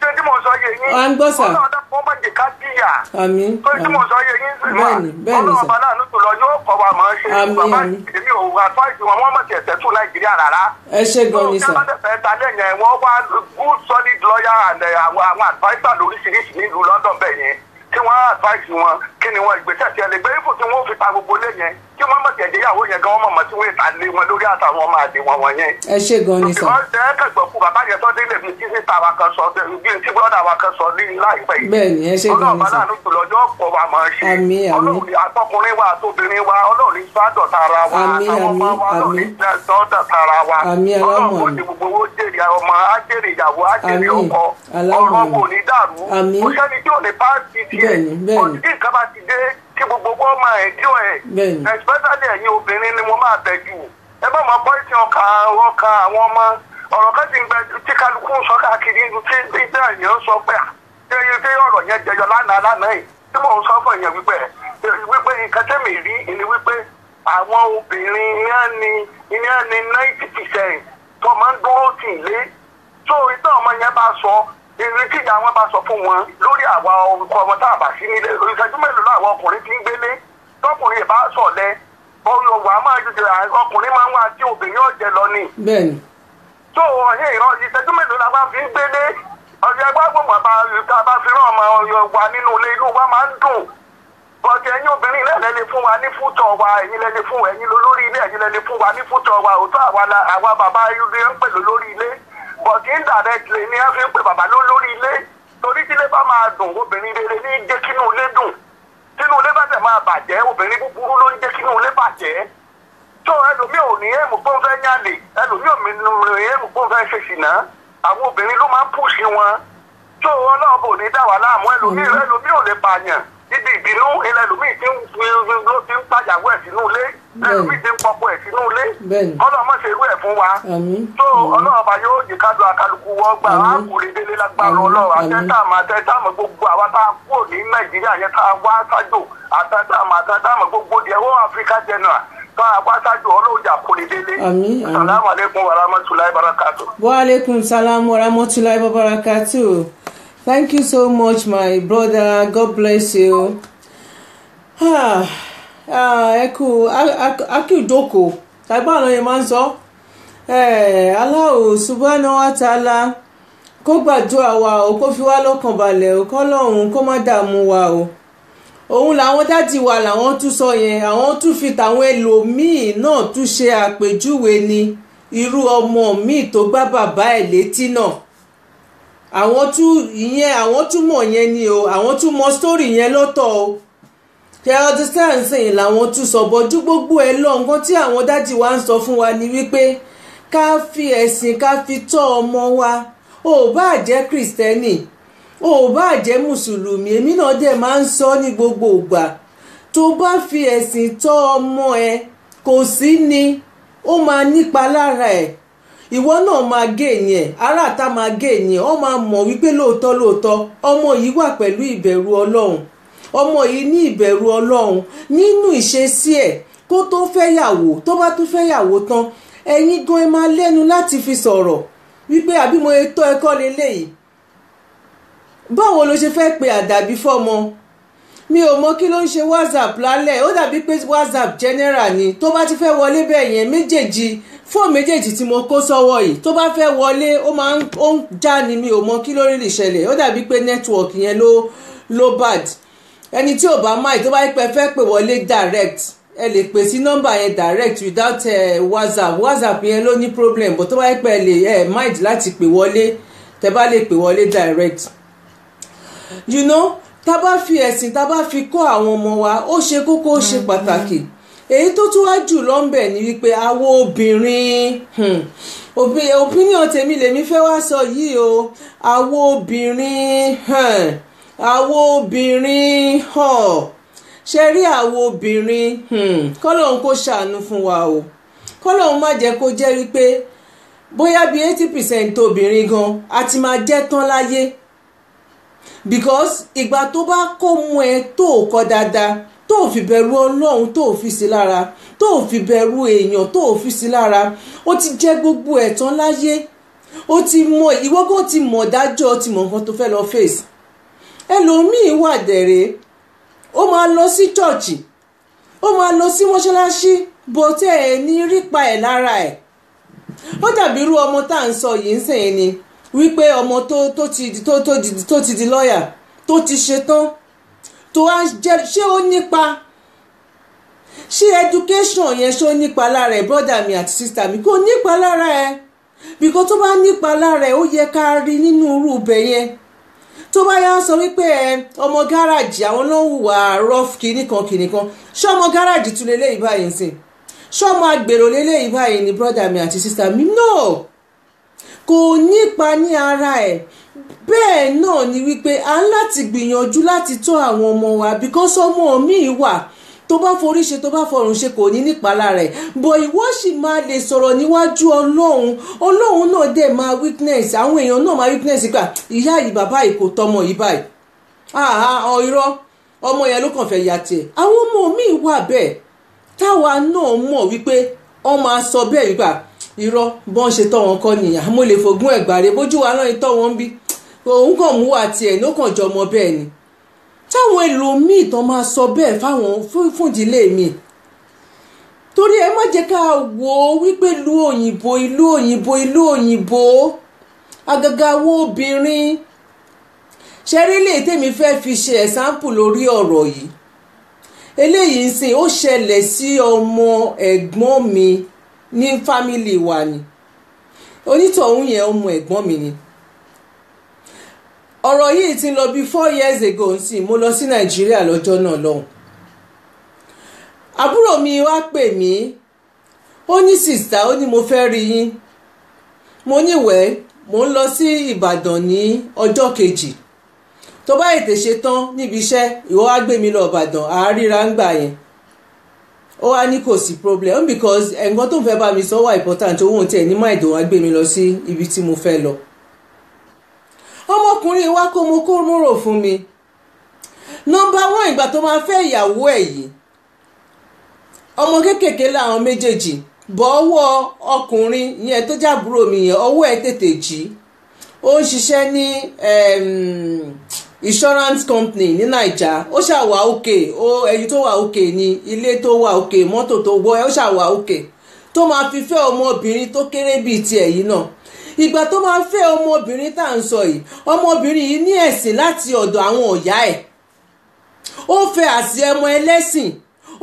ṣé tí mo sọ yé yín. à ń gbọ́ sà. ọlọ́run dákun ó má jẹ́ ká jìyà. àmín àmín tó tí mo sọ yé yín sì sà. ọlọ́run bàbá ẹ ṣe gan ni sà. Eh, tí wọ́n advice wọn kí ni wọ́n ìgbésẹ̀ tí ẹ lè gbé ifò tí fi ta gbogbo lé kí wọ́n mọ̀ tẹ̀jẹ̀ ìyàwó yẹn gan wọ́n mọ̀ tí wọ́n ta lé wọn lórí àtàwọn ọmọ àdé wọn wọ̀nyẹn. ẹ ṣe gan ni sọ. ọ̀sẹ̀ kẹgbẹ́ kú bàbá yẹn tó délé mi tí sísá wa kan sọ bí tí bọ́dà wa kan sọ ní láìpẹ́ yìí. bẹ́ẹ̀ni ẹ ṣe gan ni sọ. ọlọ́run bá láàánú jùlọ yóò pọ̀ wa mọ̀ ṣe. ọlọ́run àtọkùnrin wa wa ọlọ́run wa. ọlọ́run kò kí gbogbo wọn máa ẹjọ́ ẹ̀ especially ẹ̀yin obìnrin ni mo máa bẹ̀ jù ẹ bá máa bọ́ ìtì ọkà ọkà àwọn ọmọ ọ̀rọ̀ kan ti tí kálukú sọ káàkiri ní tí tí tí sọ pé à ah, ṣé ọ̀rọ̀ yẹn jẹyọ lánàá lánàá yìí tí mò ń sọ fún wípé wípé nǹkan rí ni wípé àwọn obìnrin ninety percent tó máa ń dúró ọmọ yẹn ìrètí ìjà wọn bá sọ fún wọn lórí àwa orúkọ ọmọ tá a bá sí nílé ìṣẹ́jú mélòó làwa ọkùnrin ti ń gbélé tọkùnrin ìbá sọ̀lẹ̀ ọyọ wà máa jùjọ ọkùnrin máa ń wá tí obìnrin ọ̀jẹ̀ lọ ni. bẹ́ẹ̀ni. tó ọyẹ ìran ìṣẹ́jú mélòó làwa fi ń gbélé ọjọ́ ẹgbẹ́ gbọ̀ngàn bá ta bá fi rán ọmọ ọyọ wa nínú ilé inú wa máa ń dùn bọ́jẹ̀ ẹ̀yin obìnrin lẹ́lẹ́ lè fún wa ní fútọ̀ wa ẹ̀yin lẹ́lẹ́ fún ẹ̀yin lórí ilé ẹ̀yin lẹ́lẹ́ fún wa ní fútọ̀ wa òótọ́ àwa bàbá ayúdé ń pè lórí ilé but indirectly ni wọ́n fi ń pe bàbá ló lórí ilé torí tílé bá máa dùn obìnrin rere ní jẹ́ kínú ilé dùn kínú ilé bá tẹ̀ máa bàjẹ́ obìnrin búburú ló ń jẹ́ kínú ilé bàjẹ́ tó ẹlòmíì ò ní èèmù pé ń fẹ́ yálè ẹlòmíì ò ní èèmù pé ń fẹ́ ṣe ṣìnà àwọn obìnrin ló máa ń pùsì wọn tó ọlọ́ọ̀bù ò ní dá wà láàmú ẹlòmíì ẹlòmíì ò lè pààyàn níbi ìbínú ẹlẹ́lòmíì ti ń ló ti ń pàjáwó ẹ̀ sínú ilé ẹlòmíì ti ń pọpọ ẹ̀ sínú ilé kọ́lọ́ mọ̀ ṣe irú ẹ̀ fún wa tó ọlọ́run bá yóò jì kádùn akálukú wọ́ gbà á kò lè délé lágbára ọlọ́run àtẹ́tàmọ́ àtẹ́tàmọ́ gbogbo àwa tá a kúrò ní nàìjíríà yẹn tá a wá sájò àtẹ́tàmọ́ àtẹ́tàmọ́ gbogbo the whole africa general tá a wá sájò ọlọ́jà kò lè délé salamu aleykum wa rahmatulahi barakatu. wa aleykum salaam wa rahmatulahi barakatu. Thank you so much, my brother. God bless you. Ah, ah, ẹ kú akíndókò tàbí àwọn yẹn máa ń sọ eh, Allahu subhanahu wa ta'ala kó gbàdúrà wa o kó fi wá lọ́kàn balẹ̀ o kọ́ lọ́hùn kó má dààmú wa o òun làwọn dájì wa làwọn tún sọ yẹn àwọn tún fi tàwọn ẹlòmíì náà tún ṣe àpèjúwe ni irú ọmọ míì tó gbá bàbá ẹ̀ létí náà àwọn tún ìyẹn àwọn túmọ̀ yẹn ni o àwọn túmọ̀ sítórì yẹn lọ́tọ̀ o kẹrọtì sáǹsìn làwọn tún sọ bọjú gbogbo ẹ lọ nǹkan tí àwọn dájì wa ń sọ fún wa ni wípé ká fi ẹ̀sìn ká fi tọ́ ọmọ wa ò bá jẹ́ kìrìsìtẹ́nì ò bá jẹ́ mùsùlùmí èmi náà dẹ̀ máa ń sọ ní gbogbo ìgbà tó bá fi ẹ̀sìn tọ́ ọmọ ẹ kò sí ni ó máa nípa lára ẹ̀ ìwọ náà máa gé ènìyàn aráàta máa gé ènìyàn ọ máa mọ̀ wípé lóòótọ́ lóòótọ́ ọmọ yìí wà pẹ̀lú ìbẹ̀rù ọlọ́run ọmọ yìí ní ìbẹ̀rù ọlọ́run nínú ìṣesí ẹ̀ kó tó fẹ́yàwó tó bá tún fẹ́yàwó tán ẹ̀yin gan ẹ máa lẹ́nu láti fi sọ̀rọ̀ wípé àbí mo lè tọ́ ẹ̀kọ́ lélẹ́yìí báwo ló ṣe fẹ́ pe àdàbí fọ́mọ mi ò mọ kí ló ń ṣe whatsapp lálẹ́ ó dàbí pé whatsapp general ni tó bá ti fẹ́ wọlé bẹ́ẹ̀ yẹn méjèèjì fóònù méjèèjì tí mo kó sọ́wọ́ yìí tó bá fẹ́ wọlé ó máa ń já ni mi ò mọ kí lórí lè ṣẹlẹ̀ ó dàbí pé nẹ́tíwọ̀kì yẹn ló ló bad ẹni tí ò bá máì tó bá pẹ́ fẹ́ pè wọlé direct ẹ lè pè sí nọ́mbà yẹn direct without uh, whatsapp whatsapp yẹn ló ní problem but tó bá pẹ́ lè ẹ mind láti pè wọlé tẹ bá lè pè wọlé direct you know tá a bá fi ẹ̀sìn tá a bá fi kọ́ àwọn ọmọ wa ó ṣe kókó ó ṣe pàtàkì. Mm -hmm èyí tó tún wá jù lọ ń bẹ̀ ni wípé àwa obìnrin hmm, opinion tèmi lèmi fẹ́ wá sọ yìí o àwa obìnrin hmm, àwa obìnrin ṣe rí àwa obìnrin hmm, kọ́lọ́hún kó ṣàánú fún wa o kọ́lọ́hún má jẹ́ kó jẹ́ wípé bóyá bíi eighty percent obìnrin gan a ti máa jẹ́ tán láyé because ìgbà tó bá kó mú ẹ tó kọ́ dáadáa tó o fi bẹ̀rù ọlọ́run tó o fi sí lára tó o fi bẹ̀rù èèyàn tó o fi sí lára ó ti jẹ́ gbogbo ẹ̀tàn láyé ó ti mọ ìwọ ti mọ̀ dájọ́ ti mọ̀ nǹkan tó fẹ́ lọ fèsì ẹlòmíín wà dẹ̀rẹ̀ ó máa lọ sí chọ́ọ̀chì ó máa lọ sí mọ́ṣáláṣí bó tẹ́ ẹ ní rípa ẹ̀ lára ẹ̀ ó dàbí irú ọmọ tá à ń sọ yìí ń sẹ́yìn ni wípé ọmọ tó ti di lọ́ọ̀yà tó ti ṣetán tó wá jẹ́ ṣé ó nípa ṣé education yẹn ṣó nípa lára ẹ brọ́dà mi àti sister mi kò nípa lára ẹ bìkọ́ tó bá nípa lára ẹ ó yẹ ká rí nínú irú ibẹ̀ yẹn tó bá yá sọ wípé ọmọ gáràjì àwọn ló hùwà rough kìíní kan kìíní kan ṣé ọmọ gáràjì tún lélẹ́yìí báyìí ń sìn ṣé ọmọ agbèrò lélẹ́yìí báyìí ni brọ́dà mi àti sister mi no kò nípa ní ara ẹ̀ bẹ́ẹ̀ náà ni wípé a ń láti gbìyànjú láti tọ́ àwọn ọmọ wa because ọmọ mi wà tó bá forí ṣe tó bá fọrùn ṣe kò ní nípalá rẹ̀ bọ̀ ìwọ sì máa lè sọ̀rọ̀ níwájú ọlọ́run ọlọ́run náà dẹ̀ máa witness àwọn èèyàn náà máa witness gbà ìyá yìí bàbá yìí kò tọmọ yìí báyìí àhà ọ̀rọ̀ ọmọ yẹn ló kàn fẹ́ ya tiẹ̀ àwọn ọmọ mi wà bẹ́ẹ̀ táwa náà mọ̀ wípé ọmọ asọ bẹ́ẹ̀ gbà irọ́ bọ́n ṣe tọ́ wọn kọ́ nìyà mo lè fògún ẹ̀gbà rẹ bójú wa náà tọ́ wọn bí òun kàn mú àti ẹ̀ ló kàn jọ ọmọ bẹ́ẹ̀ ni táwọn ẹlòmíì tán máa sọ bẹ́ẹ̀ fáwọn fúndílé mi torí ẹ má jẹ́ ká wò ó wípé ìlú òyìnbó ìlú òyìnbó ìlú òyìnbó àgàgà àwọn obìnrin ṣẹ́rí lè tèmi fẹ́ fi ṣe ẹ̀sáǹpù lórí ọ̀rọ̀ yìí eléyìí ń sìn ó ṣẹlẹ̀ sí ọmọ ẹ̀gbọ́n mi ní fámìlì wa ni onítọ̀hún yẹn ọmọ ẹ̀gbọ́n mi ni. Family, ọ̀rọ̀ yìí ti lọ bí four years ago sí mo lọ sí nàìjíríà lọ́jọ́ náà lọ́hùn àbúrò mi wá pè mí ó ní sista ó ní mo fẹ́ rí yín mo ní wẹ́ mo ń lọ sí ìbàdàn ní ọjọ́ kejì tó bá ètè ṣe tán níbi iṣẹ́ ìwọ wá gbé mi lọ ìbàdàn àárírà ń gbà yẹn ó wá ní kò sí problem because nǹkan tó ń fẹ́ bá mi sọ wà important owó ń tẹ̀ ní máìdò wá gbé mi lọ sí ibi tí mo fẹ́ lọ ọmọkùnrin wa kó mu kó múrò fún mi nọ́mbà wọn ìgbà tó máa fẹ́ ìyàwó ẹ̀ yìí ọmọ kéékèèké làwọn méjèèjì bọ́ ọwọ́ ọkùnrin yẹn tó jábúrò mi yẹn ọwọ́ ẹ̀ tètè jí ó ń ṣiṣẹ́ ní ehm, insurance company ní naija ó ṣàwà òkè ó ẹni tó wà òkè ni ilé tó wà òkè mọ́tò tó wọ́ ẹ ó ṣàwà òkè tó máa fi fẹ́ ọmọbìnrin tó kéré bíi tiẹ̀ yìí náà ìgbà tó máa fẹ́ ọmọbìnrin tá à ń sọ yìí ọmọbìnrin yìí ní ẹ̀sìn láti ọ̀dọ̀ àwọn ọ̀yá ẹ̀ ó fẹ́ àsì ọmọ ẹlẹ́sìn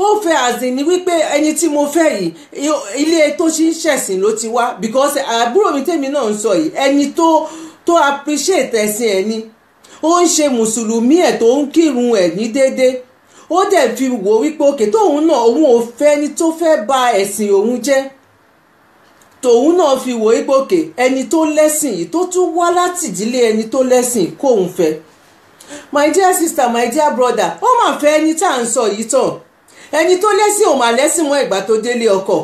ó fẹ́ àsì ní wípé ẹni tí mo fẹ́ yìí ilé tó ṣe ń ṣẹ̀sìn ló ti wá because àbúrò mi tèmi náà ń sọ yìí ẹni tó tó appreciate ẹ̀sìn ẹ̀ ni ó ń ṣe mùsùlùmí ẹ̀ tó ń kírun ẹ̀ ní déédéé ó dẹ̀ fi wò wípé òkè tóun náà òun ò fẹ́ ni tó fẹ́ bà ẹ̀sìn òun jẹ́ tòun náà fi wò ó gbòkè ẹni tó lẹ́sìn yìí tó tún wá láti ìdílé ẹni tó lẹ́sìn kóun fẹ́ my dear sister my dear brother ó mà fẹ́ ẹni tá à ń sọ yìí tán ẹni tó lẹ́sìn ò mà lẹ́sìn mọ́ ìgbà tó délé ọkọ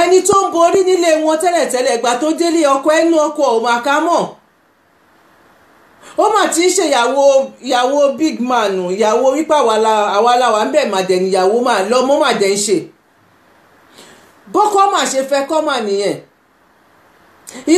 ẹni tó ń borí nílé wọn tẹ́lẹ̀tẹ́lẹ̀ ìgbà tó délé ọkọ ẹnu ọkọ ò mà ká mọ̀ ó mà ti ń ṣe ìyàwó big man ìyàwó wípé àwa làwa ń bẹ̀ mà dẹ̀ níyàwó mà lọ́mọ́ mà ń ṣe bọ́kọ́ mà ṣe fẹ́ kọ́ mà nìyẹn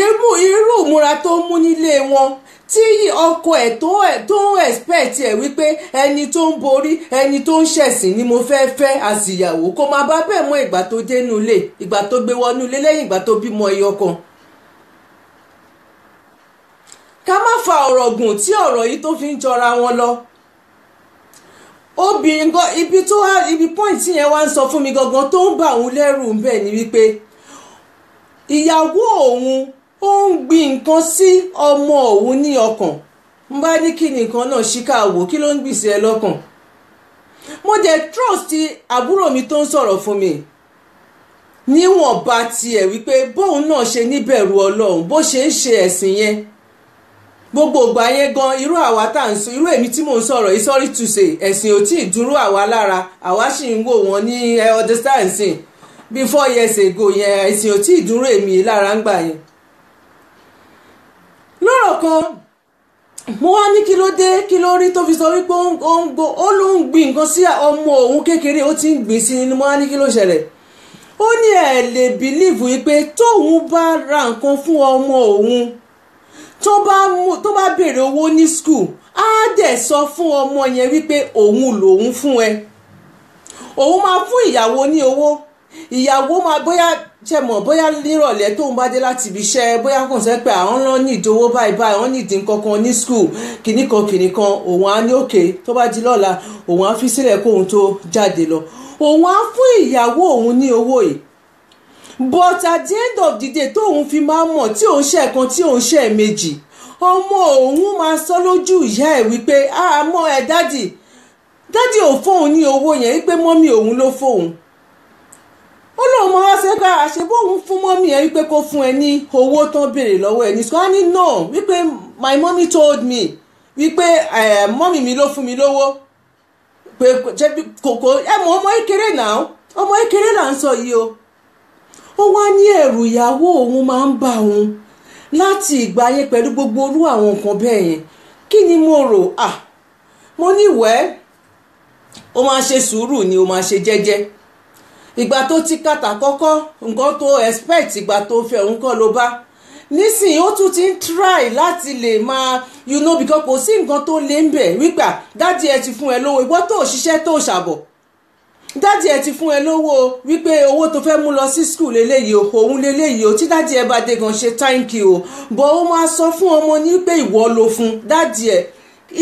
irú irú ìmúra tó mú nílé wọn tí ọkọ ẹ̀ tó ẹ̀ tó ń expect ẹ̀ wípé ẹni tó ń borí ẹni tó ń ṣẹ̀sìn ni mo fẹ́ fẹ́ àsìyàwó kó máa bá bẹ́ẹ̀ mọ́ ìgbà tó dé nulẹ̀ ìgbà tó gbé wọnú ilé lẹ́yìn ìgbà tó bímọ ẹyọ kan ká má fa ọ̀rọ̀ gùn tí ọ̀rọ̀ yìí tó fi ń jọra wọn lọ obìnrin gan ibi tó ibi point yẹn wá ń sọ fún mi gangan tó ń bà òun lẹ́rù bẹ́ẹ̀ ni wípé ìyàwó òun ó ń gbin nǹkan sí ọmọ òun ní ọkàn n bá ní kí ni nǹkan náà ṣíkà wò kí ló ń gbìsí ẹ lọ́kàn mo dẹ̀ trust àbúrò mi tó ń sọ̀rọ̀ fún mi níwọ̀nba tiẹ̀ wípé bóun náà ṣe níbẹ̀rù ọlọ́run bó ṣe ń ṣe ẹ̀sìn yẹn gbogbo ìgbà yẹn gan irú àwa tá à ń sọ irú èmi tí mò ń sọ̀rọ̀ yìí sorry to say ẹ̀sìn ò tí ì dúró àwa lára àwa sì ń wò wọ́n ní ẹ understand sin bí years ago yẹn ẹ̀sìn ò tí ì dúró èmi lára ń gbà yẹn. lọ́rọ̀ kan mo wá ní kí ló dé kí ló rí tó fi sọ wípé ó ló ń gbìn nǹkan sí ọmọ òun kékeré ó ti ń gbìn sí ni mo wá ní kí ló ṣẹlẹ̀ ó ní ẹ̀ lè bìlíìfù wípé tóun bá ra nǹkan fún ọmọ òun tó bá mú tó bá owó ní school á dẹ̀ sọ fún ọmọ yẹn wípé òun lòun fún ẹ òun máa fún ìyàwó ní owó ìyàwó máa bóyá ṣe mọ̀ bóyá nírọ̀lẹ́ tóun bá dé láti ibi iṣẹ́ bóyá kò sẹ́ pé àwọn náà ní ìdówó báyìí báyìí wọ́n ní ìdín kankan ní skul kìnnìkan kìnnìkan òun á ní òkè tó bá di lọ́la òun á fi sílẹ̀ kóun tó jáde lọ òun á fún ìyàwó òun ní owó yìí but at the end of the day tóun fi máa mọ̀ tí òun ṣe kan tí òun ṣe méjì ọmọ òun máa sọ lójú ìyá ẹ̀ wípé àmọ́ ẹ̀ dádì dádì ò fóun ní owó yẹn wípé mọ́mí òun ló fóun ó lóun mọ wá fẹ́ gba àṣebó òun fún mọ́mí ẹ̀ wípé kó fún ẹ ní owó tán béèrè lọ́wọ́ ẹ̀ ní sọ á ní no wípé my mommy told me wípé eh, mọ́mí mi ló fún mi lówó pé kòkó ẹ mọ ọmọ kékeré náà ọmọ kékeré là ń sọ yìí o ó wá ní ẹ̀rù ìyàwó òun máa ń bà òun láti ìgbà yẹn pẹ̀lú gbogbo orú àwọn nǹkan bẹ́ẹ̀ yẹn kí ni mo rò à mo ní ìwẹ́ ó máa ṣe sùúrù ni ó máa ṣe jẹ́jẹ́ ìgbà tó ti kàtà kọ́kọ́ nǹkan tó expect ìgbà tó fẹ́ òun kọ́ ló bá nísìnyí ó tún ti ń try láti lè máa you know because kò sí nǹkan tó lè ń bẹ̀ wípé dáàdi ẹ ti fún ẹ lówó ìwọ tó òṣìṣẹ́ tó ṣàbọ̀ dádì ẹ ti fún ẹ lówó wípé owó tó fẹ́ mú lọ sí skul lélẹ́yìí o òun lélẹ́yìí o tí dádì ẹ bá dé gan ṣe thank you o bọ́ ó máa sọ fún ọmọ ní pé ìwọ ló fún dádì ẹ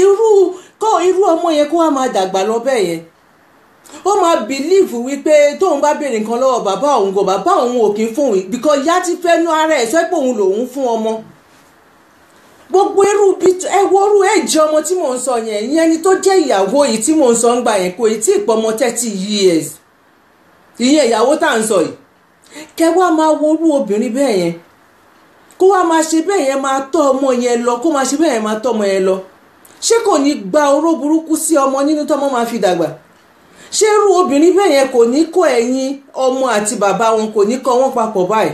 irú kọ́ irú ọmọ yẹn kó wá máa dàgbà lọ bẹ́ẹ̀ yẹn ó máa bìlíìfù wípé tóun bá béèrè nǹkan lọ́wọ́ bàbá òun kò bàbá òun ò kí ń fóun bìkọ́ yá ti fẹ́ nú ara ẹ̀ sọ pé òun lòun fún ọmọ gbogbo irú bí ẹ worú ẹ̀jẹ̀ ọmọ tí mò ń sọ yẹn ìyẹn ni tó jẹ́ ìyàwó yìí tí mò ń sọ ń gbà yẹn kò ì tí ì thirty years ìyẹn ìyàwó tá à ń sọ yìí kẹ wá máa worú obìnrin bẹ́ẹ̀ yẹn kó wá máa ṣe bẹ́ẹ̀ yẹn máa tọ́ ọmọ yẹn lọ kó máa ṣe bẹ́ẹ̀ yẹn máa tọ́ ọmọ yẹn lọ ṣé kò ní gba oró burúkú sí ọmọ nínú tọ́mọ máa fi dàgbà ṣé irú obìnrin bẹ́ẹ̀ yẹn kò ní kó ẹ̀yin ọmọ àti bàbá wọn kò ní kọ́ wọn papọ̀ báyìí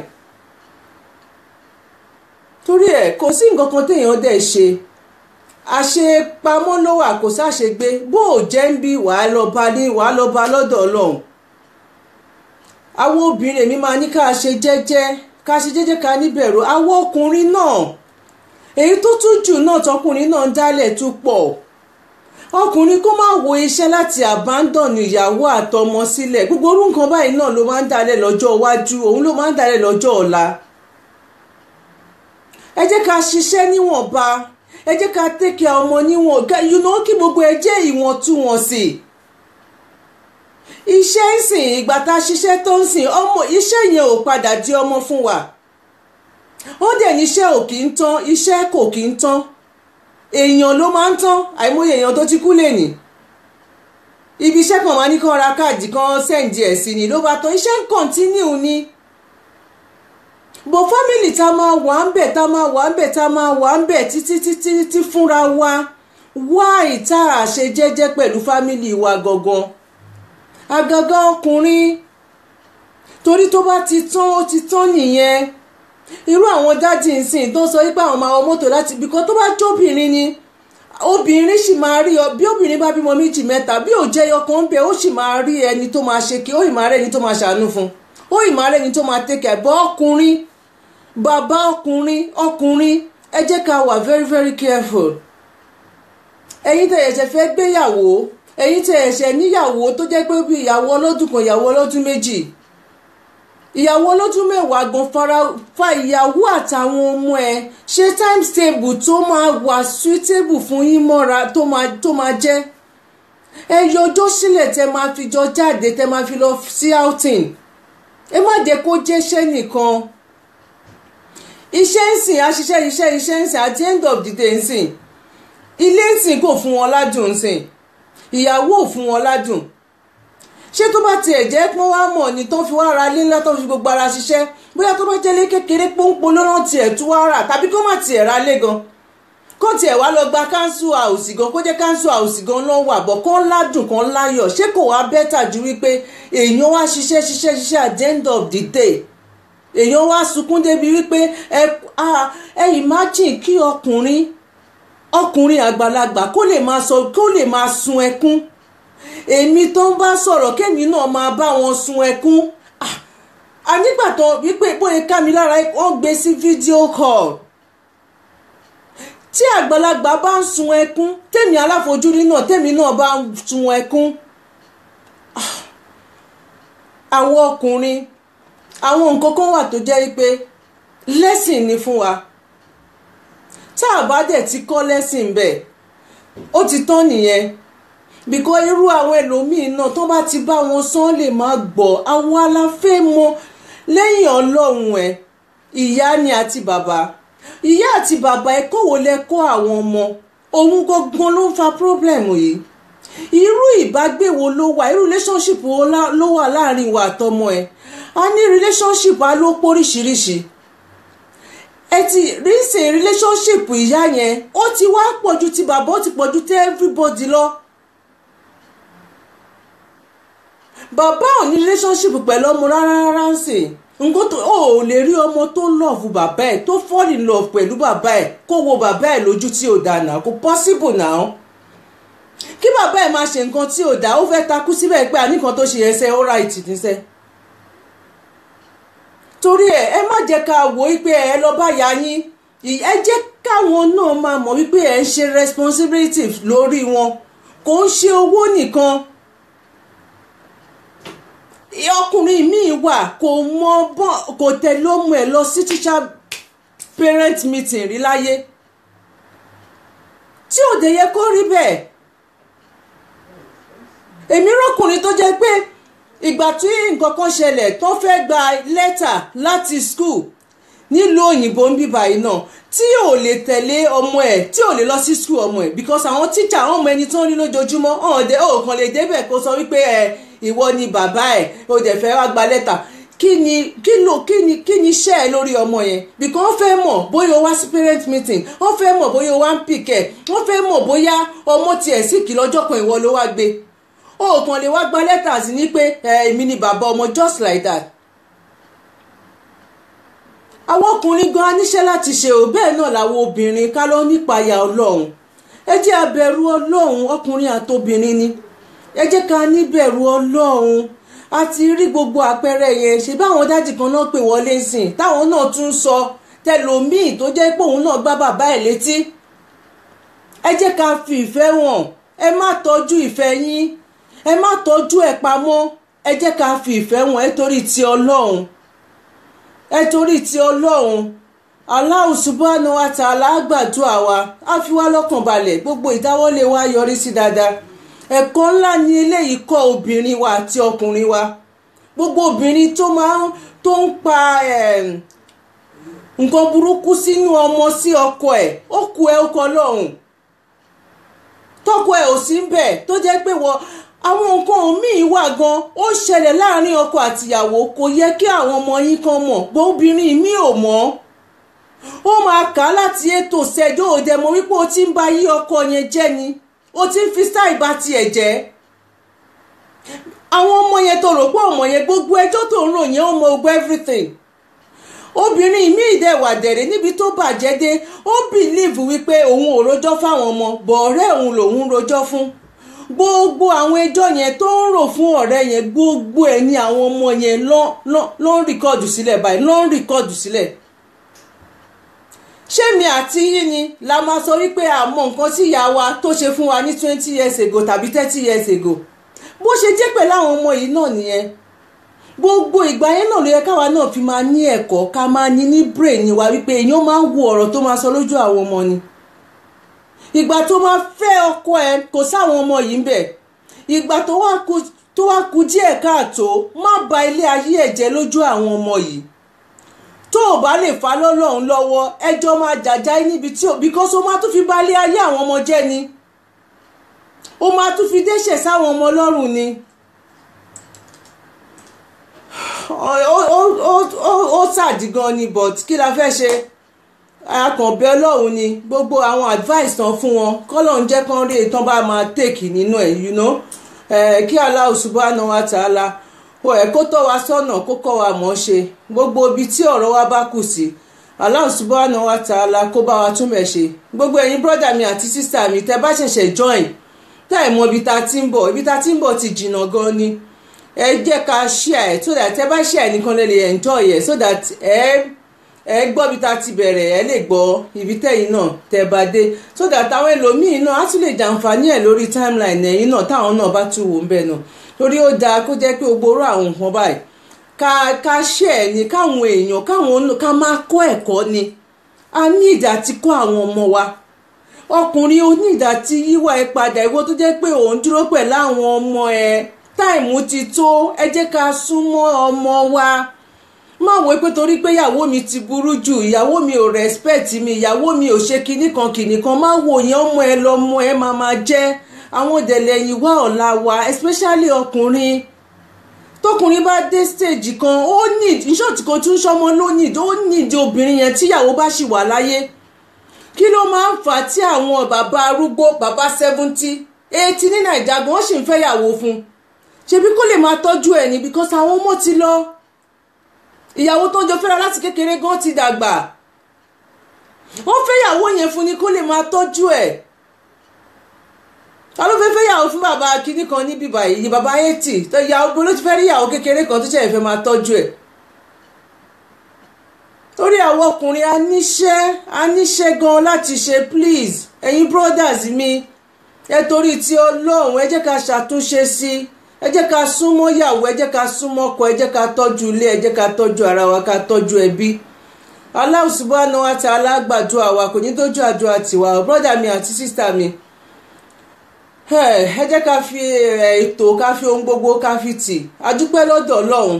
torí ẹ̀ kò sí nǹkan kan téèyàn dẹ̀ ṣe àṣepamọ́ ló wà kò sáṣegbé bó o jẹ́ ń bí wàá lọ bá ní wàá lọ bá lọ́dọ̀ ọlọ́run àwọn obìnrin èmi máa ní ká ṣe jẹ́jẹ́ ká ṣe jẹ́jẹ́ ká níbẹ̀rù àwọn ọkùnrin náà èyí tó tún jù náà tọkùnrin náà ń dálẹ̀ tún pọ̀ ọkùnrin kó má wo iṣẹ́ láti àbándọ̀nù ìyàwó àtọmọ sílẹ̀ gbogbo orú nǹkan báyìí náà ló máa ń dálẹ̀ lọ́jọ́ iwájú òun ló máa ń dálẹ̀ lọ́jọ́ ọ̀la ẹ jẹ́ ká ṣiṣẹ́ níwọ̀nba ẹ jẹ́ ká tẹ́kẹ̀ ọmọ níwọ̀n you know kí gbogbo ẹ jẹ́ ìwọ̀ntúnwọ̀nsì iṣẹ́ ń sìn ìgbà tá a ṣiṣẹ́ tó ń sìn ọmọ iṣẹ́ yẹn ò padà di ọmọ fún wa ó dẹ̀ níṣẹ́ ò kì í tán iṣẹ́ kò kì í tán èèyàn ló máa ń tán àìmọye èèyàn tó ti kú lè nì ibi iṣẹ́ kan máa ní kán ra káàdì kan sẹ́ǹdì ẹ̀ sí ni ló bá tán iṣẹ́ ń kọ̀ntínú ni bò fámìlì tá a máa wà ń bẹ̀ tá a máa wà ń bẹ̀ tá a máa wà ń bẹ̀ títí títí títí fúnra wa wá ìta àṣejẹ́jẹ́ pẹ̀lú fámìlì wa gangan àgàgà ọkùnrin torí tó bá ti tán ó ti tán nìyẹn irú àwọn dájì nsìn tó sọ wípé àwọn máa wọ mọ́tò láti bìkan tó bá jóbìnrin ni obìnrin sì máa rí ọ bí obìnrin bá bímọ méjì mẹ́ta bí ò ọkàn ń bẹ ó sì máa rí ẹni tó máa ṣe kí ó ì máa rẹ́ni tó máa ṣàánú fún ó ì máa rẹ́ni tó máa tẹ̀kẹ̀ bọ́ ọkùnrin bàbá ọkùnrin ọkùnrin ẹ jẹ́ ká wà very very careful ẹ̀yin tẹ̀ ẹ̀ṣẹ̀ fẹ́ gbéyàwó ẹ̀yin tẹ̀ ẹ̀ṣẹ̀ níyàwó tó jẹ́ pé bí ìyàwó ọlọ́dún kan ìyàwó ọlọ́dún méjì ìyàwó ọlọ́dún mẹ́wàá gan fara fa ìyàwó àtàwọn ọmọ ẹ̀ ṣe times table tó máa wà suitable fún yín mọ́ra tó máa tó máa jẹ́ ẹ yọ ọjọ́ sílẹ̀ tẹ máa fi jọ jáde tẹ máa fi lọ sí outing ẹ má jẹ́ kó jẹ́ṣẹ́ nìkan iṣẹ́ ń sìn aṣiṣẹ́ iṣẹ́ iṣẹ́ ń sìn at the end of the day ń sìn ilé ń sìn kò fún wọn ládùn ń sìn ìyàwó ò fún wọn ládùn ṣé tó bá tiẹ̀ jẹ́ pé wọ́n á mọ̀ ní tó fi wá ara lé ńlá tó fi gbogbo ara ṣiṣẹ́ bóyá tó bá jẹ́lé kékeré pọ́npọ́n ló rán tiẹ̀ tú wá rà tàbí kó má tiẹ̀ ra lé gan kó tiẹ̀ wá lọ gba káńsù àòsì gan kó jẹ́ káńsù àòsì gan lọ́ wà bọ̀ kó ládùn kan láyọ̀ ṣé kò wá bẹ́tà ju wípé èèyàn wá ṣiṣẹ́ ṣiṣẹ́ ṣiṣẹ́ at the end of the day èèyàn wá sunkún débi wípé ẹ ẹ imagine kí ọkùnrin ọkùnrin àgbàlagbà kó lè máa sọ kó lè máa sun ẹkún èmi tó ń bá sọ̀rọ̀ kémi náà máa bá wọn sun ẹkún nígbà tó wípé bóyá ká mi lára wọ́n gbé sí fídíò call tí àgbàlagbà bá ń sun ẹkún tèmi aláfojúrí náà tèmi náà bá ń sun ẹkún àwọn ọkùnrin àwọn nǹkan kan wà tó jẹ́ pé lẹ́sìn ni fún wa tá a bá dẹ̀ ti kọ́ lẹ́sìn bẹ́ẹ̀ ó ti tán nìyẹn bìkọ́ irú àwọn ẹlòmíín náà tó bá ti bá wọn sán lè má gbọ́ àwọn aláfẹ́ mọ lẹ́yìn ọlọ́run ẹ̀ ìyá ni àti bàbá ìyá àti bàbá ẹ kó wo lẹ kọ́ àwọn ọmọ òun gangan ló ń fa problem yìí irú ìbágbé wo ló wà irú relationship wo ló wà láàrin wa àtọmọ ẹ a ní relationship a ló póríṣiríṣi ẹ ti rí relationship ìyá yẹn ó ti wá pọ̀jù ti bàbá ó ti pọ̀jù tẹ́ everybody lọ. bàbá ò ní relationship pẹ̀lú ọmọ rárá rárá ń sìn nǹkan tó ò lè rí ọmọ tó lọ́ọ̀fù bàbá ẹ̀ tó fall in love pẹ̀lú bàbá ẹ̀ kó wo bàbá ẹ̀ lójú tí ò dáa náà kò possible náà kí bàbá ẹ̀ máa ṣe nǹkan tí ò dáa ó fẹ́ takú síbẹ̀ pé àníkan tó ṣe ẹsẹ̀ ó ra ìtìtìsẹ́. Right, torí ẹ ẹ má jẹ́ ká wò wípé ẹ lọ bá ya yín ẹ jẹ́ káwọn náà máa mọ̀ wípé ẹ ń ṣe responsibility lórí wọn kò ń ṣe owó nìkan ọkùnrin míì wà kò mọ bọ́n kò tẹ̀lé ọmọ ẹ̀ lọ sí teacher parent meeting rí láyé tí ò dé yẹ kó rí bẹ́ẹ̀ èmi rọ́kùnrin tó jẹ́ pé ìgbà tí nǹkan kan ṣẹlẹ̀ tó fẹ́ gba lẹ́tà láti school nílùú òyìnbó ń bíbá yìí náà tí ò lè tẹ̀lé ọmọ ẹ̀ tí ò lè lọ sí school ọmọ ẹ̀ because àwọn tíjà àwọn ọmọ ẹni tó ń rí lójoojúmọ́ ọ̀dẹ ò kàn lè débẹ̀ kó sọ wípé ẹ ìwọ ni bàbá ẹ̀ o dẹ̀ fẹ́ wá gba lẹ́tà kí ni kí ló kí ni kí ni iṣẹ́ ẹ lórí ọmọ yẹn because wọ́n fẹ́ mọ̀ bóyá o wá sí parent meeting wọ́n fẹ́ mọ̀ bóyá o wá ń pìkẹ́ wọ́n fẹ́ mọ̀ bóyá ọmọ tiẹ̀ sì kí lọ́jọ́ kan ìwọ ló wá gbé òòkàn lè wá gba lẹ́tà sí ni pé eh, èmi ni bàbá ọmọ just like that àwọn ọkùnrin gan aníṣẹ́ láti ṣe ò bẹ́ẹ̀ náà làwọn obìnrin ká ló nípayà ọlọ́run ẹ jẹ́ abẹ̀rù ọlọ́run ọkùnrin àtobìnrin ni ẹ jẹ́ ká níbẹ̀rù ọlọ́run a ti rí gbogbo àpẹẹrẹ yẹn ṣe báwọn dájì kan náà pè wọlé sìn táwọn náà tún sọ tẹlòmíì tó jẹ́ pé òun náà gbá bàbá ẹ̀ létí ẹ jẹ́ ká fi ìfẹ́ wọn ẹ má tọ́jú ìfẹ́ yín ẹ má tọ́jú ẹ̀ pamọ́ ẹ jẹ́ ká fi ìfẹ́ wọn ẹ torí ti ọlọ́run ẹ torí ti ọlọ́run Allahu subhanahu wa ta'ala gbàdúrà wa á fi wá lọ́kàn balẹ̀ gbogbo ìdáwọ́lé wa yọrí sí dáadáa ẹ̀kọ́ ńlá ni eléyìí kọ́ obìnrin wa àti ọkùnrin wa gbogbo obìnrin tó máa ń tó ń pa nǹkan burúkú sínú ọmọ sí ọkọ ẹ̀ ó ku ẹ ọkọ lọ́hùn tọkọ ẹ̀ ò sí ń bẹ̀ tó jẹ́ pé wọ́n àwọn nǹkan míì wà gan ó ṣẹlẹ̀ láàrin ọkọ àtìyàwó kò yẹ kí àwọn ọmọ yín kan mọ̀ pé obìnrin mi ò mọ̀ ó máa kà á láti ètò ṣẹjọ́ òde mo wípé o ti ń ba yí ọkọ yẹn jẹ́ ni o ti ń fi sáì ba tiẹ̀ jẹ́ àwọn ọmọ yẹn tó rò pé ọmọ yẹn gbogbo ẹjọ́ tó ń ròyìn ó mọ ogun everything obìnrin mi ìdẹ̀wà dẹ̀rẹ̀ níbi tó bàjẹ́ dé ó bìlíìfù wípé òun ò rojọ́ fáwọn ọmọ bọ̀ ọ̀rẹ́ òun lòun rojọ́ fún gbogbo àwọn ẹjọ́ yẹn tó ń rò fún ọ̀rẹ́ yẹn gbogbo ẹ̀ ní àwọn ọmọ yẹn ló ń rìkọ́ọ̀dù sílẹ̀ báyìí ló ń rìkọ́ọ̀dù sílẹ̀ ṣé mi àti yín ni la máa sọ wípé àmọ́ nǹkan tí ìyá wa tó ṣe fún wa ní twenty years ago tàbí thirty years ago bó ṣe jẹ́ pẹ̀lú àwọn ọmọ yìí náà nìyẹn gbogbo ìgbà yẹn náà ló yẹ káwa náà fi máa ní ẹ̀kọ́ ká máa ní ní brain wa wípé èèyàn máa ń wo ọ̀rọ̀ tó máa sọ lójú àwọn ọmọ ni ìgbà tó máa fẹ́ ọkọ ẹ kò sáwọn ọmọ yìí ń bẹ̀ ìgbà tó wá kú tó wá kú díẹ̀ káàtó má ba ilé ayé ẹ̀ jẹ́ lójú àwọn ọmọ yìí tó o bá lè fa lọ́lọ́run lọ́wọ́ ẹjọ́ máa jàjà níbi tí o bíkọ́sí o máa tún fi ba ilé ayé àwọn ọmọ jẹ́ ni o máa tún fi dẹ́ṣẹ̀ sáwọn ọmọ lọ́rùn ni *sighs* ó ó ó ó ó sàdí gan ni but kí la fẹ́ ṣe akànbẹ ọlọ́run ni gbogbo àwọn advice tán fún wọn kọ́lọ́run jẹ́ kán rí ìtàn bá máa tèkì nínú ẹ̀ you know kí Allah subhanahu wa ta'ala o ẹ̀ kó tọ́ wa sọ́nà kó kọ́ wa mọ̀ ṣe gbogbo ibi tí ọ̀rọ̀ wa bá kù sí Allah subhanahu wa ta'ala kó bá wa tún bẹ̀ ṣe gbogbo ẹ̀yin brọ́dà mi àti sísá mi tẹ́ bá ṣẹ̀ṣẹ̀ join tá ẹ̀ mọ ibi tá a ti ń bọ̀ ibi tá ti ń bọ̀ ti jìnnà gan ni ẹ jẹ́ ká share ẹ̀ so that ẹ bá share nìkan lè lè enjoy ẹ̀ so that ẹ. Eh, ẹ gbọ́ bí ta ti bẹ̀rẹ̀ ẹ lè gbọ́ ibi tẹ́yìn náà tẹ́ bá dé so that àwọn ẹlòmíín náà á tún lè jàǹfààní ẹ̀ lórí timeline ẹ̀yìn náà táwọn náà bá tún wò ń bẹ̀ náà torí ó dáa kó jẹ́ pé gbogbo orú àwọn nǹkan báyìí ká ká ṣe ẹ̀ ní káwọn èèyàn káwọn ká máa kọ́ ẹ̀kọ́ ni a ní ìdá ti kọ́ àwọn ọmọ wa ọkùnrin onídà ti yíwá ẹ padà ìwọ tó jẹ́ pé òun dúró pẹ̀lú àwọn ọmọ ẹ táìmù ti tó ẹ jẹ́ ká súnmọ́ ọmọ wa má wo pé torí pé ìyàwó mi ti burú jù ìyàwó mi ò respect mi ìyàwó mi ò ṣe kinní kan kinní kan má wo yẹn ọmọ ẹ lọmọ ẹ máa máa jẹ́ àwọn ìdẹ̀lẹ̀yìn wá ọ̀la wa especially ọkùnrin tọkùnrin bá dé stage kan ó ní ìṣọ́ọ̀tì kan tún ṣọmọ ló ní ó ní ìdí obìnrin yẹn tíyàwó bá ṣì wà láyé kí ló máa ń fà á tí àwọn bàbá arúgbó bàbá seventy eighty ní nàìjà gan ó sì ń fẹ́yàwó fún un ṣebí kó lè máa tọ́jú ẹ̀ ní because àwọn ọmọ ti lọ ìyàwó tó ń jọ fẹ́ra láti kékeré gan ti dàgbà wọ́n fẹ́yàwó yẹn fún ni kó lè máa tọ́jú ẹ̀ ta ló fẹ́ fẹ́yàwó fún bàbá kínní kan níbí báyìí ni bàbá eighty tó ìyàwó bó ló ti fẹ́ rí ìyàwó kékeré kan tó ṣẹ̀fẹ̀ máa tọ́jú ẹ̀ torí àwọn ọkùnrin a níṣẹ́ a níṣẹ́ gan láti ṣe please ẹ̀yin brothers mi ẹ torí ti Ọlọ́run ẹ jẹ́ ká ṣàtúnṣe sí i ẹ ka ká súnmọ́ yàwó ẹ ka ká súnmọ́ ọkọ ẹ jẹ́ ká tọ́jú ilé ẹ jẹ́ tọ́jú ara wa ká tọ́jú ẹbí Allah subhanahu wa kò ní dójú mi àti sísà mi ẹ jẹ́ fi ètò ká fi ohun gbogbo ká fi tì adúpẹ́ lọ́dọ̀ ọlọ́run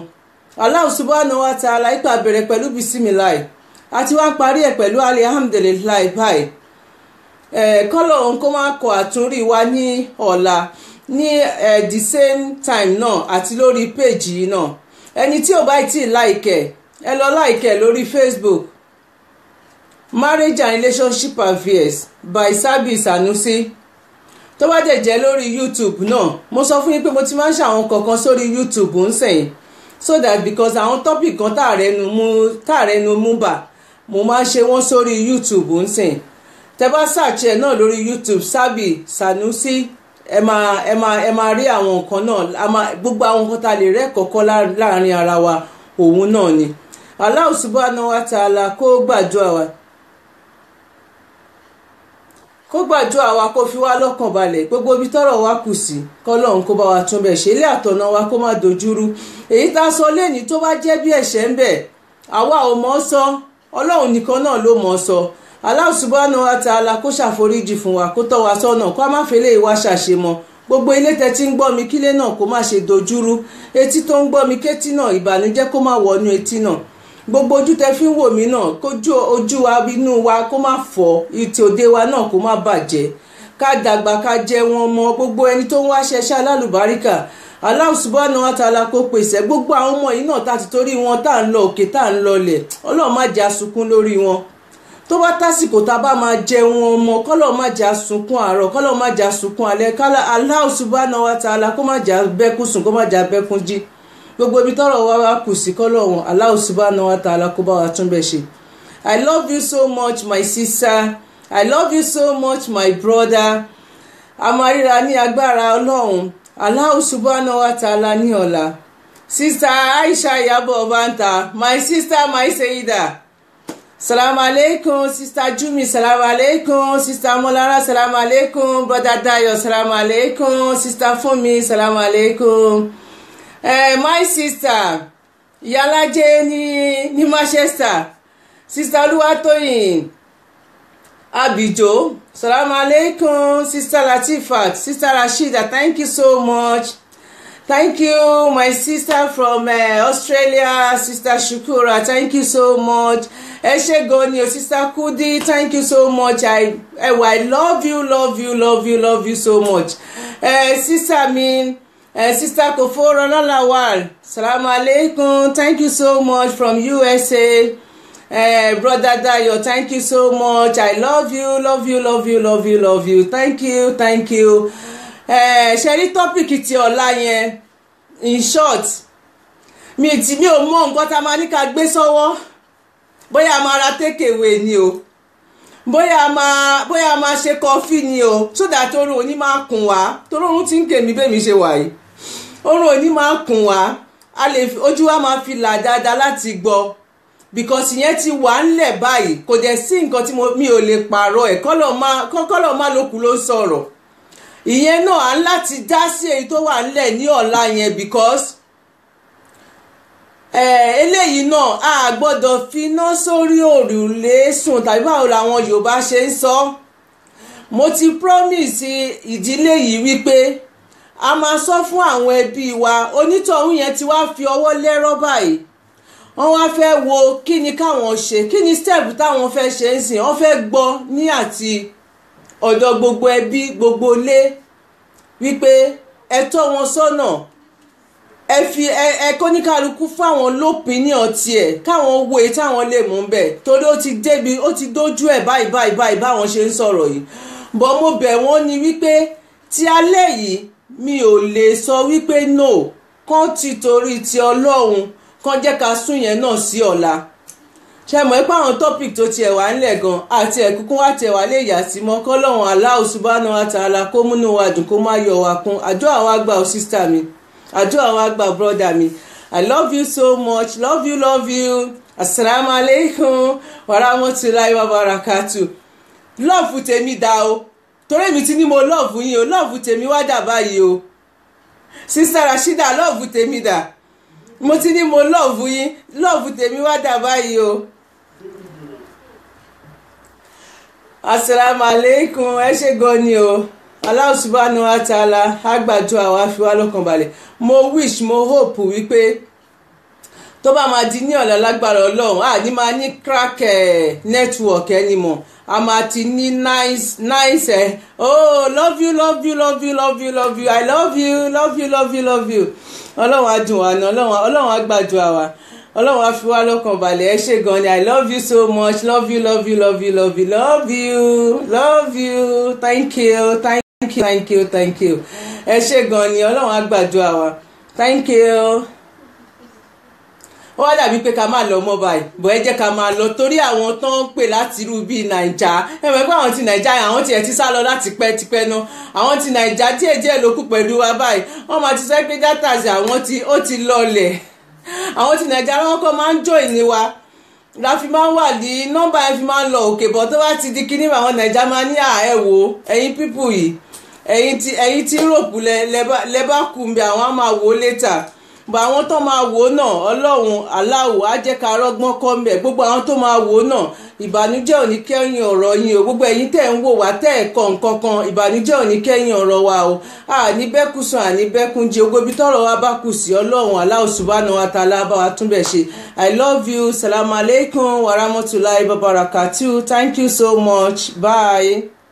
Allah subhanahu wa ta'ala ipa bẹ̀rẹ̀ pẹ̀lú bisimilayi àti wá parí ẹ̀ pẹ̀lú alihamdulilayi báyìí kọ́lọ̀ kó kọ wa ní ọ̀la. ní ẹ̀ the same time náà àti lórí page, yìí náà ẹni tí ò bá tí ì láìkẹ̀ ẹ lọ láìkẹ̀ lórí Facebook marriage and relationship affairs by Sabi Sanusi tó bá dẹ̀ jẹ́ lórí YouTube náà mo sọ fún yín pé mo ti máa ń ṣàwọn kọ̀ọ̀kan sórí YouTube ń sẹ̀yìn so that because àwọn topic kan tààrẹnu mú tààrẹnu mú bà mo máa ń ṣe wọ́n sórí YouTube ń sẹ̀yìn tẹ bá search ẹ̀ náà lórí YouTube Sabi Sanusi ẹ máa rí àwọn nǹkan náà gbogbo àwọn nǹkan tá lè rẹ́kọ̀ọ́kọ́ láàrin ara wa òun náà ni Allah subhanahu wa kó wa kó wa kó fi wá lọ́kàn gbogbo ibi tọrọ wa kù sí kọ́lọ́run kó bá wa tún bẹ̀ ṣe ilé wa kó má dojúrú èyí tá sọ lẹ́ni tó bá jẹ́ bí ẹ̀ṣẹ̀ ń bẹ̀ àwa ò sọ ọlọ́run nìkan náà ló mọ̀ sọ Allah subhanahu wa ta'ala kó ṣàforíjì fún wa kó tọ́ wa sọ́nà kó a má fele ìwà ṣàṣemọ́ gbogbo ilé tẹ́tí ń gbọ́ mi kílé náà kó má ṣe dojúrú etí tó ń gbọ́ mi kétí náà ìbànújẹ́ kó má wọnú etí náà gbogbo ojú tẹ fi ń wò mí náà kójú ojú wa inú wa kó má fọ́ ìtì òde wa náà kó má bàjẹ́ ká dàgbà ká jẹ wọn mọ gbogbo ẹni tó ń wá ṣẹṣẹ alálùbáríkà Allah subhanahu wa pèsè gbogbo àwọn ọmọ yìí náà tá ti torí wọn tá à ń lọ òkè tá à ń lọlẹ̀ Ọlọ́run má jà sunkún lórí wọn tó bá tásìkò tá a bá máa jẹun ọmọ kọ́lọ̀ má jà sunkún àárọ̀ kọ́lọ̀ má jà sunkún alẹ́ kálá Allahu subhanahu wa ta'ala kó má jà bẹ́kún sùn kó má jà bẹ́kún jí gbogbo ibi tọ́rọ̀ wa wá kù sí kọ́lọ̀ wọn Allahu subhanahu wa ta'ala kó bá wa tún bẹ̀ ṣe. I love you so much my sister I love you so much my brother amarira ní agbára ọlọ́run Allahu subhanahu wa ta'ala ní ọ̀la sister Aisha Iyabo Banta my sister my Sayyida. Salam alaikum, Sister Jumi, salam alaikum, Sister Molara, salam alaikum, Brother Dayo, salam alaikum, Sister Fumi, salam alaikum. Eh, my sister, Yalaje ni ní Manchester, Sister Oluwatoyin, Abijo, salam alaikum, Sister Latifat, Sister Rashida, thank you so much. Thank you, my sister from uh, Australia, Sister Shukura. Thank you so much. Ẹ ṣé gan Sister Kudi. Thank you so much. I, oh, I love you, love you, love you, love you so much. Uh, sister Min, uh, Sister Koforo Lolawal. Salaam alaikum. Thank you so much from USA. Uh, Brother Dayo, thank you so much. I love you, love you, love you, love you, love you. Thank you, thank you ṣe rí tọ́pìkì ti ọ̀la yẹn in short mi ti mi ò mọ nǹkan tá a máa ní ká gbé sọ́wọ́ bóyá a máa ra tékèwé ni o bóyá a máa bóyá a máa ṣe kọfí ni o sódà torun òní máa kùn wá torun ti ń kèmí bẹ́ẹ̀mí ṣe wà yìí orun òní máa kùn wá a lè ojú wa máa fi là dáadáa láti gbọ́ because ìyẹn ti wà ńlẹ̀ báyìí kò dẹ̀ sí nǹkan tí mi ò lè pààrọ̀ ẹ̀ kọ́lọ̀ máa kọ́lọ̀ máa lókun ló ń sọ̀rọ̀ ìyẹn náà á láti dá sí èyí tó wà nílẹ̀ ní ọ̀la yẹn because eléyìí náà a gbọ́dọ̀ finá sórí òrùlé sùn tàbí báwo làwọn Yorùbá ṣe ń sọ mo ti promise ìdílé yìí wípé a máa sọ fún àwọn ẹbí wa onítọ̀hún yẹn ti wá fi ọwọ́ lẹ́rọ́ báyìí wọ́n wá fẹ́ wo kí ni káwọn ṣe kí ni step táwọn fẹ́ ṣe ń sìn wọ́n fẹ́ gbọ́ ní àti ọ̀dọ̀ gbogbo ẹbí gbogbo ilé wípé ẹ tọ́ wọn sọ́nà ẹ fi ẹ ẹ kóníkàlùkù fáwọn lópinion tiẹ̀ káwọn wo èyí táwọn lè mú bẹ̀ torí ó ti débi ó ti dójú ẹ̀ báyìí báyìí báyìí báwọn ṣe ń sọ̀rọ̀ yìí bọ́ mo bẹ̀ wọ́n ní wípé ti alẹ́ yìí mi ò lè sọ wípé no kán ti torí ti ọlọ́run kán jẹ́ ká sún yẹn náà sí ọ̀la ṣe mọ̀ pé àwọn topic tó tiẹ̀ wá ńlẹ̀ gan àti ẹ̀kúnkún wá tiẹ̀ wá lè yà sí mọ́ kọ́lọ́hún Allahu subhanahu wa ta'ala kó múnú wa dùn kó má yọ wa kún àjọ àwa gbà ó sísítà mi àjọ àwa gbà bọ́dà mi I love you so much love you love you asalaamu aleykum wa rahmatulahi wa barakatu lọ́ọ̀fù tèmi dá o torí èmi ti ní mo lọ́ọ̀fù yín o lọ́ọ̀fù tèmi wá dà báyìí o sísá Rashida lọ́ọ̀fù tèmi dà mo ti ní mo lọ́ọ̀fù yín lọ́ọ̀fù tèmi wá dà báyìí o. asalaamualeykum ẹ ṣe gan ni o Allah subhanahu wa ta'ala àgbàjọ àwa fi wá lọ́kàn balẹ̀ mo wish mo hope wípé tó bá máa di ní ọ̀la lágbára ọlọ́run a ní máa ní crack eh, network ẹni mọ̀ a máa ti ní nice nice ẹ̀ eh. oh love you love you love you love you love you i love you love you love you love you ọlọ́run á dùn wá ní ọlọ́run á gbàdúrà wa ọlọ́run á fi wá lọ́kàn balẹ̀ ẹ ṣé gan ni i love you so much love you love you love you love you love you love you thank you thank you thank you thank you ẹ ṣé gan ni ọlọ́run á gbàdúrà wa thank you ó wá dàbí pé ká máa lọ mọ́ báyìí bọ́ ẹ jẹ́ ká máa lọ torí àwọn tó ń pè láti irú bíi nàìjà ẹ mọ̀ pé àwọn ti nàìjà yẹn àwọn tiẹ̀ ti sá lọ láti pẹ́ tipẹ́ náà àwọn ti nàìjà díẹ̀ díẹ̀ ló kù pẹ̀lú wa báyìí wọ́n máa ti sẹ́ pé dátàsì àwọn ti ó ti lọlẹ̀ àwọn ti nàìjíríà wọn kọ́ máa ń jó ìní wa la fi máa ń wà ní nọ́mbà yẹn fi máa ń lọ òkè bọ̀ tó bá ti di kíní àwọn nàìjíríà máa ní àá ẹ̀ wò ẹ̀yin pípù yìí ẹ̀yin ti ẹ̀yin ti rògbù lẹ lẹ bá kú àwọn á máa wò ó létà bọ̀ àwọn tó máa wò ó náà ọlọ́run aláwo á jẹ́ ká rọ́gbọ́n kọ́ mbẹ̀ gbogbo àwọn tó máa wò ó náà ìbànújẹ́ ò ní kẹ́yìn ọ̀rọ̀ yín o gbogbo ẹ̀yin tẹ́ ń wò wá tẹ́ ẹ̀ nǹkan kan ìbànújẹ́ ò ní kẹ́yìn ọ̀rọ̀ wa o àní bẹ́kùn àní bẹ́kùn jẹ ogbó ibi wa bá kù sí ọlọ́run Allahu subhanahu wa ta'ala bá wa tún bẹ̀ ṣe i love you salamu alaykum wa rahmatulahi babarakatu thank you so much bye.